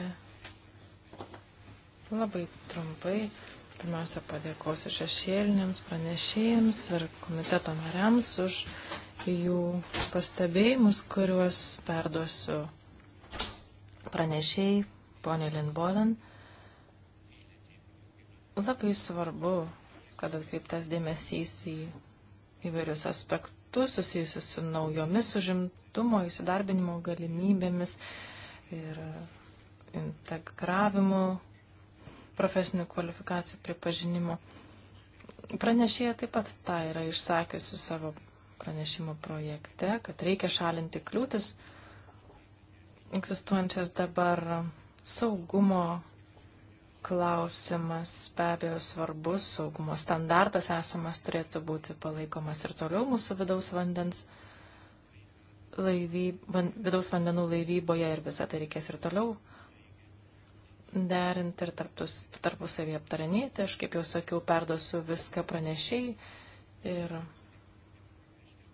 labai trumpai. Pirmiausia, padėkosiu šešėliniams pranešėjams ir komiteto nariams už jų pastabėjimus, kuriuos perduosiu pranešėjai, ponė Lindbolen. Labai svarbu, kad atkreiptas dėmesys į įvairius aspektus susijusius su naujomis užimtumo įsidarbinimo galimybėmis ir integravimu profesinių kvalifikacijų pripažinimu. Pranešėja taip pat tą yra išsakiusi savo pranešimo projekte, kad reikia šalinti kliūtis egzistuojančias dabar saugumo klausimas be abejo svarbus, saugumo standartas esamas turėtų būti palaikomas ir toliau mūsų vidaus vandens. Laivy, van, vidaus vandenų laivyboje ir visą tai reikės ir toliau derinti ir tarptus, tarpusavį aptarinėti. Aš, kaip jau sakiau, perduosiu viską pranešiai ir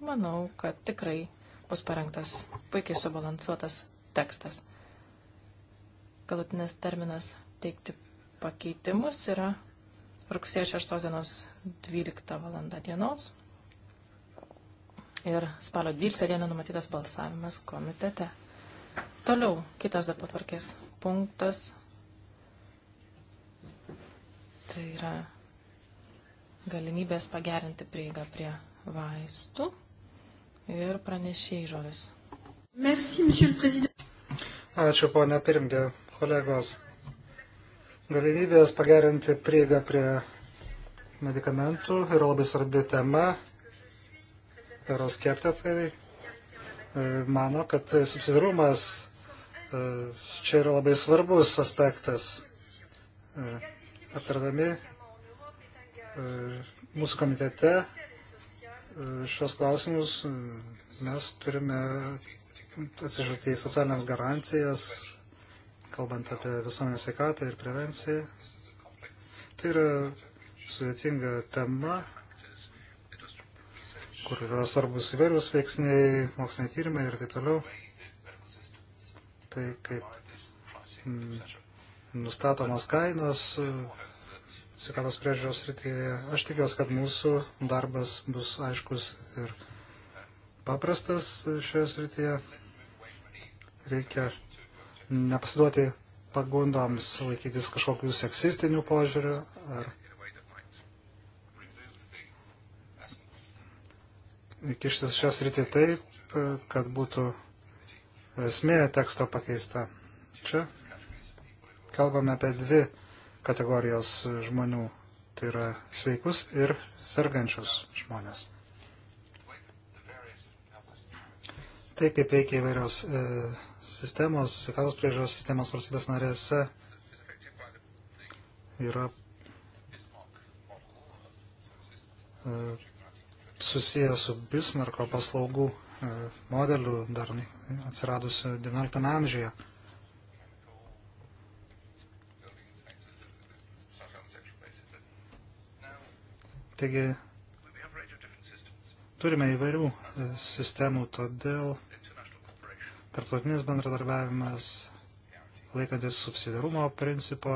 manau, kad tikrai bus parengtas puikiai subalansuotas tekstas. Galutinis terminas teikti pakeitimus yra rugsėjo 6 dienos 12 valanda dienos ir spalio 12 dieną numatytas balsavimas komitete. Toliau kitas darbo tvarkės punktas. Tai yra galimybės pagerinti prieigą prie vaistų ir pranešėjai žodis. Merci, monsieur le président. Ačiū, ponia pirmdė, kolegos. Galimybės pagerinti prieigą prie medikamentų yra labai svarbi tema. Euroskeptikai e, mano, kad subsidarumas e, čia yra labai svarbus aspektas. E, aptardami mūsų komitete šios klausimus, mes turime atsižvelgti į socialinės garantijas, kalbant apie visuomenės sveikatą ir prevenciją. Tai yra sudėtinga tema, kur yra svarbus įvairūs veiksniai, moksliniai tyrimai ir taip toliau. Tai kaip mm, nustatomas kainos sveikatos priežiūros srityje. Aš tikiuosi, kad mūsų darbas bus aiškus ir paprastas šioje srityje. Reikia nepasiduoti pagundoms laikytis kažkokių seksistinių požiūrių ar kištis šios rytį taip, kad būtų esmė teksto pakeista. Čia kalbame apie dvi kategorijos žmonių, tai yra sveikus ir sergančius žmonės. Tai kaip veikia įvairios e, sistemos, sveikatos priežiūros sistemos valstybės narėse yra e, susijęs su Bismarko paslaugų e, modelių dar atsiradusiu XIX amžiuje. Taigi turime įvairių e, sistemų, todėl tarptautinis bendradarbiavimas laikantis subsidiarumo principo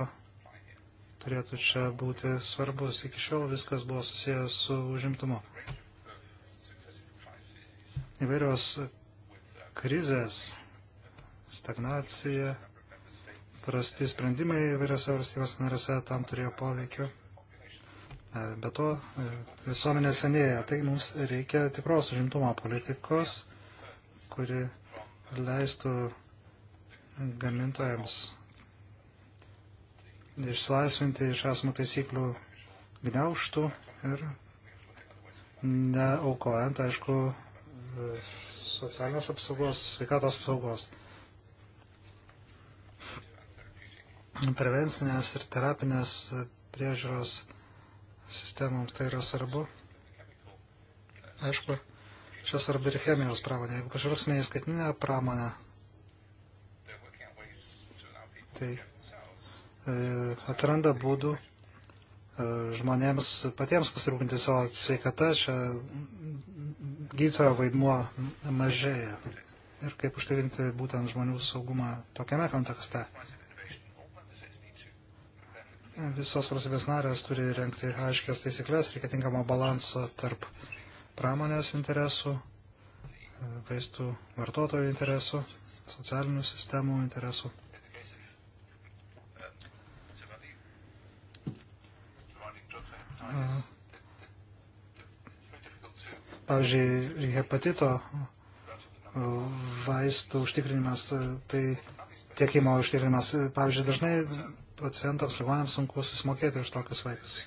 turėtų čia būti svarbus. Iki šiol viskas buvo susijęs su užimtumu. Įvairios krizės, stagnacija, prasti sprendimai įvairiose valstybės narėse tam turėjo poveikio. E, be to, e, visuomenė senėja, tai mums reikia tikros užimtumo politikos, kuri leistų gamintojams išlaisvinti iš esmų taisyklių gniauštų ir neaukojant, aišku, e, socialinės apsaugos, sveikatos apsaugos. Prevencinės ir terapinės priežiūros sistemoms tai yra svarbu. Aišku, čia svarbu ir chemijos pramonė. Jeigu kažkoks neįskaitinė pramonė, tai e, atsiranda būdų e, žmonėms patiems pasirūpinti savo sveikatą, čia gydytojo vaidmuo mažėja. Ir kaip užtikrinti būtent žmonių saugumą tokiame kontekste visos valstybės narės turi renkti aiškias taisyklės, reikia tinkamo balanso tarp pramonės interesų, vaistų vartotojų interesų, socialinių sistemų interesų. Pavyzdžiui, hepatito vaistų užtikrinimas, tai tiekimo užtikrinimas. Pavyzdžiui, dažnai pacientams, ligonėms sunku susimokėti už tokius vaikus.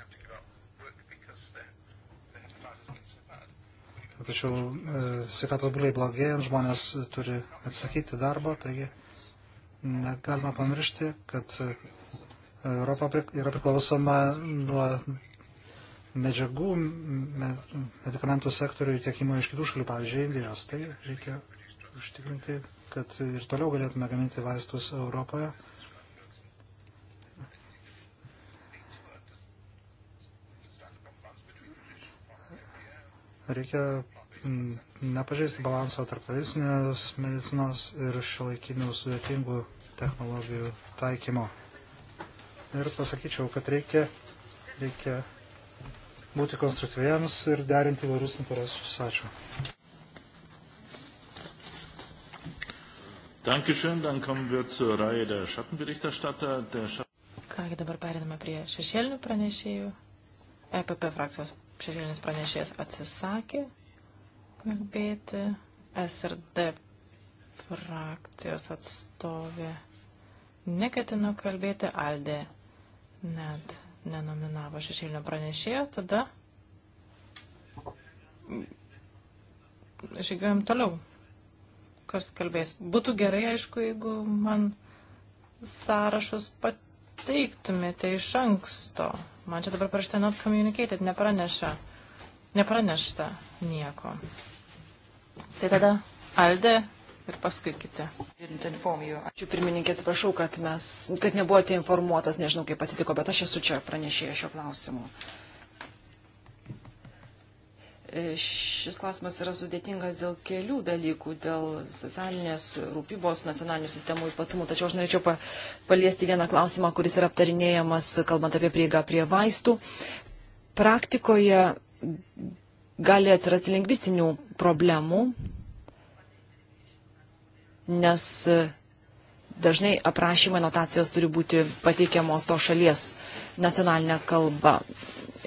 Tačiau e, sveikatos būliai blogėjant, žmonės turi atsakyti darbo, taigi negalima pamiršti, kad e, Europa yra priklausoma nuo medžiagų, medikamentų sektorių tiekimo iš kitų šalių, pavyzdžiui, Indijos. Tai reikia užtikrinti, kad ir toliau galėtume gaminti vaistus Europoje Reikia mm, nepažeisti balanso tarp tradicinės medicinos ir šiuolaikinių sudėtingų technologijų taikymo. Ir pasakyčiau, kad reikia, reikia būti konstruktyviems ir derinti įvairius interesus. Ačiū. Dankeschön, dann kommen wir zur Reihe der Schattenberichterstatter. Der Schatten Kągi dabar periname prie šešėlinių pranešėjų. EPP frakcijos šešėlinis pranešėjas atsisakė kalbėti. SRD frakcijos atstovė neketino kalbėti, Aldė net nenominavo šešėlinio pranešėjo, tada žygiuojam toliau. Kas kalbės? Būtų gerai, aišku, jeigu man sąrašus pateiktumėte iš anksto. Man čia dabar parašta not communicated, nepraneša, nepranešta nieko. Tai tada Alde ir paskui kiti. Ačiū pirmininkė, atsiprašau, kad, mes, kad nebuvote informuotas, nežinau kaip atsitiko, bet aš esu čia pranešėjęs šio klausimu. Uh, Šis klausimas yra sudėtingas dėl kelių dalykų, dėl socialinės rūpybos nacionalinių sistemų ypatumų. Tačiau aš norėčiau pa paliesti vieną klausimą, kuris yra aptarinėjamas, kalbant apie prieigą prie vaistų. Praktikoje gali atsirasti lingvistinių problemų, nes dažnai aprašymai notacijos turi būti pateikiamos to šalies nacionalinė kalba.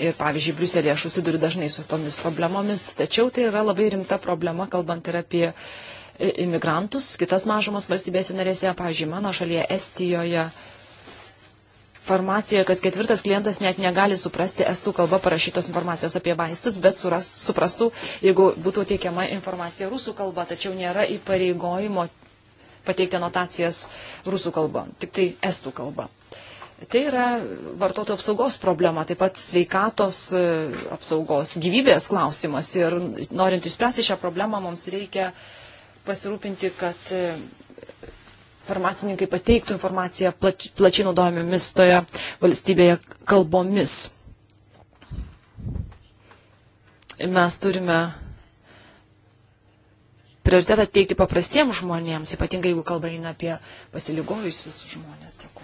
Ir pavyzdžiui, Briuselėje aš susiduriu dažnai su tomis problemomis, tačiau tai yra labai rimta problema, kalbant ir apie e, imigrantus, kitas mažumas valstybėse narėse, pavyzdžiui, mano šalyje Estijoje. Farmacijoje kas ketvirtas klientas net negali suprasti estų kalba parašytos informacijos apie vaistus, bet suras, suprastų, jeigu būtų teikiama informacija rusų kalba, tačiau nėra įpareigojimo pateikti anotacijas rusų kalba, tik tai estų kalba. Uh, Tai yra vartotojų apsaugos problema, taip pat sveikatos e, apsaugos, gyvybės klausimas. Ir norint išspręsti šią problemą, mums reikia pasirūpinti, kad e, farmacininkai pateiktų informaciją plač, plačiai naudojomis toje valstybėje kalbomis. Mes turime prioritetą teikti paprastiems žmonėms, ypatingai jeigu kalba eina apie pasiligojusius žmonės. Dėkui.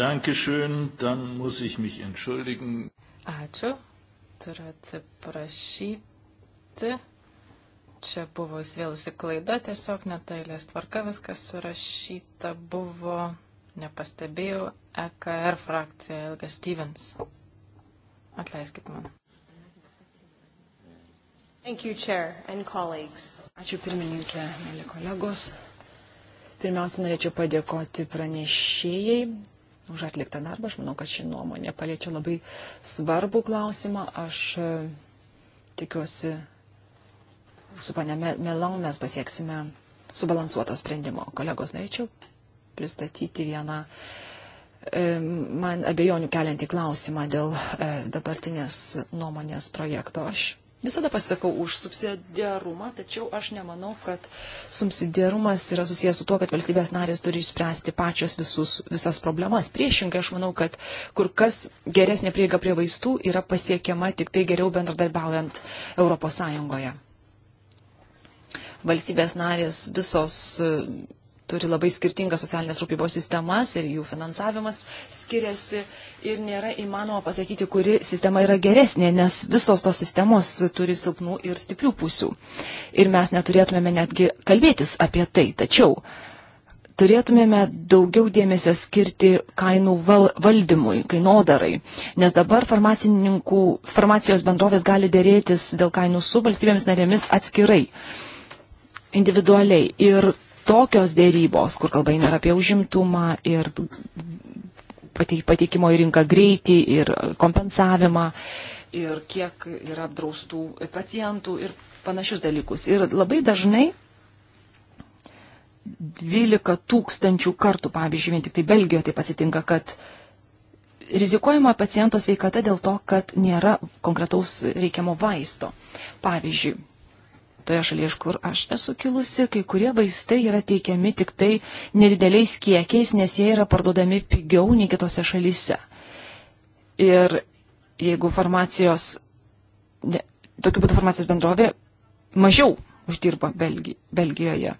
Dankeschön, dann muss ich mich entschuldigen. Ačiū, turiu atsiprašyti. Čia buvo įsivėlusi klaida, tiesiog netailės tvarka viskas surašyta buvo, nepastebėjau, EKR frakcija Elga Stevens. Atleiskit man. Thank you, Chair and colleagues. Ačiū pirmininkė, mėly kolegos. Pirmiausia, norėčiau padėkoti pranešėjai už atliktą darbą. Aš manau, kad ši nuomonė paliečia labai svarbų klausimą. Aš e, tikiuosi, su pane Melau mes pasieksime subalansuoto sprendimo. Kolegos, norėčiau pristatyti vieną e, man abejonių keliantį klausimą dėl e, dabartinės nuomonės projekto. Aš visada pasisakau už subsidiarumą, tačiau aš nemanau, kad subsidiarumas yra susijęs su tuo, kad valstybės narės turi išspręsti pačios visus, visas problemas. Priešingai, aš manau, kad kur kas geresnė prieiga prie vaistų yra pasiekiama tik tai geriau bendradarbiaujant ES. Valstybės narės visos turi labai skirtingas socialinės rūpybos sistemas ir jų finansavimas skiriasi ir nėra įmanoma pasakyti, kuri sistema yra geresnė, nes visos tos sistemos turi silpnų ir stiprių pusių. Ir mes neturėtumėme netgi kalbėtis apie tai. Tačiau turėtumėme daugiau dėmesio skirti kainų val valdymui, kainodarai, nes dabar farmacijos bendrovės gali dėrėtis dėl kainų su valstybėmis narėmis atskirai, individualiai. Ir tokios dėrybos, kur kalba eina apie užimtumą ir pateikimo į rinką greitį ir kompensavimą ir kiek yra apdraustų pacientų ir panašius dalykus. Ir labai dažnai 12 tūkstančių kartų, pavyzdžiui, vien tik tai Belgijoje taip atsitinka, kad rizikuojama paciento sveikata dėl to, kad nėra konkretaus reikiamo vaisto. Pavyzdžiui, toje šalyje, iš kur aš esu kilusi, kai kurie vaistai yra teikiami tik tai nedideliais kiekiais, nes jie yra parduodami pigiau nei kitose šalyse. Ir jeigu farmacijos, ne, tokiu būdu farmacijos bendrovė mažiau uždirba Belgi, Belgijoje.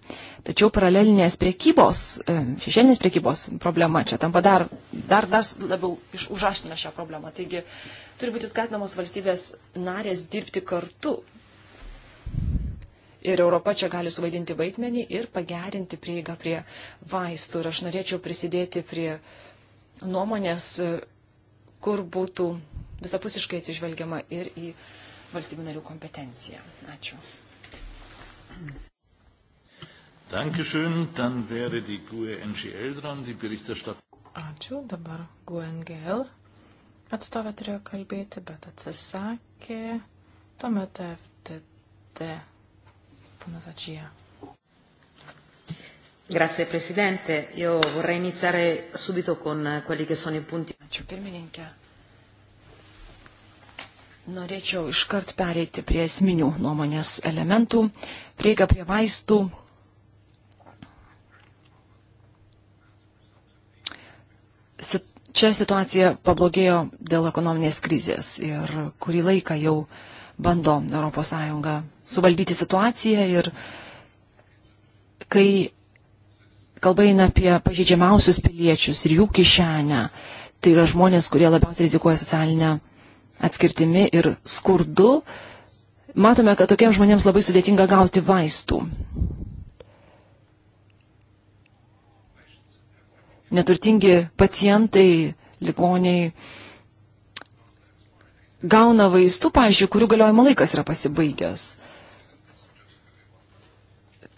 Tačiau paralelinės priekybos, e, šešėlinės priekybos problema čia tampa dar, dar, dar labiau užaština šią problemą. Taigi turi būti skatinamos valstybės narės dirbti kartu Ir Europa čia gali suvaidinti vaidmenį ir pagerinti prieigą prie vaistų. Ir aš norėčiau prisidėti prie nuomonės, kur būtų visapusiškai atsižvelgiama ir į valstybių narių kompetenciją. Ačiū. Dankeschön, dann wäre die GUE NGL dran, die Berichterstattung. Ačiū, dabar GUE NGL atstovė turėjo kalbėti, bet atsisakė. Tuomet FTT Panas Ačija. Grazie Presidente, io vorrei iniziare subito con eh, quelli che sono i punti. Ačiū pirmininkė. Norėčiau iškart pereiti prie esminių nuomonės elementų, prieiga prie vaistų. Čia situacija pablogėjo dėl ekonominės krizės ir kurį laiką jau uh, bando ES suvaldyti situaciją ir kai kalba eina apie pažeidžiamiausius piliečius ir jų kišenę, tai yra žmonės, kurie labiausiai rizikuoja socialinę atskirtimi ir skurdu, matome, kad tokiems žmonėms labai sudėtinga gauti vaistų. Neturtingi pacientai, ligoniai, gauna vaistų, pažiūrėjau, kurių galiojimo laikas yra pasibaigęs.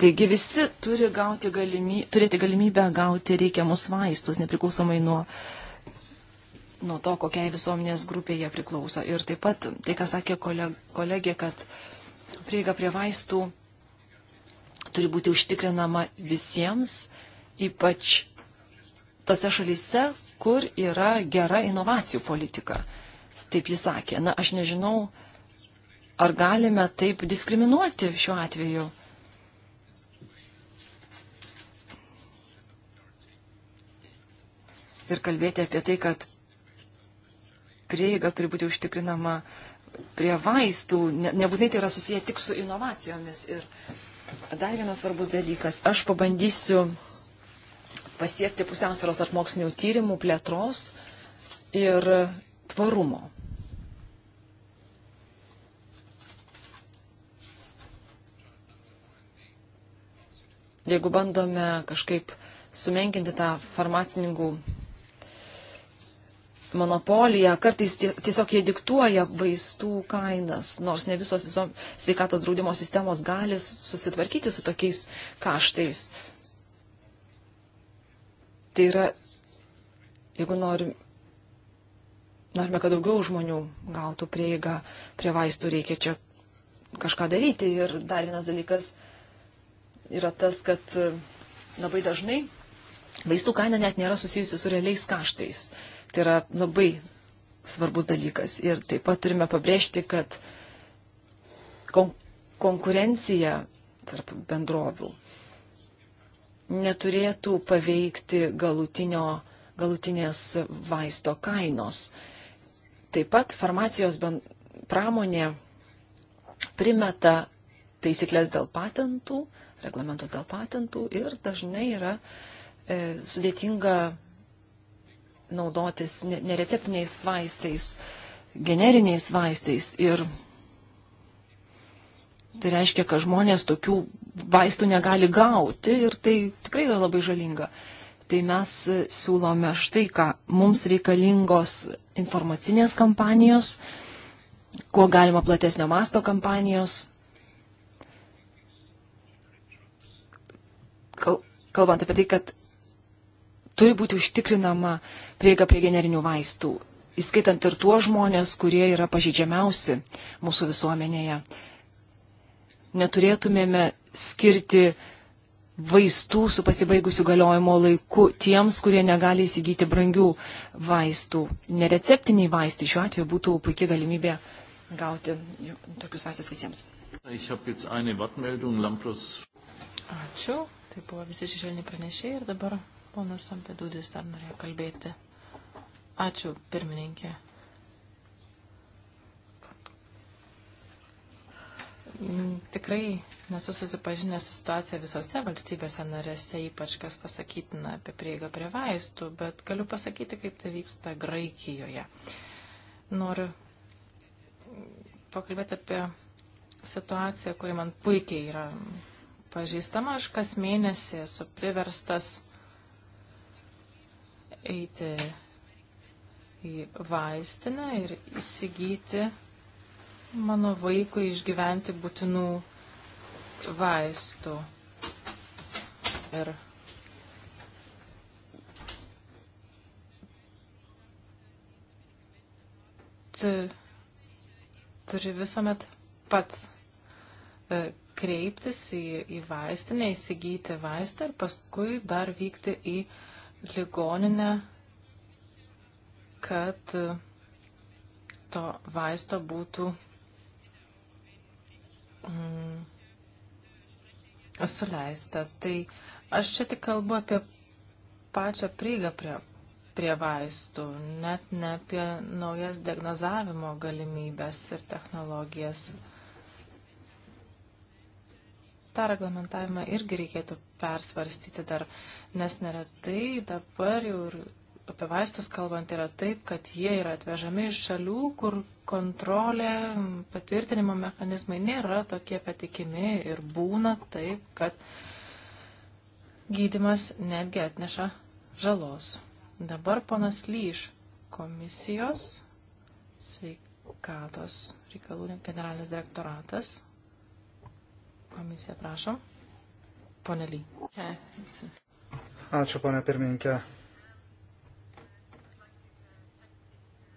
Taigi visi turi gauti galimy, turėti galimybę gauti reikiamus vaistus, nepriklausomai nuo, nuo to, kokiai visuomenės grupė jie priklauso. Ir taip pat tai, ką sakė kolegė, kad prieiga prie vaistų turi būti užtikrinama visiems, ypač tose šalyse, kur yra gera inovacijų politika. Taip jis sakė. Na, aš nežinau, ar galime taip diskriminuoti šiuo atveju. Ir kalbėti apie tai, kad prieiga turi būti užtikrinama prie vaistų, ne, nebūtinai tai yra susiję tik su inovacijomis. Ir dar vienas svarbus dalykas, aš pabandysiu pasiekti pusiausvėros tarp mokslinių tyrimų, plėtros ir tvarumo. jeigu bandome kažkaip sumenkinti tą farmacininkų monopoliją, kartais tiesiog jie diktuoja vaistų kainas, nors ne visos visom sveikatos draudimo sistemos gali susitvarkyti su tokiais kaštais. Tai yra, jeigu norim, norime, kad daugiau žmonių gautų prieigą prie vaistų, reikia čia kažką daryti. Ir dar vienas dalykas yra tas, kad e, labai dažnai vaistų kaina net nėra susijusi su realiais kaštais. Tai yra labai svarbus dalykas. Ir taip pat turime pabrėžti, kad kon konkurencija tarp bendrovių neturėtų paveikti galutinio, galutinės vaisto kainos. Taip pat farmacijos pramonė primeta taisyklės dėl patentų, reglamentus dėl patentų ir dažnai yra e, sudėtinga naudotis nereceptiniais vaistais, generiniais vaistais. Ir tai reiškia, kad žmonės tokių vaistų negali gauti ir tai tikrai yra labai žalinga. Tai mes e, siūlome štai ką. Mums reikalingos informacinės kampanijos, kuo galima platesnio masto kampanijos kalbant apie tai, kad turi būti užtikrinama prieiga prie generinių vaistų, įskaitant ir tuos žmonės, kurie yra pažydžiamiausi mūsų visuomenėje. Neturėtumėme skirti vaistų su pasibaigusiu galiojimo laiku tiems, kurie negali įsigyti brangių vaistų. Nereceptiniai vaistai šiuo atveju būtų puikia galimybė gauti tokius vaistus visiems. Ačiū. Tai buvo visi šešėliniai pranešėjai ir dabar ponas Sampedūdis dar norėjo kalbėti. Ačiū, pirmininkė. Mm, tikrai nesu susipažinęs su situacija visose valstybėse narėse, ypač kas pasakytina apie prieigą prie vaistų, bet galiu pasakyti, kaip tai vyksta Graikijoje. Noriu pakalbėti apie situaciją, kuri man puikiai yra pažįstama, aš kas mėnesį esu priverstas eiti į vaistinę ir įsigyti mano vaikui išgyventi būtinų vaistų. Ir tu turi visuomet pats e, kreiptis į, į vaistinę, įsigyti vaistą ir paskui dar vykti į ligoninę, kad to vaisto būtų mm, suleista. Tai aš čia tik kalbu apie pačią prieigą prie, prie vaistų, net ne apie naujas diagnozavimo galimybės ir technologijas. Mm tą reglamentavimą irgi reikėtų persvarstyti dar, nes neretai dabar jau ir apie vaistus kalbant yra taip, kad jie yra atvežami iš šalių, kur kontrolė, patvirtinimo mechanizmai nėra tokie patikimi ir būna taip, kad gydimas netgi atneša žalos. Dabar ponas Lyš komisijos sveikatos reikalų generalinis direktoratas Komisija, prašom. Pone Ly. Ačiū, ponė pirmininkė.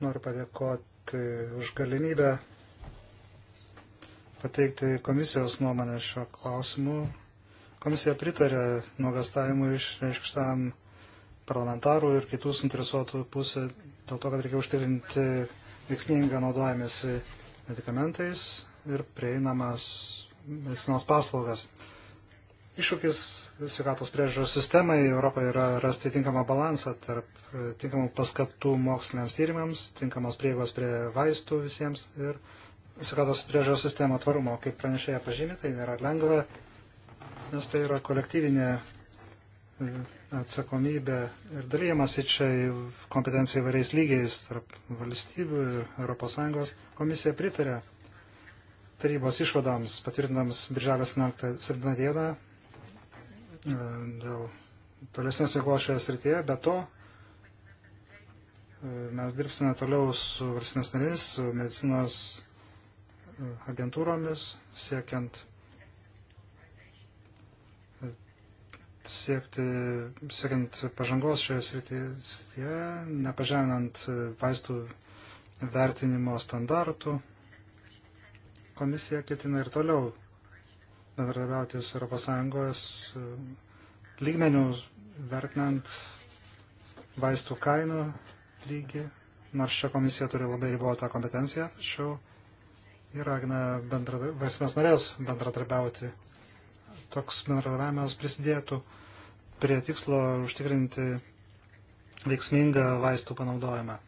Noriu padėkoti už galimybę pateikti komisijos nuomonę šio klausimu. Komisija pritarė nuogastavimui išreikštam parlamentarų ir kitų suinteresuotų pusę dėl to, kad reikia užtikrinti veiksmingą naudojimėsi medikamentais ir prieinamas medicinos paslaugas. Iššūkis sveikatos priežiūros sistemai Europoje yra rasti tinkamą balansą tarp e, tinkamų paskatų moksliniams tyrimams, tinkamos prieigos prie vaistų visiems ir sveikatos priežiūros sistemo tvarumo. Kaip pranešėja pažymė, tai nėra lengva, nes tai yra kolektyvinė e, atsakomybė ir dalyjamas į čia kompetenciją įvairiais lygiais tarp valstybių ir ES. Komisija pritarė tarybos išvadoms patvirtinams birželio 17 dieną e, dėl tolesnės veiklos šioje srityje. Be to, e, mes dirbsime toliau su valstybės narys, su medicinos e, agentūromis, siekiant siekti, siekiant pažangos šioje srityje, nepažeminant vaistų vertinimo standartų. Komisija ketina ir toliau bendradarbiauti su ES e, lygmenių vertinant vaistų kainų lygį, nors čia komisija turi labai ribotą kompetenciją, tačiau ir ragina valstybės narės bendradarbiauti. Toks bendradarbiavimas prisidėtų prie tikslo užtikrinti veiksmingą vaistų panaudojimą.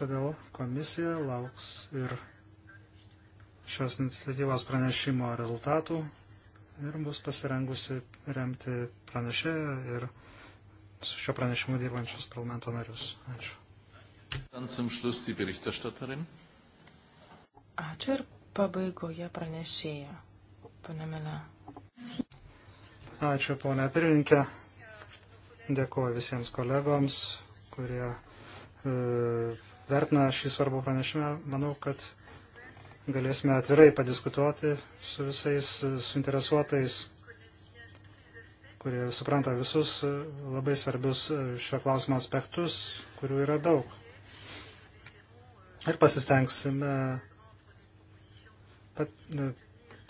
Todėl komisija lauks ir šios iniciatyvos pranešimo rezultatų ir bus pasirengusi remti pranešėją ir su šio pranešimu dirbančius parlamento narius. Ačiū. Ačiū ir pabaigoje pranešėja, pana Mila. Ačiū, ponė pirmininkė. Dėkuoju visiems kolegoms, kurie e, vertina šį svarbų pranešimą. Manau, kad galėsime atvirai padiskutuoti su visais suinteresuotais, kurie supranta visus labai svarbius šio klausimo aspektus, kurių yra daug. Ir pasistengsime e,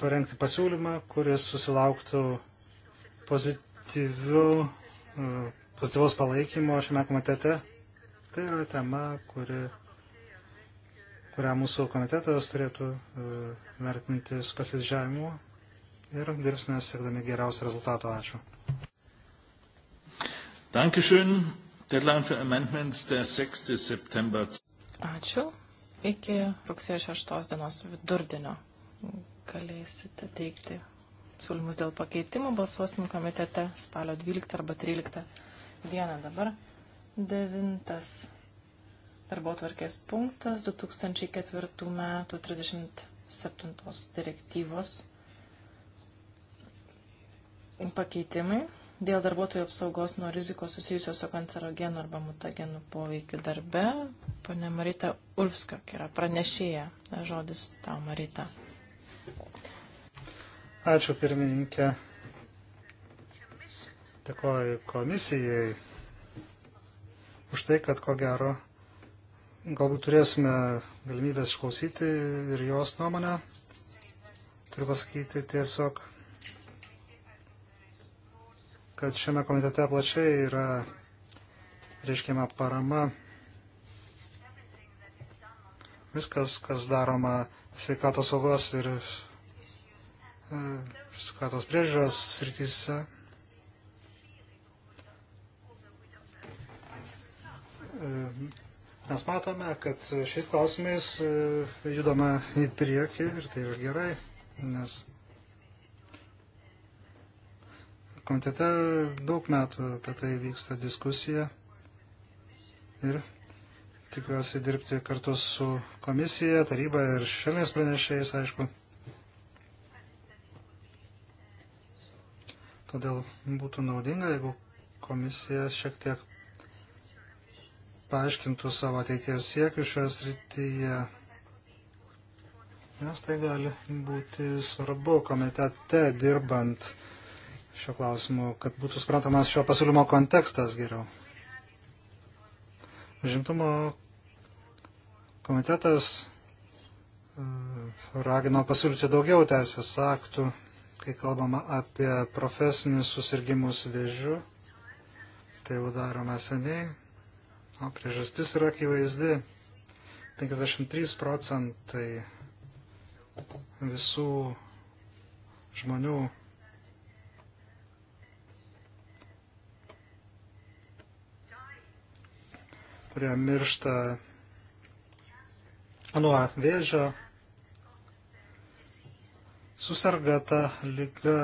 parengti pasiūlymą, kuris susilauktų pozityvių, e, pozityvaus palaikymo šiame komitete. Tai yra tema, kuri kurią mūsų komitetas turėtų e, vertinti su pasidžiavimu ir dirbsime siekdami geriausio rezultato. Ačiū. Dankeschön. Deadline for amendments der 6. September. Ačiū. Iki rugsėjo 6 dienos vidurdienio galėsite teikti siūlymus dėl pakeitimų balsuosim komitete spalio 12 arba 13 dieną. Dabar devintas darbo tvarkės punktas 2004 metų 37 direktyvos pakeitimai dėl darbuotojų apsaugos nuo rizikos susijusios su kancerogenų arba mutagenų poveikiu darbe. Pane Marita Ulfskak yra pranešėja. Žodis tau, Marita. Ačiū pirmininkė. Dėkoju komisijai už tai, kad ko gero Galbūt turėsime galimybės išklausyti ir jos nuomonę. Turiu pasakyti tiesiog, kad šiame komitete plačiai yra reiškiama parama. Viskas, kas daroma sveikatos saugos ir e, sveikatos priežiūros srityse Mes matome, kad šiais klausimais e, judama į priekį ir tai yra gerai, nes komitete daug metų apie tai vyksta diskusija ir tikiuosi dirbti kartu su komisija, taryba ir šiandienis pranešėjais, aišku. Todėl būtų naudinga, jeigu komisija šiek tiek paaiškintų savo ateities siekius šioje srityje, nes tai gali būti svarbu komitete dirbant šio klausimu, kad būtų suprantamas šio pasiūlymo kontekstas geriau. Žimtumo komitetas e, ragino pasiūlyti daugiau teisės aktų, kai kalbama apie profesinius susirgymus vėžiu. Tai jau darome seniai. O priežastis yra akivaizdi. 53 procentai visų žmonių kurie miršta nuo vėžio, susirga tą lygą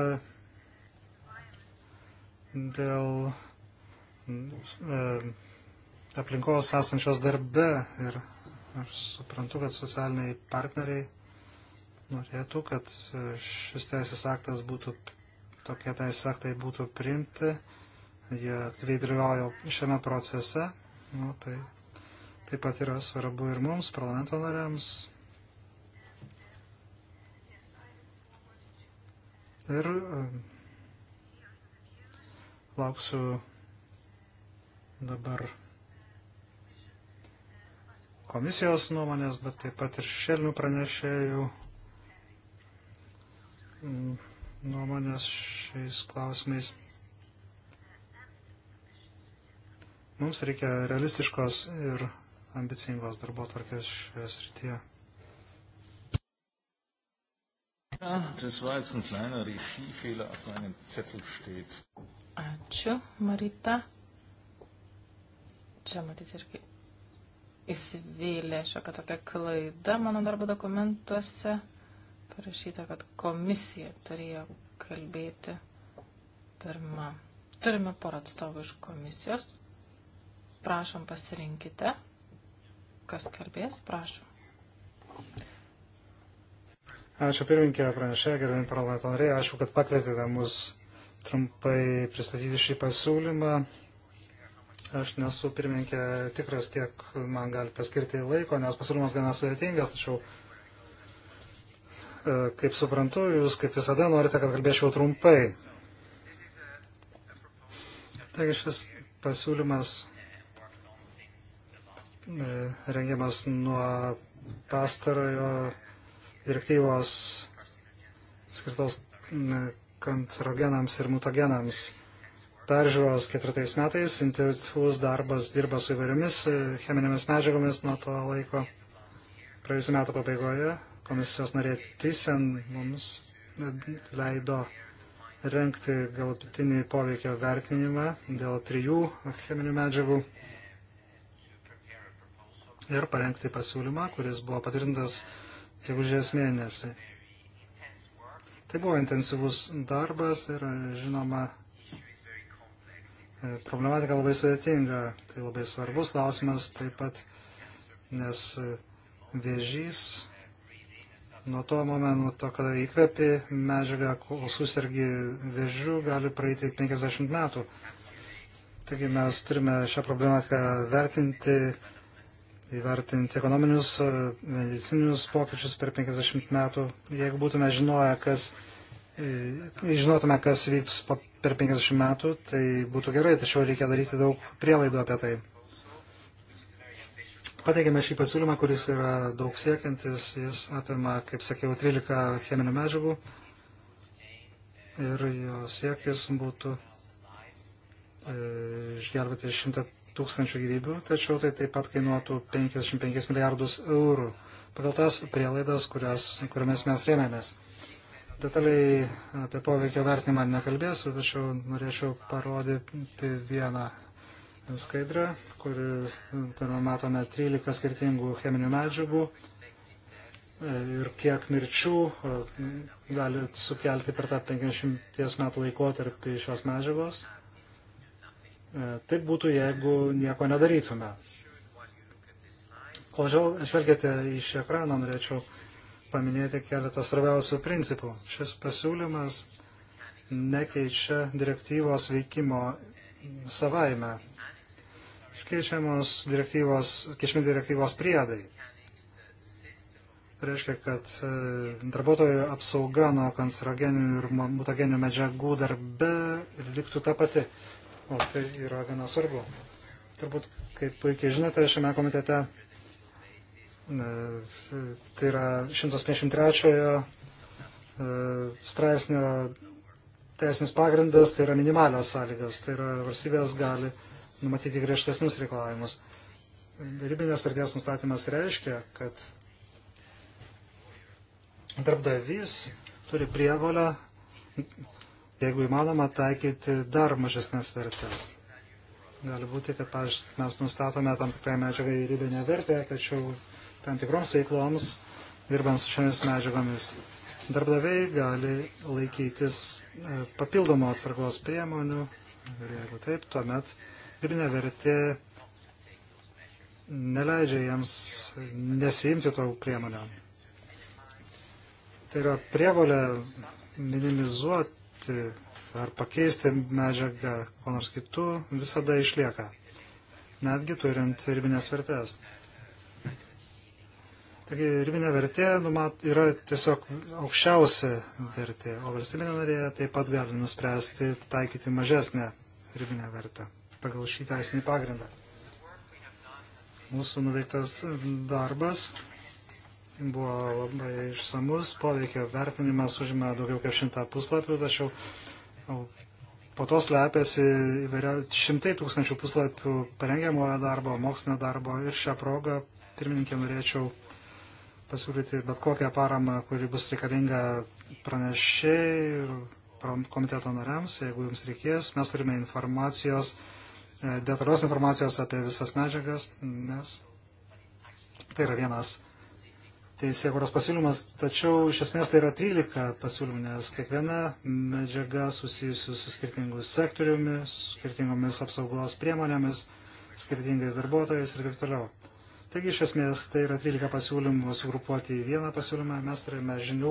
dėl e, aplinkos esančios darbe ir aš suprantu, kad socialiniai partneriai norėtų, kad šis teisės aktas būtų, tokie teisės aktai būtų priimti, jie aktyviai dalyvauja šiame procese, nu, tai taip pat yra svarbu ir mums, parlamento nariams. Ir um, lauksiu dabar komisijos nuomonės, bet taip pat ir šešėlinių pranešėjų mm, nuomonės šiais klausimais. Mums reikia realistiškos ir ambicingos darbo tvarkės šioje srityje. Das war jetzt ein kleiner Regiefehler auf meinem Zettel steht. Ačiū, Marita. Čia matys irgi įsivėlė šiokia tokia klaida mano darbo dokumentuose. Parašyta, kad komisija turėjo kalbėti pirmą. Turime porą atstovų iš komisijos. Prašom pasirinkite, kas kalbės, prašom. Ačiū pirminkė pranešė, gerbėjim parlamento nariai, ačiū, kad pakvietėte mus trumpai pristatyti šį pasiūlymą. Aš nesu pirmininkė tikras, kiek man galite skirti laiko, nes pasiūlymas gana sudėtingas, tačiau, e, kaip suprantu, jūs kaip visada norite, kad kalbėčiau trumpai. Taigi šis pasiūlymas e, rengiamas nuo pastarojo direktyvos skirtos kancerogenams ir mutagenams peržiūros ketvirtais metais. Intensyvus darbas dirba su įvairiomis e, cheminėmis medžiagomis nuo to laiko. Praėjusiu metu pabaigoje komisijos narė Tysen mums e, leido renkti galutinį poveikio vertinimą dėl trijų cheminių medžiagų ir parengti pasiūlymą, kuris buvo patvirtintas gegužės mėnesį. Tai buvo intensyvus darbas ir, žinoma, E, problematika labai sudėtinga, tai labai svarbus klausimas taip pat, nes e, vėžys nuo to momento, kada įkvepi medžiagą, kol susirgi vėžių, gali praeiti 50 metų. Taigi mes turime šią problematiką vertinti, įvertinti ekonominius, e, medicinius pokyčius per 50 metų. Jeigu būtume žinoję, kas, žinotume, kas vyks po per 50 metų, tai būtų gerai, tačiau reikia daryti daug prielaidų apie tai. Pateikėme šį pasiūlymą, kuris yra daug siekiantis, jis apima, kaip sakiau, 13 cheminių medžiagų ir jo siekis būtų e, išgelbėti 100 tūkstančių gyvybių, tačiau tai taip pat kainuotų 55 milijardus eurų pagal tas prielaidas, kurias, kuriamis mes rėmėmės detaliai apie poveikio vertinimą nekalbėsiu, tačiau norėčiau parodyti vieną skaidrę, kur, kur matome 13 skirtingų cheminių medžiagų ir kiek mirčių e, gali sukelti per tą 50 metų laikotarpį šios medžiagos. E, taip būtų, jeigu nieko nedarytume. Kol žvelgėte iš ekrano, norėčiau paminėti keletą svarbiausių principų. Šis pasiūlymas nekeičia direktyvos veikimo savaime. Keičiamos direktyvos, keičiami direktyvos priedai. Tai reiškia, kad e, darbuotojų apsauga nuo kancerogeninių ir mutageninių medžiagų darbe liktų ta pati. O tai yra gana svarbu. Turbūt, kaip puikiai žinote, šiame komitete tai yra 153 e, straipsnio teisinis pagrindas, tai yra minimalios sąlygos, tai yra valstybės gali numatyti griežtesnius reikalavimus. Ribinės vertės nustatymas reiškia, kad darbdavys turi prievalę, jeigu įmanoma, taikyti dar mažesnės vertės. Gali būti, kad paž, mes nustatome tam tikrai medžiagai ribinę vertę, tačiau tam tikroms veikloms, dirbant su šiomis medžiagomis. Darbdaviai gali laikytis e, papildomo atsargos priemonių ir jeigu taip, tuomet ribinė vertė neleidžia jiems nesiimti to priemonę. Tai yra prievolė minimizuoti ar pakeisti medžiagą kuo nors kitu visada išlieka, netgi turint ribinės vertės. Taigi ribinė vertė numat, yra tiesiog aukščiausia vertė, o valstybinė narė taip pat gali nuspręsti taikyti mažesnę ribinę vertę pagal šį teisinį pagrindą. Mūsų nuveiktas darbas buvo labai išsamus, poveikio vertinimas užima daugiau kaip šimtą puslapių, tačiau po to slepiasi įvairia, šimtai tūkstančių puslapių parengiamojo darbo, mokslinio darbo ir šią progą pirmininkė norėčiau pasiūlyti bet kokią paramą, kuri bus reikalinga pranešiai komiteto nariams, jeigu jums reikės. Mes turime informacijos, e, detalios informacijos apie visas medžiagas, nes tai yra vienas teisėkuros pasiūlymas, tačiau iš esmės tai yra 13 pasiūlymų, nes kiekviena medžiaga susijusi su skirtingu sektoriumi, skirtingomis apsaugos priemonėmis, skirtingais darbuotojais ir taip toliau. Taigi iš esmės tai yra 13 pasiūlymų sugrupuoti į vieną pasiūlymą. Mes turime žinių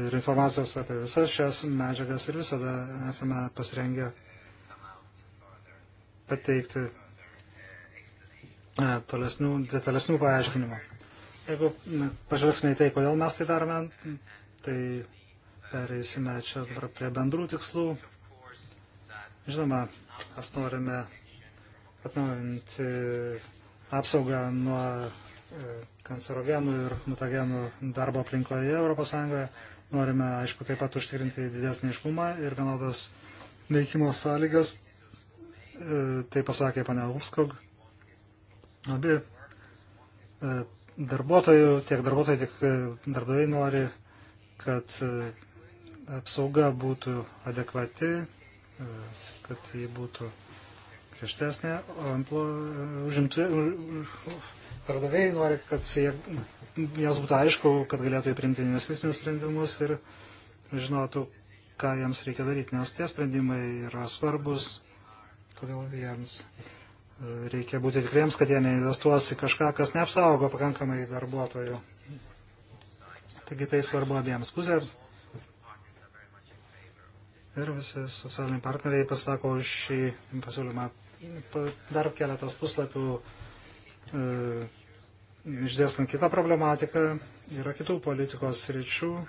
ir informacijos apie visas šias medžiagas ir visada esame pasirengę pateikti e, tolesnių, detalesnių paaiškinimų. Jeigu pažvelgsime į tai, kodėl mes tai darome, tai pereisime čia dabar prie bendrų tikslų. Žinoma, mes norime atnaujinti apsaugą nuo e, kancerogenų ir mutagenų darbo aplinkoje ES. Norime, aišku, taip pat užtikrinti didesnį iškumą ir vienodas veikimo sąlygas. E, tai pasakė pane Upskog. Abi e, darbuotojų, tiek darbuotojai, tiek darbdaviai nori, kad apsauga būtų adekvati, kad ji būtų griežtesnė, o pardavėjai nori, kad jie, jas būtų aišku, kad galėtų įprimti investicinius sprendimus ir žinotų, ką jiems reikia daryti, nes tie sprendimai yra svarbus, todėl jiems e, reikia būti tikriems, kad jie neinvestuos į kažką, kas neapsaugo pakankamai darbuotojų. Taigi tai svarbu abiems pusėms. Ir visi socialiniai partneriai pasako už šį pasiūlymą dar keletas puslapių e, išdėstant kitą problematiką. Yra kitų politikos ryčių, e,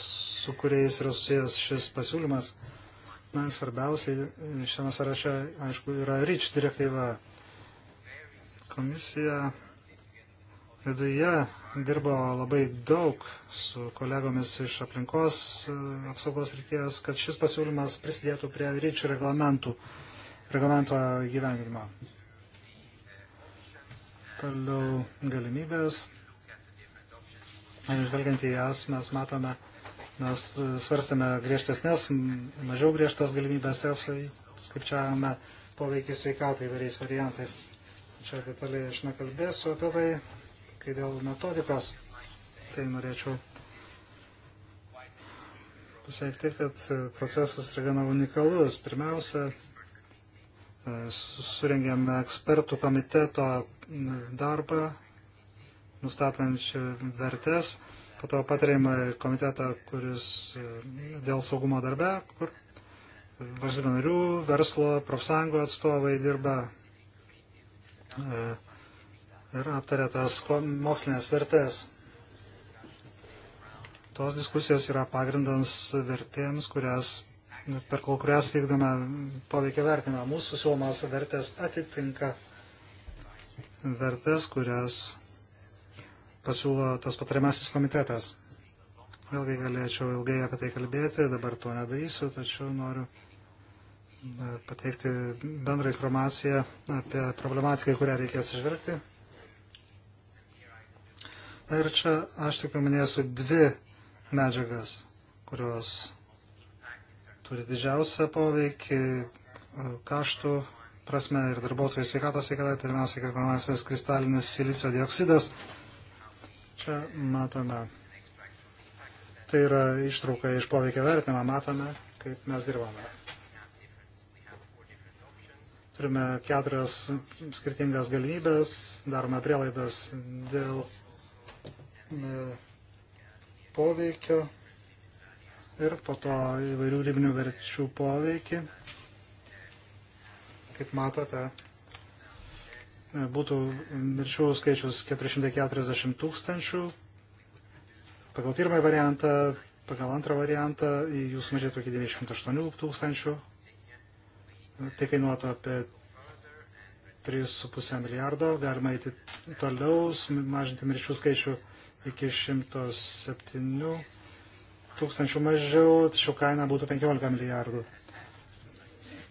su kuriais yra susijęs šis pasiūlymas. Na, svarbiausiai šiame sąraše, aišku, yra REACH direktyva. Komisija viduje dirbo labai daug su kolegomis iš aplinkos e, apsaugos ryties, kad šis pasiūlymas prisidėtų prie ryčių reglamentų reglamento gyvenimą. Toliau galimybės. Žvelgiant į jas, mes matome, mes svarstame griežtesnės, mažiau griežtas galimybės EFSAI, skaičiavome poveikį sveikatai įvairiais variantais. Čia detaliai aš nekalbėsiu apie tai, kai dėl metodikos, tai norėčiau pasakyti, kad procesas yra gana unikalus. Pirmiausia, surengėme ekspertų komiteto darbą, nustatančią vertės, po to patarėjimą komitetą, kuris dėl saugumo darbe, kur valstybių narių, verslo, profsąjungų atstovai dirba e, ir aptarė tas mokslinės vertės. Tos diskusijos yra pagrindams vertėms, kurias per kol kurias vykdome poveikia vertinimą. Mūsų siūlomas vertės atitinka vertės, kurias pasiūlo tas patariamasis komitetas. Vėlgi galėčiau ilgai apie tai kalbėti, dabar to nedarysiu, tačiau noriu e, pateikti bendrą informaciją apie problematiką, kurią reikės išvelgti. Na ir čia aš tik paminėsiu dvi medžiagas, kurios turi didžiausią poveikį e, kaštų prasme ir darbuotojų sveikatos sveikatai, pirmiausia, kiekvienamasis kristalinis silicio dioksidas. Čia matome, tai yra ištrauka iš poveikio vertinimą, matome, kaip mes dirbame. Turime keturias skirtingas galimybės, darome prielaidas dėl e, poveikio ir po to įvairių ribinių verčių poveikį. Kaip matote, būtų mirčių skaičius 440 tūkstančių. Pagal pirmąjį variantą, pagal antrą variantą jų sumažėtų iki 98 tūkstančių. Tai kainuotų apie 3,5 milijardo. Galima eiti toliau, mažinti mirčių skaičių iki 107 tūkstančių mažiau, tačiau kaina būtų 15 milijardų.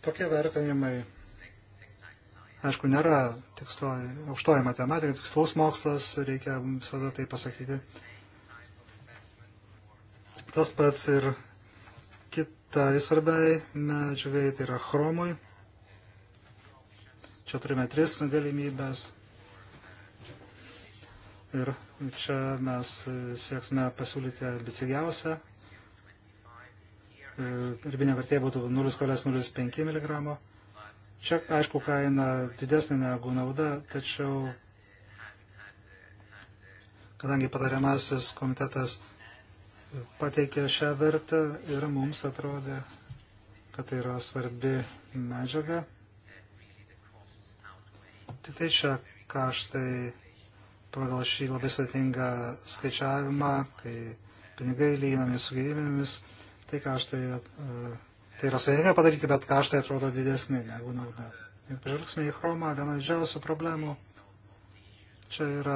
Tokie vertinimai, aišku, nėra tiksloji, aukštoji matematika, tikslaus mokslas, reikia visada tai pasakyti. Tas pats ir kitai svarbiai medžiagai, tai yra chromui. Čia turime tris galimybės. Ir čia mes sieksime pasiūlyti ambicingiausią ribinė vertė būtų 0,05 mg. Čia, aišku, kaina didesnė negu nauda, tačiau kadangi patariamasis komitetas pateikė šią vertę ir mums atrodė, kad tai yra svarbi medžiaga. Tik tai čia kaštai pagal šį labai sudėtingą skaičiavimą, kai pinigai lyginami su gyvybėmis, tai kaštai, e, tai yra sudėtinga padaryti, bet kaštai atrodo didesni negu nauda. Jeigu pažvelgsime į chromą, viena didžiausių problemų čia yra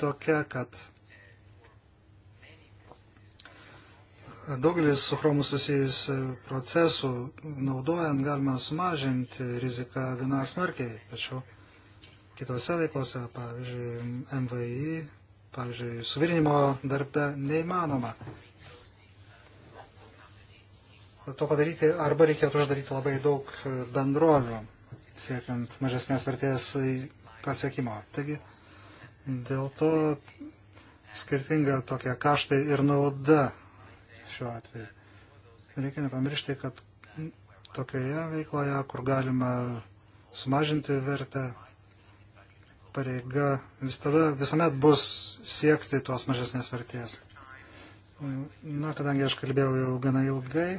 tokia, kad daugelis su chromu susijusių procesų naudojant galima sumažinti riziką gana smarkiai, tačiau kitose veiklose, pavyzdžiui, MVI, pavyzdžiui, suvirinimo darbe neįmanoma to padaryti, arba reikėtų uždaryti labai daug bendrovių, siekiant mažesnės vertės pasiekimo. Taigi, dėl to skirtinga tokia kaštai ir nauda šiuo atveju. Reikia nepamiršti, kad tokioje veikloje, kur galima sumažinti vertę, pareiga vis tada, visuomet bus siekti tuos mažesnės vertės. Na, kadangi aš kalbėjau jau gana ilgai,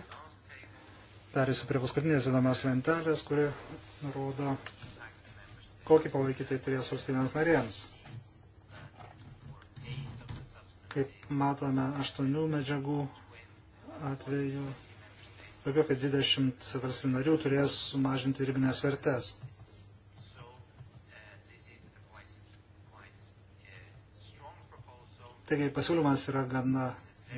Perėsiu prie paskutinės įdomios lentelės, kuri rodo, kokį poveikį tai turės valstybėms narėms. Kaip matome, aštuonių medžiagų atveju daugiau kaip 20 valstybių narių turės sumažinti ribinės vertės. Taigi pasiūlymas yra gana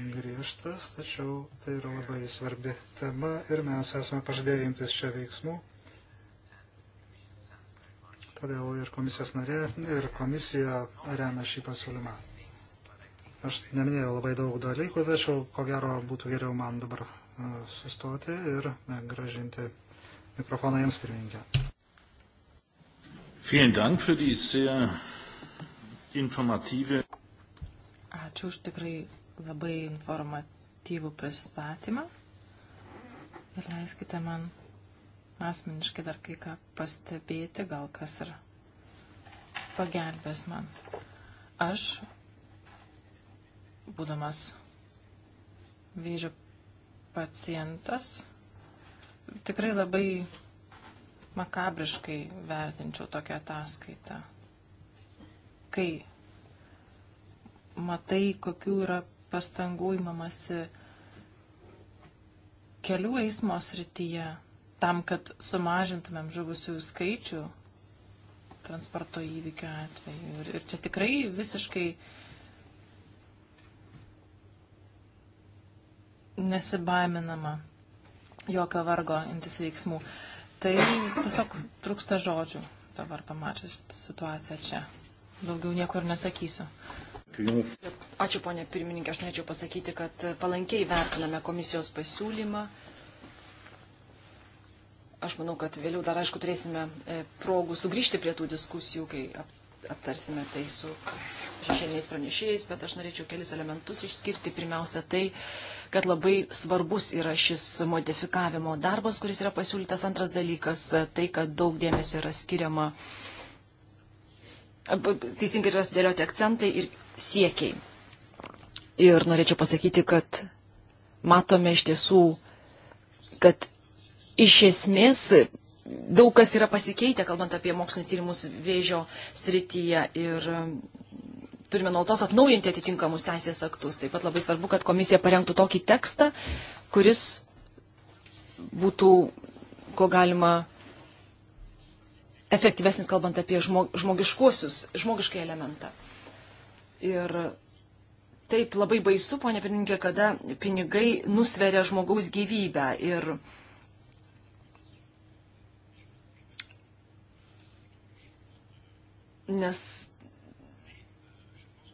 griežtas, tačiau tai yra labai svarbi tema ir mes esame pažadėję imtis čia veiksmų. Todėl ir komisijos narė, ir komisija remia šį pasiūlymą. Aš neminėjau labai daug dalykų, tačiau ko gero būtų geriau man dabar e, sustoti ir e, gražinti mikrofoną jums pirmininkę. Vielen Dank für die sehr informative. Ačiū už tikrai labai informatyvų pristatymą ir leiskite man asmeniškai dar kai ką pastebėti, gal kas ir pagelbės man. Aš, būdamas vėžio pacientas, tikrai labai makabriškai vertinčiau tokią ataskaitą. Kai matai, kokių yra pastangų įmamasi kelių eismo srityje tam, kad sumažintumėm žuvusių skaičių transporto įvykio atveju. Ir, ir čia tikrai visiškai nesibaiminama jokio vargo imtis veiksmų. Tai tiesiog trūksta žodžių dabar pamačius situaciją čia. Daugiau niekur nesakysiu. Ačiū, ponė pirmininkė, aš norėčiau pasakyti, kad palankiai vertiname komisijos pasiūlymą. Aš manau, kad vėliau dar, aišku, turėsime e, progų sugrįžti prie tų diskusijų, kai aptarsime tai su šešėliniais pranešėjais, bet aš norėčiau kelis elementus išskirti. Pirmiausia, tai, kad labai svarbus yra šis modifikavimo darbas, kuris yra pasiūlytas. Antras dalykas, e, tai, kad daug dėmesio yra skiriama. E, teisingai yra sudėlioti akcentai ir siekiai. Ir norėčiau pasakyti, kad matome iš tiesų, kad iš esmės daug kas yra pasikeitę, kalbant apie mokslinius tyrimus vėžio srityje ir um, turime nuolatos atnaujinti atitinkamus teisės aktus. Taip pat labai svarbu, kad komisija parengtų tokį tekstą, kuris būtų, ko galima, efektyvesnis, kalbant apie žmogiškuosius, žmogiškai elementą. Ir taip labai baisu, ponė pirmininkė, kada pinigai nusveria žmogaus gyvybę. Ir nes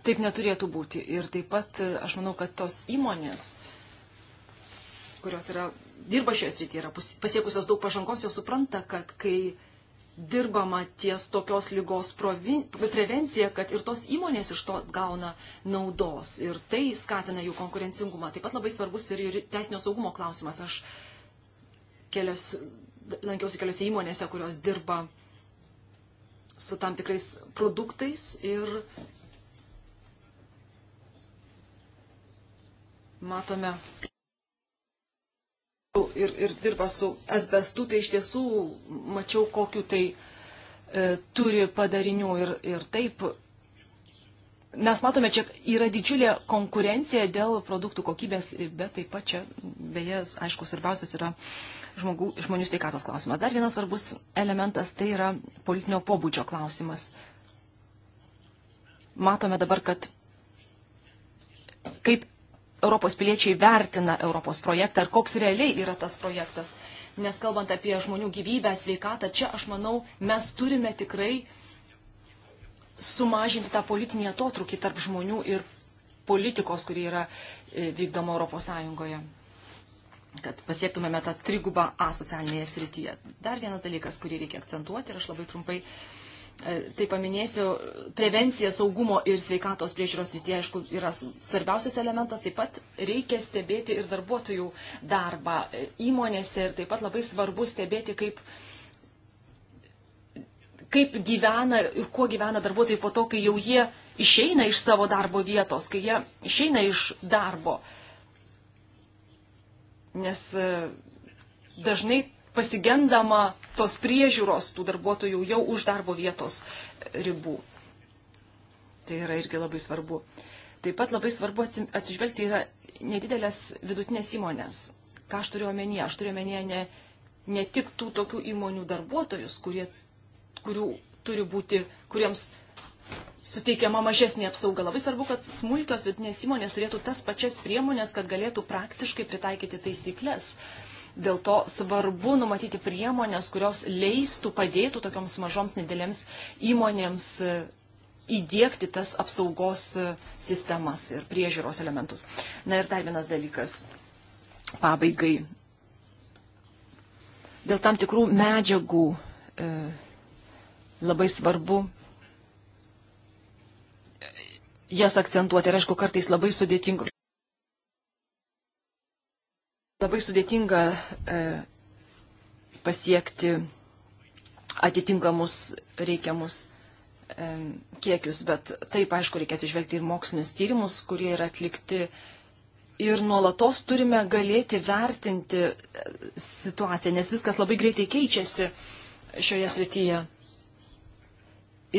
taip neturėtų būti. Ir taip pat aš manau, kad tos įmonės, kurios yra, dirba šioje srityje, yra pasiekusios daug pažangos, jau supranta, kad kai dirbama ties tokios lygos prevencija, kad ir tos įmonės iš to gauna naudos ir tai skatina jų konkurencingumą. Taip pat labai svarbus ir teisinio saugumo klausimas. Aš kelios, lankiausi keliose įmonėse, kurios dirba su tam tikrais produktais ir matome ir, ir dirba su asbestu, tai iš tiesų mačiau, kokiu tai e, turi padarinių ir, ir taip. Mes matome, čia yra didžiulė konkurencija dėl produktų kokybės, bet taip pat čia, beje, aišku, svarbiausias yra žmogų, žmonių sveikatos klausimas. Dar vienas svarbus elementas tai yra politinio pobūdžio klausimas. Matome dabar, kad kaip Europos piliečiai vertina Europos projektą ir koks realiai yra tas projektas. Nes kalbant apie žmonių gyvybę, sveikatą, čia aš manau, mes turime tikrai sumažinti tą politinį atotrukį tarp žmonių ir politikos, kuri yra e, vykdoma Europos Sąjungoje kad pasiektumėme tą trigubą A socialinėje srityje. Dar vienas dalykas, kurį reikia akcentuoti ir aš labai trumpai uh, E, tai paminėsiu, prevencija saugumo ir sveikatos priežiūros rytyje, aišku, yra svarbiausias elementas, taip pat reikia stebėti ir darbuotojų darbą e, įmonėse ir taip pat labai svarbu stebėti, kaip, kaip gyvena ir kuo gyvena darbuotojai po to, kai jau jie išeina iš savo darbo vietos, kai jie išeina iš darbo. Nes e, dažnai pasigendama tos priežiūros tų darbuotojų jau už darbo vietos ribų. Tai yra irgi labai svarbu. Taip pat labai svarbu atsižvelgti yra nedidelės vidutinės įmonės. Ką aš turiu omenyje? Aš turiu omenyje ne, ne tik tų tokių įmonių darbuotojus, kurie, kurių turi būti, kuriems suteikiama mažesnė apsauga. Labai svarbu, kad smulkios vidinės įmonės turėtų tas pačias priemonės, kad galėtų praktiškai pritaikyti taisyklės. Uh, Dėl to svarbu numatyti priemonės, kurios leistų, padėtų tokioms mažoms nedėlėms įmonėms e, įdėkti tas apsaugos e, sistemas ir priežiūros elementus. Na ir dar vienas dalykas pabaigai. Dėl tam tikrų medžiagų e, labai svarbu e, jas akcentuoti ir aišku kartais labai sudėtinga labai sudėtinga e, pasiekti atitinkamus reikiamus e, kiekius, bet taip, aišku, reikia atsižvelgti ir mokslinius tyrimus, kurie yra atlikti. Ir nuolatos turime galėti vertinti e, situaciją, nes viskas labai greitai keičiasi šioje srityje.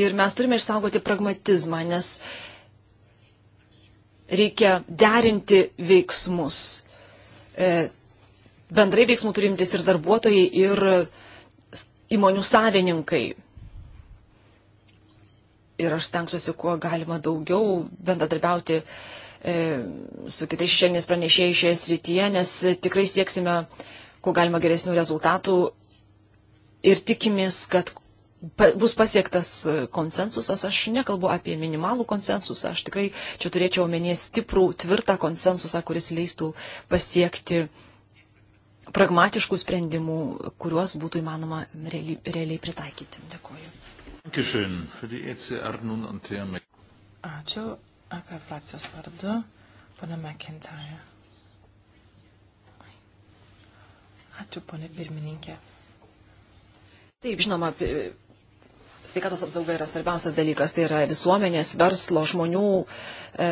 Ir mes turime išsaugoti pragmatizmą, nes reikia derinti veiksmus E, bendrai veiksmų turimtis ir darbuotojai, ir įmonių savininkai. Ir aš stengsiuosi kuo galima daugiau bendradarbiauti e, su kitais šiandienės pranešėjais šioje srityje, nes tikrai sieksime kuo galima geresnių rezultatų ir tikimės, kad bus pasiektas e, konsensusas. Aš nekalbu apie minimalų konsensusą, aš tikrai čia turėčiau omenyje stiprų, tvirtą konsensusą, kuris leistų pasiekti pragmatiškų sprendimų, kuriuos būtų įmanoma realiai, realiai pritaikyti. Dėkuoju. E Ačiū. AKR frakcijos vardu, pana McIntyre. Ačiū, ponė pirmininkė. Taip, žinoma, sveikatos apsauga yra svarbiausias dalykas, tai yra visuomenės, verslo, žmonių e,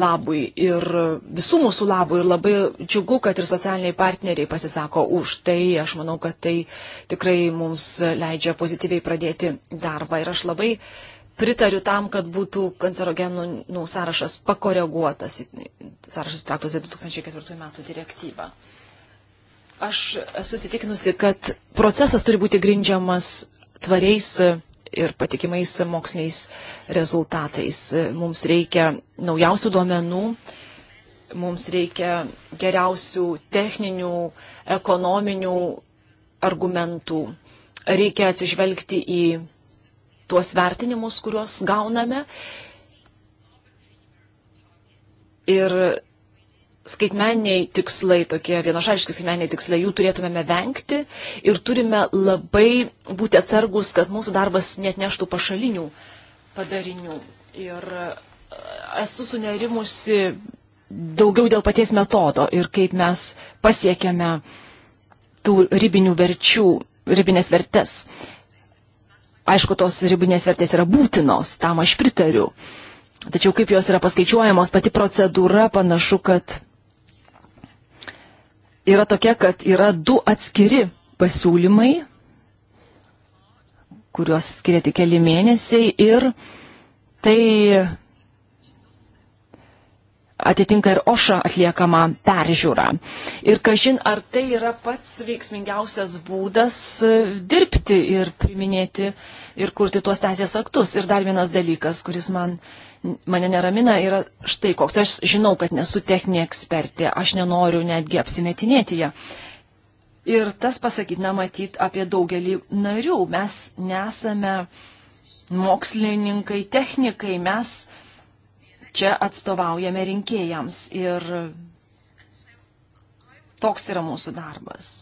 labui ir visų mūsų labui ir labai džiugu, kad ir socialiniai partneriai pasisako už tai. Aš manau, kad tai tikrai mums leidžia pozityviai pradėti darbą ir aš labai pritariu tam, kad būtų kancerogenų nu, sąrašas pakoreguotas, sąrašas traktos į 2004 metų direktyvą. Aš esu įsitikinusi, kad procesas turi būti grindžiamas tvariais ir patikimais moksliniais rezultatais. Mums reikia naujausių duomenų, mums reikia geriausių techninių, ekonominių argumentų. Reikia atsižvelgti į tuos vertinimus, kuriuos gauname. Ir skaitmeniniai tikslai, tokie vienašališki skaitmeniniai tikslai, jų turėtumėme vengti ir turime labai būti atsargus, kad mūsų darbas net neštų pašalinių padarinių. Ir e, esu sunerimusi daugiau dėl paties metodo ir kaip mes pasiekėme tų ribinių verčių, ribinės vertes. Aišku, tos ribinės vertės yra būtinos, tam aš pritariu. Tačiau kaip jos yra paskaičiuojamos, pati procedūra panašu, kad yra tokia, kad yra du atskiri pasiūlymai, kuriuos skiria tik keli mėnesiai ir tai atitinka ir OŠA atliekamą peržiūrą. Ir kažin, ar tai yra pats veiksmingiausias būdas e, dirbti ir priminėti ir kurti tuos teisės aktus. Ir dar vienas dalykas, kuris man mane neramina yra štai koks. Aš žinau, kad nesu techninė ekspertė, aš nenoriu netgi apsimetinėti ją. Ir tas pasakytina matyt apie daugelį narių. Mes nesame mokslininkai, technikai, mes čia atstovaujame rinkėjams. Ir toks yra mūsų darbas.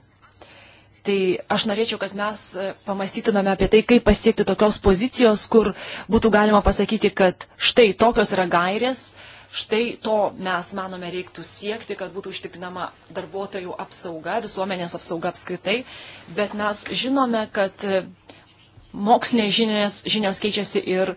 Tai aš norėčiau, kad mes e, pamastytumėme apie tai, kaip pasiekti tokios pozicijos, kur būtų galima pasakyti, kad štai tokios yra gairės, Štai to mes manome reiktų siekti, kad būtų užtikrinama darbuotojų apsauga, visuomenės apsauga apskritai, bet mes žinome, kad e, mokslinės žinios, žinios keičiasi ir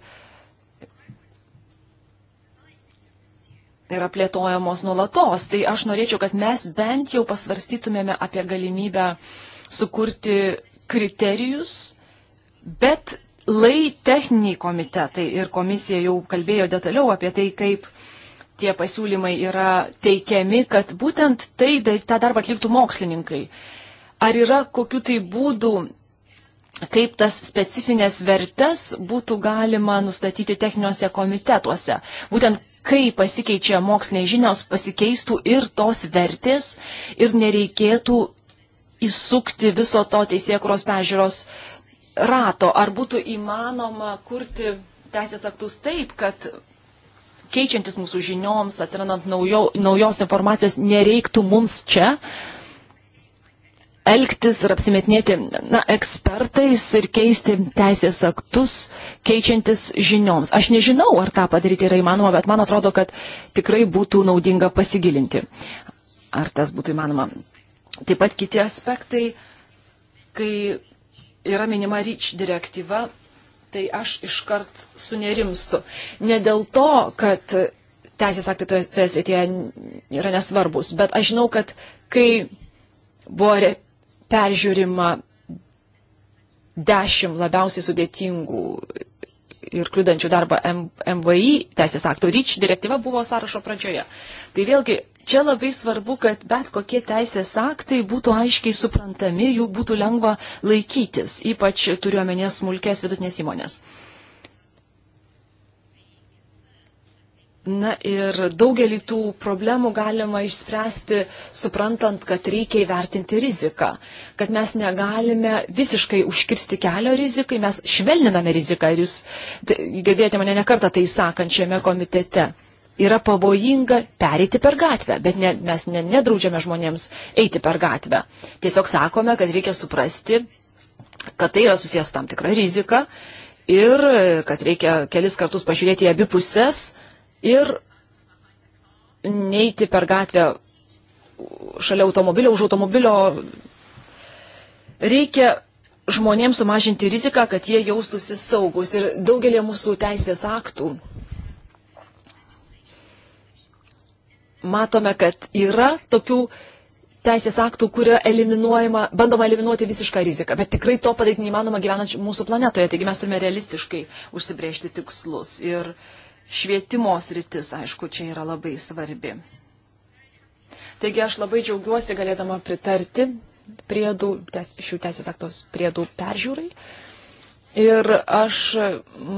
yra plėtojamos nuolatos. Tai aš norėčiau, kad mes bent jau pasvarstytumėme apie galimybę uh, sukurti kriterijus, bet lai techniniai komitetai ir komisija jau kalbėjo detaliau apie tai, kaip tie pasiūlymai yra teikiami, kad būtent tai, tą darbą atliktų mokslininkai. Ar yra kokiu tai būdu, kaip tas specifines vertes būtų galima nustatyti techniniuose komitetuose? Būtent kai pasikeičia mokslinės žinios, pasikeistų ir tos vertės ir nereikėtų įsukti viso to teisėkuros pežiūros rato. Ar būtų įmanoma kurti teisės aktus taip, kad keičiantis mūsų žinioms, atsirandant naujo, naujos informacijos, nereiktų mums čia elgtis ir apsimetinėti na, ekspertais ir keisti teisės aktus, keičiantis žinioms. Aš nežinau, ar tą padaryti yra įmanoma, bet man atrodo, kad tikrai būtų naudinga pasigilinti. Ar tas būtų įmanoma? Taip pat kiti aspektai, kai yra minima ryč direktyva, tai aš iškart sunerimstu. Ne dėl to, kad teisės aktai toje, toje srityje yra nesvarbus, bet aš žinau, kad kai buvo peržiūrima dešimt labiausiai sudėtingų ir kliudančių darbą MVI teisės aktų. REACH direktyva buvo sąrašo pradžioje. Tai vėlgi Čia labai svarbu, kad bet kokie teisės aktai būtų aiškiai suprantami, jų būtų lengva laikytis, ypač turiuomenės smulkės vidutinės įmonės. Na ir daugelį tų problemų galima išspręsti, suprantant, kad reikia įvertinti riziką, kad mes negalime visiškai užkirsti kelio rizikai, mes švelniname riziką ir jūs girdėjote mane nekartą tai sakant šiame komitete yra pavojinga pereiti per gatvę, bet ne, mes ne, nedraudžiame žmonėms eiti per gatvę. Tiesiog sakome, kad reikia suprasti, kad tai yra susijęs su tam tikra rizika ir kad reikia kelis kartus pažiūrėti į abi pusės ir neiti per gatvę šalia automobilio, už automobilio. Reikia žmonėms sumažinti riziką, kad jie jaustųsi saugus. Ir daugelį mūsų teisės aktų matome, kad yra tokių teisės aktų, kurio eliminuojama, bandoma eliminuoti visišką riziką, bet tikrai to padaryti neįmanoma gyvenant mūsų planetoje, taigi mes turime realistiškai užsibriežti tikslus. Ir švietimo sritis, aišku, čia yra labai svarbi. Taigi aš labai džiaugiuosi galėdama pritarti priedų, šių teisės aktos priedų peržiūrai. Uh, Ir aš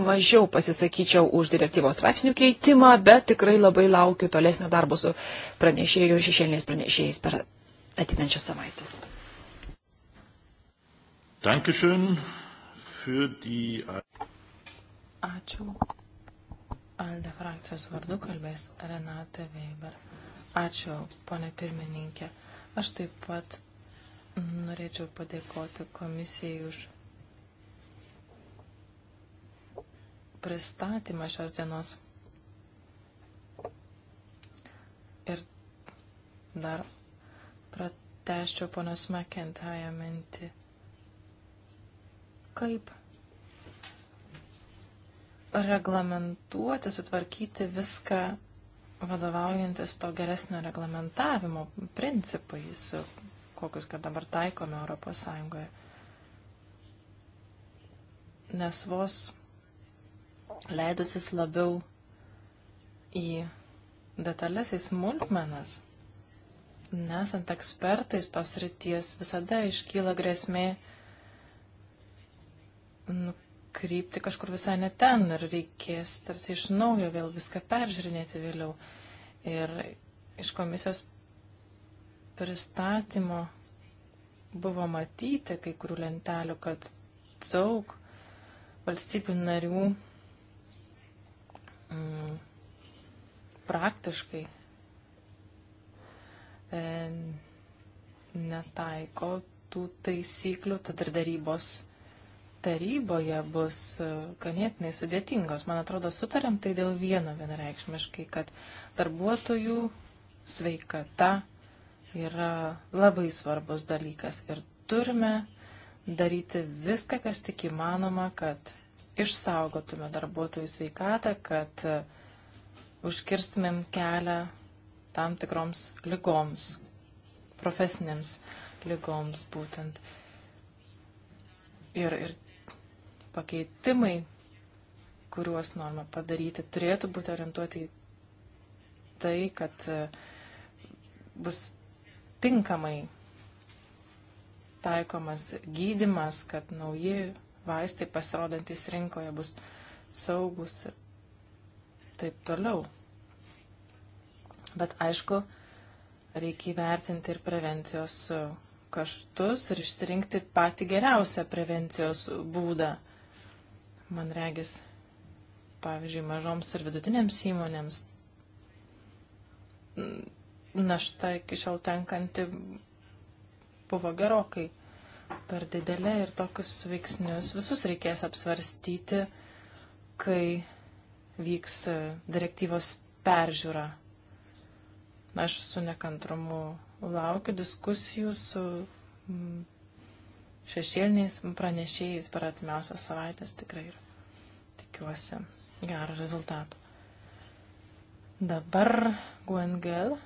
mažiau pasisakyčiau už direktyvos straipsnių keitimą, bet tikrai labai laukiu tolesnio darbo su pranešėjų ir šešėliniais pranešėjais per atinančias savaitės. Die... Ačiū. Alde frakcijos vardu kalbės Renate Weber. Ačiū, ponė pirmininkė. Aš taip pat norėčiau padėkoti komisijai už pristatymą šios dienos. Ir dar prateščiau ponios McIntyre mintį. Kaip reglamentuoti, sutvarkyti viską vadovaujantis to geresnio reglamentavimo principais, kokius kad dabar taikome Europos Sąjungoje. Nes vos leidusis labiau į detalės, į smulkmenas. Nesant ekspertais tos ryties visada iškyla grėsmė nukrypti kažkur visai ne ten ir reikės tarsi iš naujo vėl viską peržiūrinėti vėliau. Ir iš komisijos pristatymo buvo matyti kai kurių lentelių, kad daug valstybių narių mm, praktiškai e, netaiko tų taisyklių, tad ir darybos taryboje bus e, ganėtinai sudėtingos. Man atrodo, sutarėm tai dėl vieno vienareikšmiškai, kad darbuotojų sveikata yra labai svarbus dalykas ir turime daryti viską, kas tik įmanoma, kad išsaugotume darbuotojų sveikatą, kad e, užkirstumėm kelią tam tikroms lygoms, profesinėms lygoms būtent. Ir, ir pakeitimai, kuriuos norime padaryti, turėtų būti orientuoti į tai, kad e, bus tinkamai taikomas gydimas, kad nauji vaistai pasirodantis rinkoje bus saugus ir taip toliau. Bet aišku, reikia įvertinti ir prevencijos kaštus ir išsirinkti patį geriausią prevencijos būdą. Man regis, pavyzdžiui, mažoms ir vidutinėms įmonėms našta iki šiol tenkanti buvo gerokai per didelė ir tokius veiksnius visus reikės apsvarstyti, kai vyks e, direktyvos peržiūra. Aš su nekantrumu laukiu diskusijų su šešėliniais pranešėjais per atimiausias savaitės tikrai ir tikiuosi gerą rezultatą. Dabar Guengel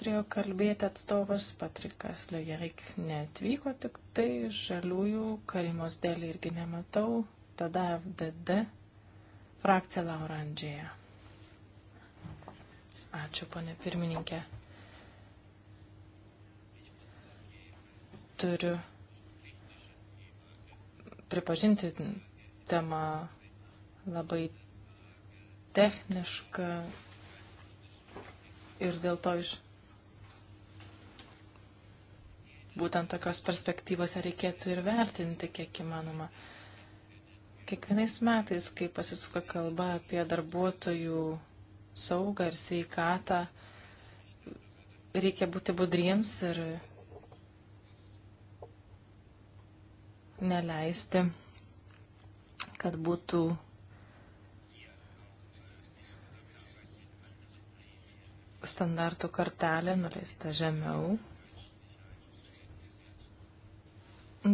turėjo kalbėti atstovas Patrikas Liujerik neatvyko, tik tai žaliųjų karimos dėlį irgi nematau. Tada FDD frakcija Laurandžėje. Ačiū, ponė pirmininkė. Turiu pripažinti temą labai technišką ir dėl to iš būtent tokios perspektyvose reikėtų ir vertinti, kiek įmanoma. Kiekvienais metais, kai pasisuka kalba apie darbuotojų saugą ir sveikatą, reikia būti budriems ir neleisti, kad būtų standartų kartelė nuleista žemiau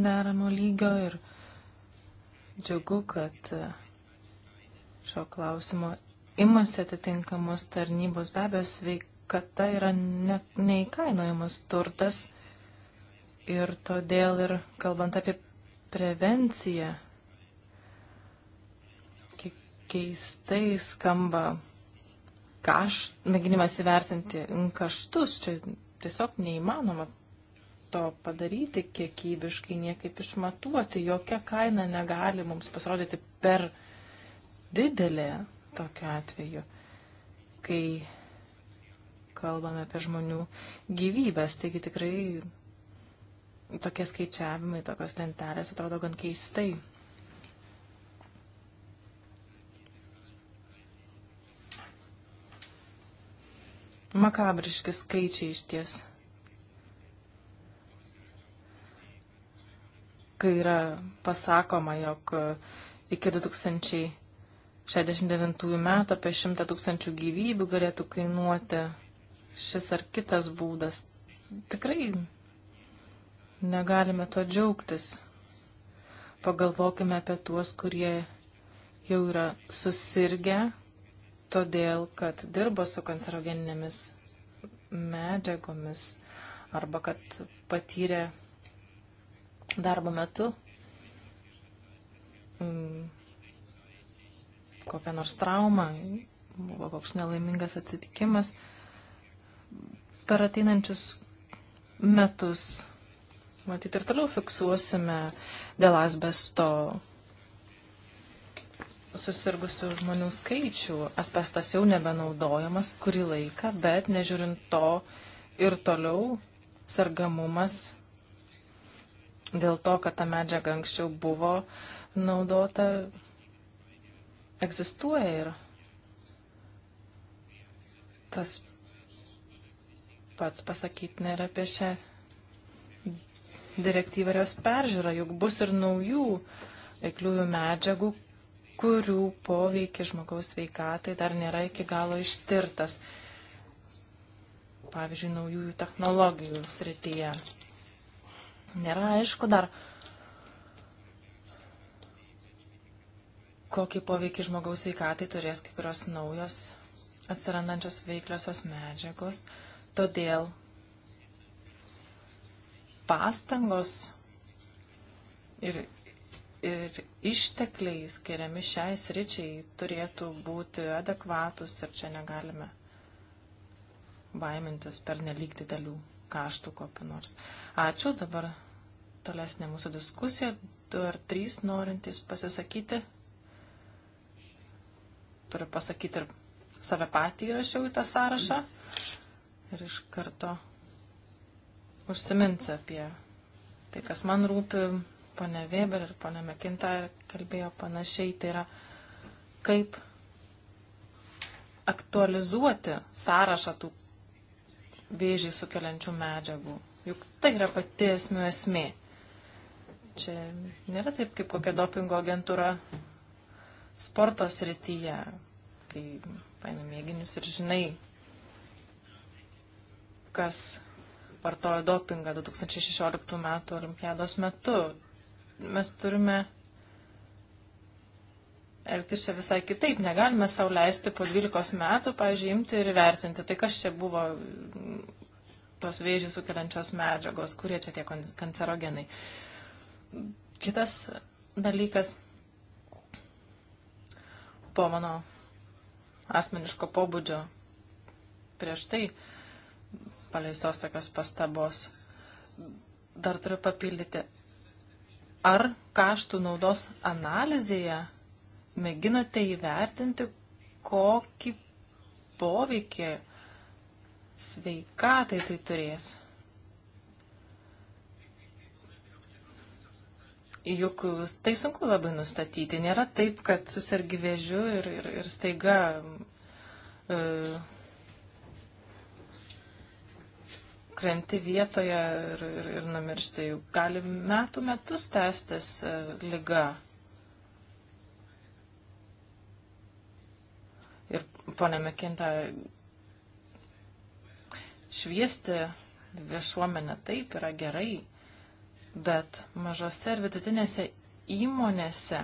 deramo lygio ir džiugu, kad e, šio klausimo imasi atitinkamos tarnybos. Be abejo, sveikata yra ne, neįkainojamas turtas ir todėl ir kalbant apie prevenciją, keistai skamba kaš, mėginimas įvertinti kaštus, čia tiesiog neįmanoma to padaryti kiekybiškai, niekaip išmatuoti. Jokia kaina negali mums pasirodyti per didelė tokiu atveju, kai kalbame apie žmonių gyvybės. Taigi tikrai tokie skaičiavimai, tokios lentelės atrodo gan keistai. Makabriški skaičiai iš ties. kai yra pasakoma, jog e, iki 2069 metų apie 100 tūkstančių gyvybių galėtų kainuoti šis ar kitas būdas. Tikrai negalime to džiaugtis. Pagalvokime apie tuos, kurie jau yra susirgę, todėl kad dirba su kancerogeninėmis medžiagomis arba kad patyrė darbo metu mm, kokią nors traumą, buvo koks nelaimingas atsitikimas, per ateinančius metus, matyt, ir toliau fiksuosime dėl asbesto susirgusių žmonių skaičių. Asbestas jau nebenaudojamas kurį laiką, bet nežiūrint to ir toliau sargamumas dėl to, kad ta medžiaga anksčiau buvo naudota, egzistuoja ir tas pats pasakyti nėra apie šią direktyvą ir jos peržiūrą, juk bus ir naujų veikliųjų medžiagų, kurių poveikis žmogaus veikatai dar nėra iki galo ištirtas, pavyzdžiui, naujųjų technologijų srityje. Nėra aišku dar, kokį poveikį žmogaus veikatai turės kai kurios naujos atsirandančios veikliosios medžiagos. Todėl pastangos ir, ir ištekliai skiriami šiai sričiai turėtų būti adekvatus ir čia negalime baimintis per nelik didelių kaštų kokiu nors. Uh, Ačiū. Dabar tolesnė mūsų diskusija. Du ar trys norintys pasisakyti. Turiu pasakyti ir save patį įrašiau į tą sąrašą. Ir iš karto užsiminsiu apie tai, kas man rūpi. Pone Weber ir pone Mekinta kalbėjo panašiai. Tai yra, kaip aktualizuoti sąrašą tų vėžį sukeliančių medžiagų Juk tai yra pati esmių esmė. Čia nėra taip, kaip kokia dopingo agentūra sporto srityje, kai paėmė mėginius ir žinai, kas vartojo dopingą 2016 metų olimpiados metu. Mes turime elgtis čia visai kitaip. Negalime sau leisti po 12 metų, pažiūrėjimti ir vertinti, tai kas čia buvo tos vėžį sukeliančios medžiagos, kurie čia tie kancerogenai. Kitas dalykas po mano asmeniško pobūdžio prieš tai paleistos tokios pastabos dar turiu papildyti. Ar kaštų naudos analizėje mėginote įvertinti, kokį poveikį sveikatai tai turės. Juk tai sunku labai nustatyti. Nėra taip, kad susirgi vėžiu ir, ir, ir staiga uh, krenti vietoje ir, ir, ir numiršti. Juk gali metų metus tęstis uh, lyga. Ir ponia Mekinta, šviesti viešuomenę taip yra gerai, bet mažose ir vidutinėse įmonėse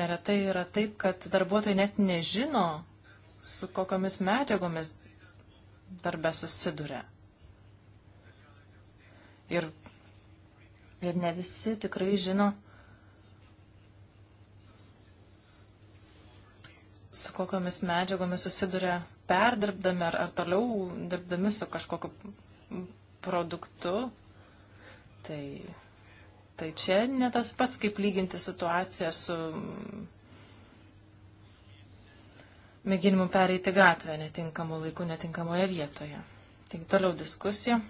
neretai yra taip, kad darbuotojai net nežino, su kokiamis medžiagomis darbę susiduria. Ir, ir ne visi tikrai žino, su kokiamis medžiagomis susiduria perdirbdami ar, ar toliau dirbdami su kažkokiu produktu, tai, tai čia ne tas pats, kaip lyginti situaciją su mėginimu pereiti gatvę netinkamu laiku, netinkamoje vietoje. Taigi toliau diskusija.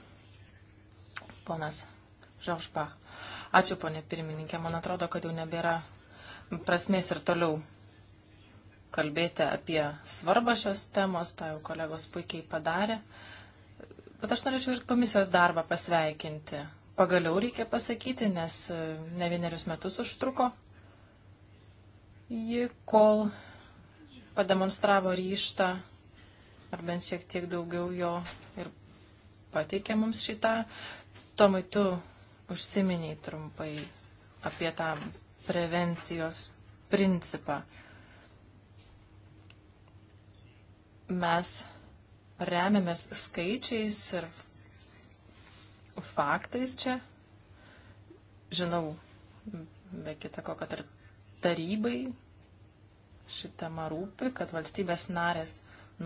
Ponas Žaušpach. Ačiū, ponė pirmininkė. Man atrodo, kad jau nebėra prasmės ir toliau kalbėti apie svarbą šios temos, tą jau kolegos puikiai padarė. Bet aš norėčiau ir komisijos darbą pasveikinti. Pagaliau reikia pasakyti, nes e, ne vienerius metus užtruko. Ji kol pademonstravo ryštą, ar bent šiek tiek daugiau jo ir pateikė mums šitą. Tomai, tu užsiminiai trumpai apie tą prevencijos principą. mes remiamės skaičiais ir faktais čia. Žinau, be kita ko, kad ir tarybai šitą rūpi, kad valstybės narės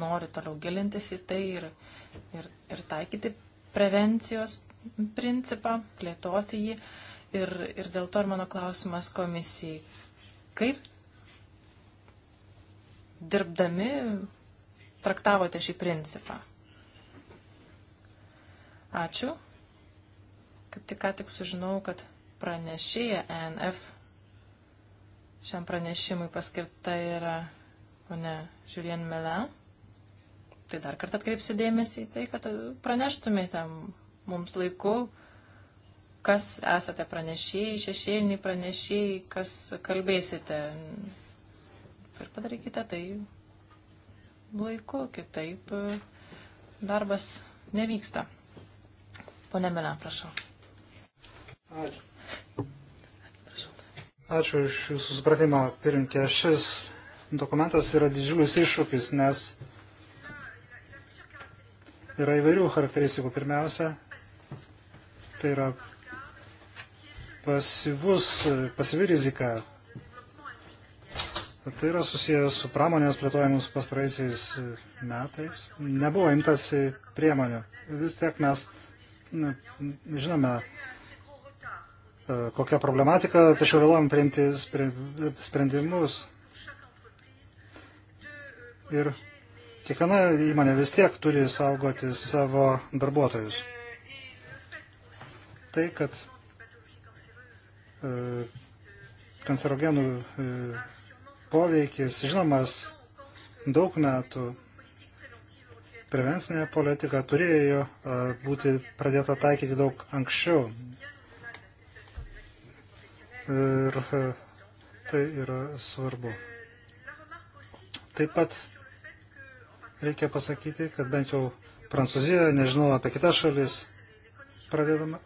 nori toliau gilintis į tai ir, ir, ir taikyti prevencijos principą, plėtoti jį. Ir, ir dėl to ir mano klausimas komisijai, kaip dirbdami traktavote šį principą. Ačiū. Kaip tik ką tik sužinau, kad pranešėja ENF šiam pranešimui paskirta yra ponė Žiūrien Melen. Tai dar kartą atkreipsiu dėmesį į tai, kad praneštumėte mums laiku, kas esate pranešėjai, šešėliniai pranešėjai, kas kalbėsite. Ir padarykite tai laiku, kitaip e, darbas nevyksta. Pone Mena, prašau. Ačiū. Ačiū iš jūsų supratimą, pirinkė. Šis dokumentas yra didžiulis iššūkis, nes yra įvairių charakteristikų. Pirmiausia, tai yra pasyvus, pasyvi rizika, Tai yra susijęs su pramonės plėtojimus pastaraisiais e, metais. Nebuvo imtasi priemonių. Vis tiek mes ne, žinome, e, kokia problematika, tačiau vėluojam priimti sprendimus. Ir kiekviena įmonė vis tiek turi saugoti savo darbuotojus. Tai, kad e, kancerogenų poveikis žinomas daug metų. Prevencinė politika turėjo būti pradėta taikyti daug anksčiau. Ir tai yra svarbu. Taip pat reikia pasakyti, kad bent jau Prancūzijoje, nežinau apie kitas šalis, pradedama,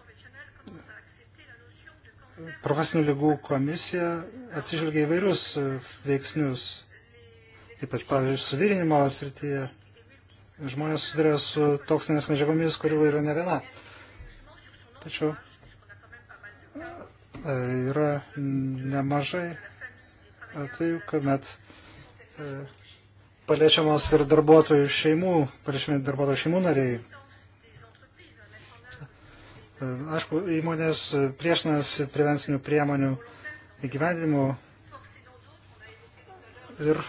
profesinių lygų komisija atsižvelgia įvairius e, veiksnius, ypač, pavyzdžiui, suvirinimo srityje. Žmonės susiduria su toksinėmis medžiagomis, kurių yra ne viena. Tačiau e, yra nemažai atvejų, kuomet e, paliečiamos ir darbuotojų šeimų, paliečiami darbuotojų šeimų nariai. Aišku, įmonės priešinasi prevencinių priemonių įgyvendinimu ir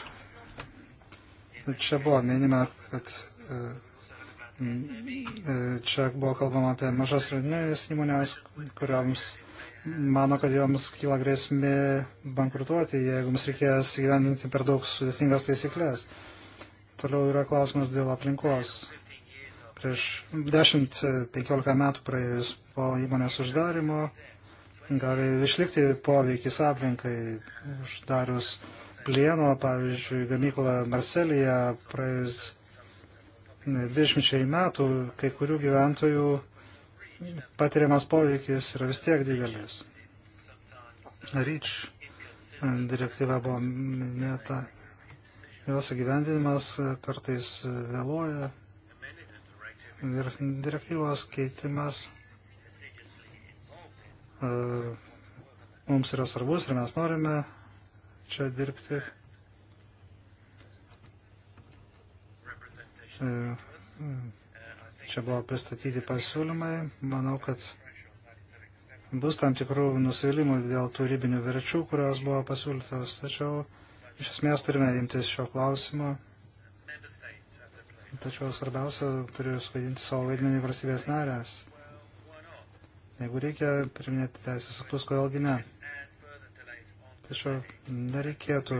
čia buvo minima, kad e, e, čia buvo kalbama apie mažas radinės įmonės, kuriams mano, kad joms kyla grėsmė bankrutuoti, jeigu mums reikės įgyvendinti per daug sudėtingas taisyklės. Toliau yra klausimas dėl aplinkos. Prieš 10-15 metų praėjus po įmonės uždarimo gali išlikti poveikis aplinkai uždarius plieno, pavyzdžiui, gamyklą Marselėje praėjus 20 metų kai kurių gyventojų patiriamas poveikis yra vis tiek didelis. REACH direktyva buvo minėta, jos įgyvendinimas kartais vėluoja, ir direktyvos keitimas e, mums yra svarbus ir mes norime čia dirbti. E, čia buvo pristatyti pasiūlymai. Manau, kad bus tam tikrų nusivylimų dėl tų ribinių verčių, kurios buvo pasiūlytos. Tačiau iš esmės turime imtis šio klausimo tačiau svarbiausia turi suvaidinti savo vaidmenį valstybės narės. Jeigu reikia priminėti teisės aktus, kodėlgi ne. Tačiau nereikėtų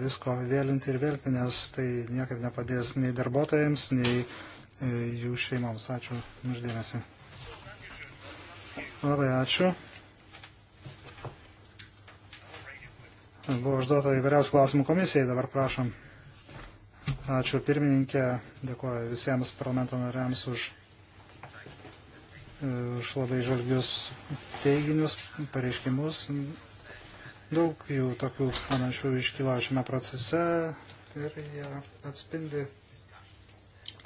visko vėlinti ir vėlinti, nes tai niekaip nepadės nei darbuotojams, nei e, jų šeimoms. Ačiū už dėmesį. Labai ačiū. Buvo užduota įvairiausių klausimų komisijai, dabar prašom. Ačiū pirmininkė, dėkuoju visiems parlamento nariams už, už labai žalgius teiginius, pareiškimus. Daug jų tokių panašių iškyla šiame procese ir jie atspindi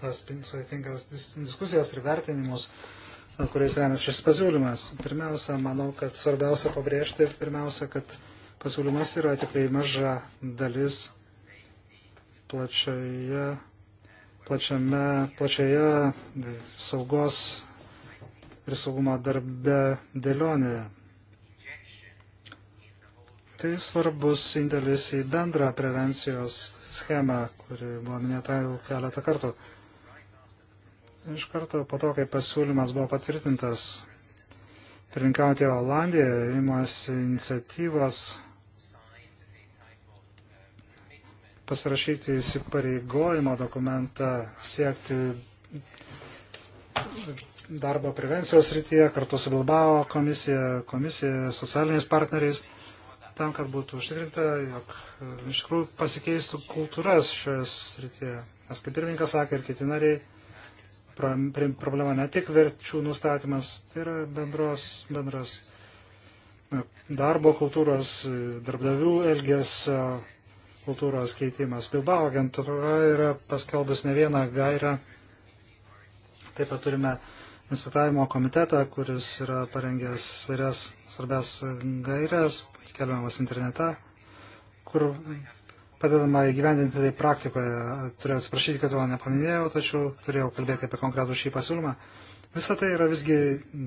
tas sudėtingas diskusijas ir vertinimus, kuriais remiasi šis pasiūlymas. Pirmiausia, manau, kad svarbiausia pabrėžti, pirmiausia, kad pasiūlymas yra tik tai maža dalis plačioje, plačiame, plačioje saugos ir saugumo darbe dėlionėje. Tai svarbus indėlis į bendrą prevencijos schemą, kuri buvo minėta jau keletą kartų. Iš karto po to, kai pasiūlymas buvo patvirtintas, pirinkauti Olandiją, imasi iniciatyvos pasirašyti įsipareigojimo dokumentą siekti darbo prevencijos rytyje kartu su Bilbao komisija, komisija socialiniais partneriais, tam, kad būtų užtikrinta, jog e, iš tikrųjų pasikeistų kultūras šioje srityje. Nes kaip pirmininkas sakė ir kiti nariai, problema ne tik verčių nustatymas, tai yra bendros, bendras darbo kultūros, e, darbdavių elgesio kultūros keitimas. Bilbao agentūra yra paskelbus ne vieną gairą. Taip pat turime inspektavimo komitetą, kuris yra parengęs vairias svarbias gairias, skelbiamas internete, kur padedama įgyvendinti tai praktikoje. Turiu atsiprašyti, kad to nepaminėjau, tačiau turėjau kalbėti apie konkretų šį pasiūlymą. Visą tai yra visgi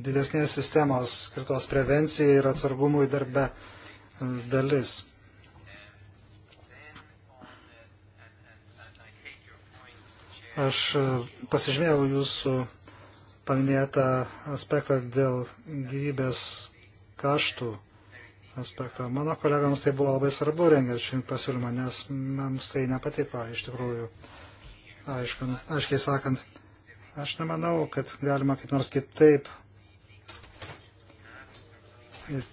didesnės sistemos skirtos prevencijai ir atsargumui darbe dalis. Aš e, pasižymėjau jūsų paminėtą aspektą dėl gyvybės kaštų aspekto. Mano kolegams tai buvo labai svarbu rengiant šį pasiūlymą, nes mums tai nepatiko iš tikrųjų, aišku, aiškiai sakant. Aš nemanau, kad galima kaip nors kitaip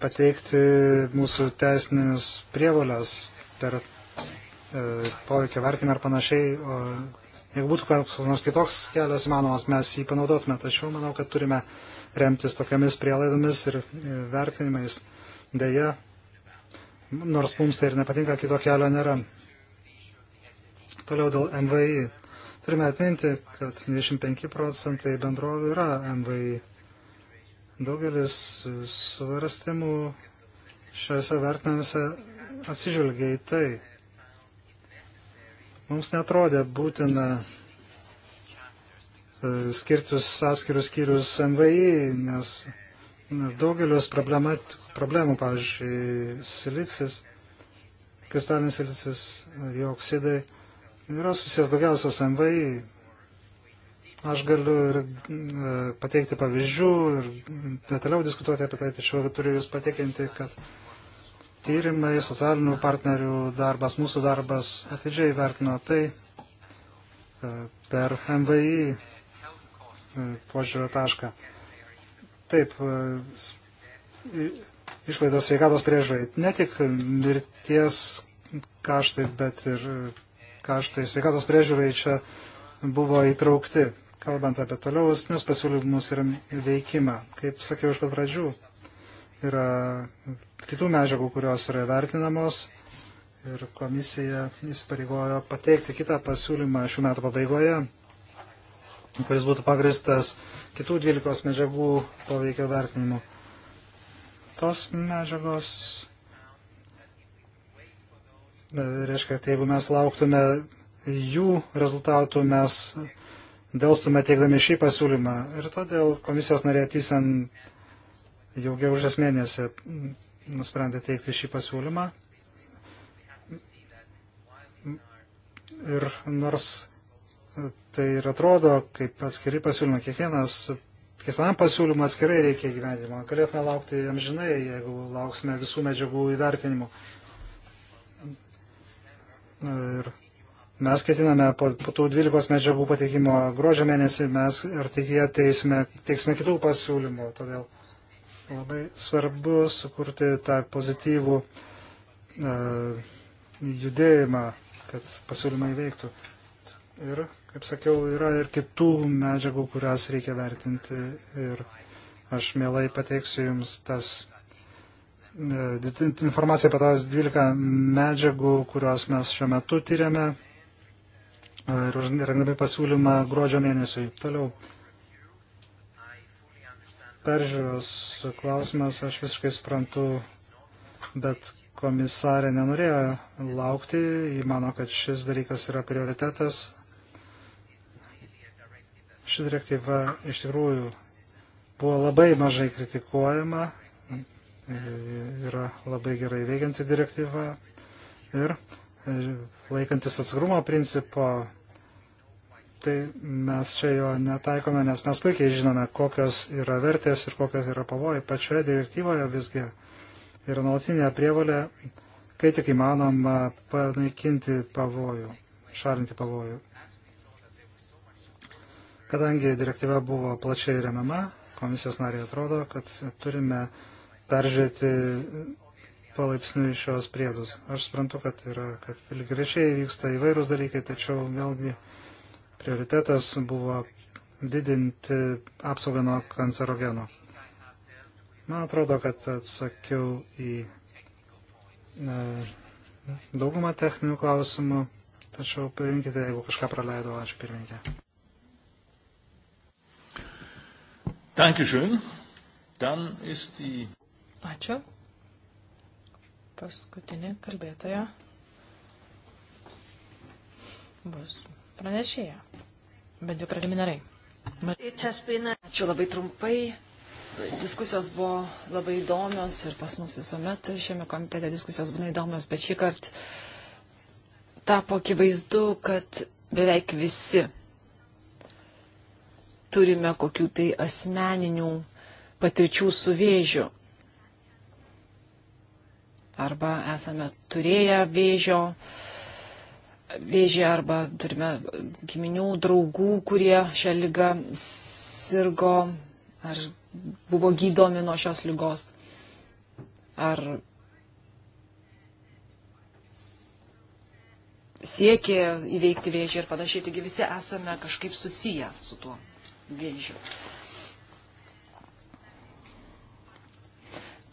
pateikti mūsų teisinius prievolės per e, poveikio vertinimą ar panašiai, o Jeigu būtų koks nors kitoks kelias įmanomas, mes jį panaudotume. Tačiau manau, kad turime remtis tokiamis prielaidomis ir e, vertinimais. Deja, nors mums tai ir nepatinka, kito kelio nėra. Toliau dėl MVI. Turime atminti, kad 25 procentai bendrovių yra MVI. Daugelis svarstymų šiuose vertinimuose atsižvelgia į tai. Mums netrodė būtina e, skirtus atskirus skyrius MVI, nes daugelius problemų, pavyzdžiui, silicis, kristalinis silicis, jo oksidai, yra susijęs daugiausios MVI. Aš galiu ir e, pateikti pavyzdžių ir detaliau diskutuoti apie tai, tačiau turiu Jūs patikinti, kad tyrimai, socialinių partnerių darbas, mūsų darbas atidžiai vertino tai e, per MVI e, požiūrio tašką. Taip, e, išlaidos sveikatos priežai. Ne tik mirties kaštai, bet ir kaštai sveikatos priežiūrai čia buvo įtraukti, kalbant apie toliausnius pasiūlymus ir veikimą. Kaip sakiau iš pat pradžių, yra kitų medžiagų, kurios yra vertinamos ir komisija įsipareigojo pateikti kitą pasiūlymą šių metų pabaigoje, kuris būtų pagristas kitų 12 medžiagų poveikio vertinimu. Tos medžiagos e, reiškia, kad tai jeigu mes lauktume jų rezultatų, mes dėlstume teikdami šį pasiūlymą. Ir todėl komisijos narė Tysen jau gegužės mėnesį mm, nusprendė teikti šį pasiūlymą. Ir nors tai ir atrodo kaip atskiri pasiūlymai, kiekvienas, kiekvienam pasiūlymui atskirai reikia gyvenimo. Galėtume laukti amžinai, jeigu lauksime visų medžiagų įvertinimų. Ir mes ketiname po, po tų 12 medžiagų pateikimo gruožio mėnesį, mes ir ateityje teiksime kitų pasiūlymų. Todėl Labai svarbu sukurti tą pozityvų uh, judėjimą, kad pasiūlymai veiktų. Ir, kaip sakiau, yra ir kitų medžiagų, kurias reikia vertinti. Ir aš mielai pateiksiu Jums tas e, informacija apie tas 12 medžiagų, kuriuos mes šiuo metu tyriame e, ir rengdami pasiūlymą gruodžio mėnesiui. Toliau peržiūros klausimas, aš visiškai suprantu, bet komisarė nenorėjo laukti, ji mano, kad šis dalykas yra prioritetas. Ši direktyva iš tikrųjų buvo labai mažai kritikuojama, yra labai gerai veikianti direktyva ir laikantis atsarumo principo tai mes čia jo netaikome, nes mes puikiai žinome, kokios yra vertės ir kokios yra pavojai. Pačioje direktyvoje visgi yra nuolatinė prievalė, kai tik įmanoma, panaikinti pavojų, šalinti pavojų. Kadangi direktyva buvo plačiai remiama, komisijos nariai atrodo, kad turime peržiūrėti palaipsniui šios priedus. Aš suprantu, kad yra, kad lygiai vyksta įvairūs dalykai, tačiau vėlgi prioritetas buvo didinti apsaugą nuo kancerogenų. Man atrodo, kad atsakiau į e, daugumą techninių klausimų, tačiau priminkite, jeigu kažką praleidau, ačiū pirmininkė. Dankeschön. Dann ist die. Ačiū. Paskutinė kalbėtoja bus pranešėja bent jau preliminariai. Ačiū labai trumpai. Diskusijos buvo labai įdomios ir pas mus visuomet šiame komitete diskusijos būna įdomios, bet šį kartą tapo akivaizdu, kad beveik visi turime kokių tai asmeninių patirčių su vėžiu. Arba esame turėję vėžio uh, vėžį arba turime giminių, draugų, kurie šią lygą sirgo ar buvo gydomi nuo šios lygos. Ar siekė įveikti vėžį ir panašiai, taigi visi esame kažkaip susiję su tuo vėžiu.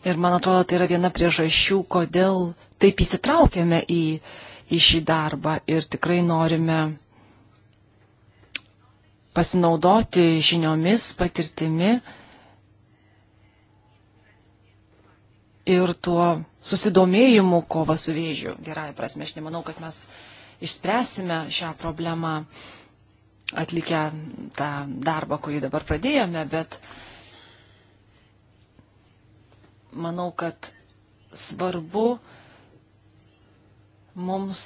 Ir man atrodo, tai yra viena priežasčių, kodėl taip įsitraukėme į uh, į šį darbą ir tikrai norime pasinaudoti žiniomis, patirtimi ir tuo susidomėjimu kova su vėžiu. Gerai prasme, aš nemanau, kad mes išspręsime šią problemą atlikę tą darbą, kurį dabar pradėjome, bet manau, kad svarbu mums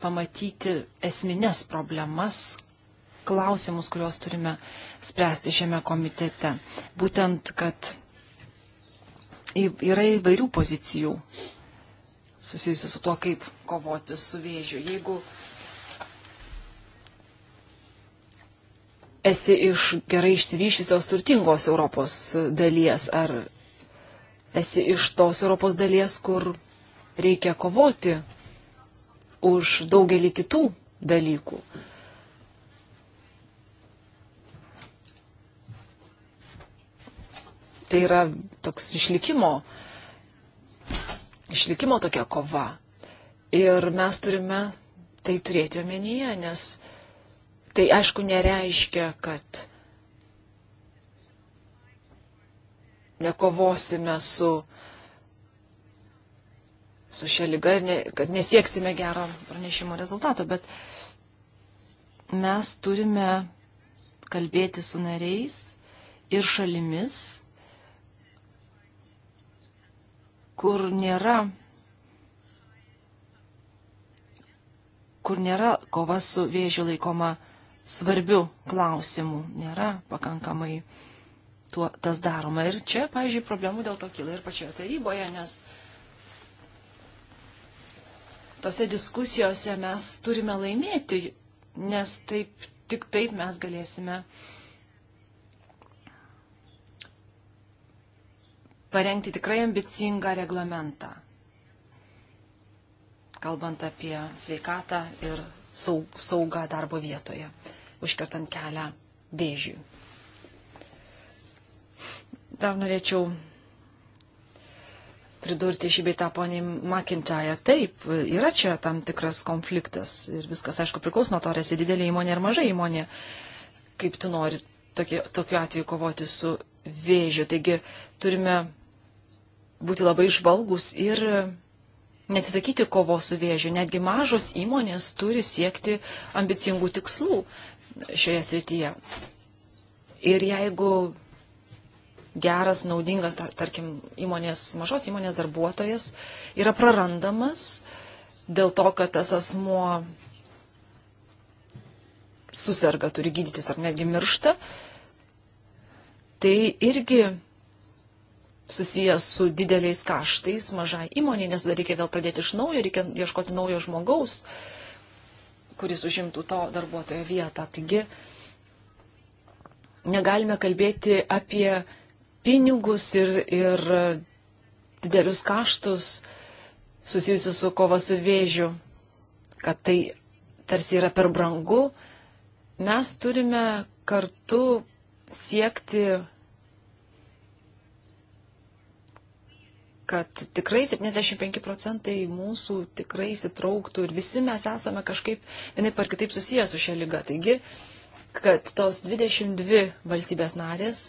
pamatyti esminės problemas, klausimus, kuriuos turime spręsti šiame komitete. Būtent, kad yra įvairių pozicijų susijusių su tuo, kaip kovoti su vėžiu. Jeigu esi iš gerai išsivyšusios turtingos Europos dalies ar esi iš tos Europos dalies, kur reikia kovoti už daugelį kitų dalykų. Tai yra toks išlikimo, išlikimo tokia kova. Ir mes turime tai turėti omenyje, nes tai aišku nereiškia, kad nekovosime su, su šia lyga ir ne, kad nesieksime gero pranešimo rezultato, bet mes turime kalbėti su nariais ir šalimis, kur nėra, kur nėra kova su vėžiu laikoma svarbiu klausimu, nėra pakankamai uh, tuo, tas daroma. Ir čia, pažiūrėjau, problemų dėl to kyla ir pačioje taryboje, nes tose diskusijose mes turime laimėti, nes taip, tik taip mes galėsime parengti tikrai ambicingą reglamentą, kalbant apie sveikatą ir saugą darbo vietoje, užkertant kelią vėžiui. Dar norėčiau pridurti šį beitą poniai McIntyre. Taip, yra čia tam tikras konfliktas ir viskas, aišku, priklauso nuo to, ar esi didelė įmonė ar maža įmonė, kaip tu nori tokie, tokiu atveju kovoti su vėžiu. Taigi turime būti labai išvalgus ir nesisakyti kovo su vėžiu. Netgi mažos įmonės turi siekti ambicingų tikslų šioje srityje. Ir jeigu geras, naudingas, tarkim, įmonės, mažos įmonės darbuotojas yra prarandamas dėl to, kad tas asmuo susirga, turi gydytis ar netgi miršta, tai irgi susijęs su dideliais kaštais mažai įmoniai, nes dar reikia vėl pradėti iš naujo, reikia ieškoti naujo žmogaus, kuris užimtų to darbuotojo vietą. Taigi negalime kalbėti apie pinigus ir, ir didelius kaštus susijusius su kova su vėžiu, kad tai tarsi yra per brangu, mes turime kartu siekti, kad tikrai 75 procentai mūsų tikrai įsitrauktų ir visi mes esame kažkaip vienaip ar kitaip susijęs su šia lyga. Taigi, kad tos 22 valstybės narės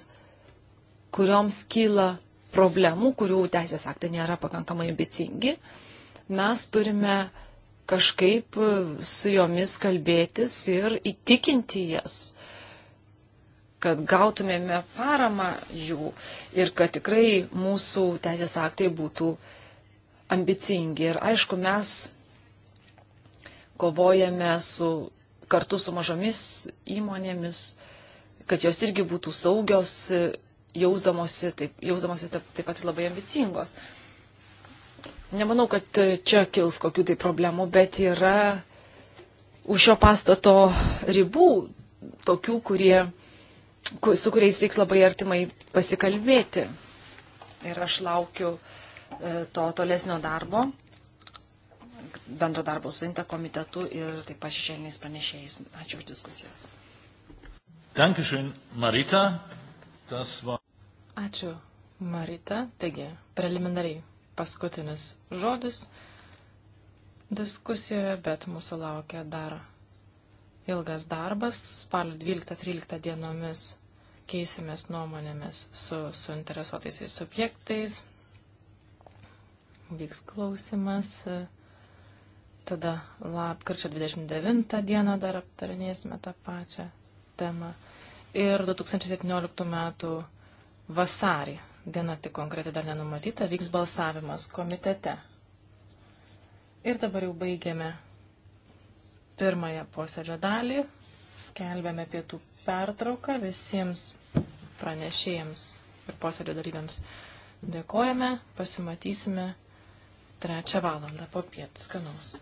kurioms kyla problemų, kurių teisės aktai nėra pakankamai ambicingi, mes turime kažkaip su jomis kalbėtis ir įtikinti jas, kad gautumėme paramą jų ir kad tikrai mūsų teisės aktai būtų ambicingi. Ir aišku, mes kovojame su, kartu su mažomis įmonėmis, kad jos irgi būtų saugios jausdamosi taip, jausdamosi taip, taip pat labai ambicingos. Nemanau, kad čia kils kokių tai problemų, bet yra už šio pastato ribų tokių, kurie, su kuriais reiks labai artimai pasikalbėti. Ir aš laukiu e, to tolesnio darbo, bendro darbo su Inta komitetu ir taip pat šešėliniais pranešėjais. Ačiū už diskusijas. Dankeschön, Marita. Das war... Ačiū, Marita. Taigi, preliminariai paskutinis žodis diskusijoje, bet mūsų laukia dar ilgas darbas. Spalio 12-13 dienomis keisimės nuomonėmis su suinteresuotaisiais subjektais. Vyks klausimas. Tada lapkričio 29 dieną dar aptarinėsime tą pačią temą. Ir 2017 metų vasarį. Diena tik konkretai dar nenumatyta, vyks balsavimas komitete. Ir dabar jau baigėme pirmąją posėdžio dalį, skelbėme pietų pertrauką visiems pranešėjams ir posėdžio dalyviams. Dėkojame, pasimatysime trečią valandą po pietų skanaus.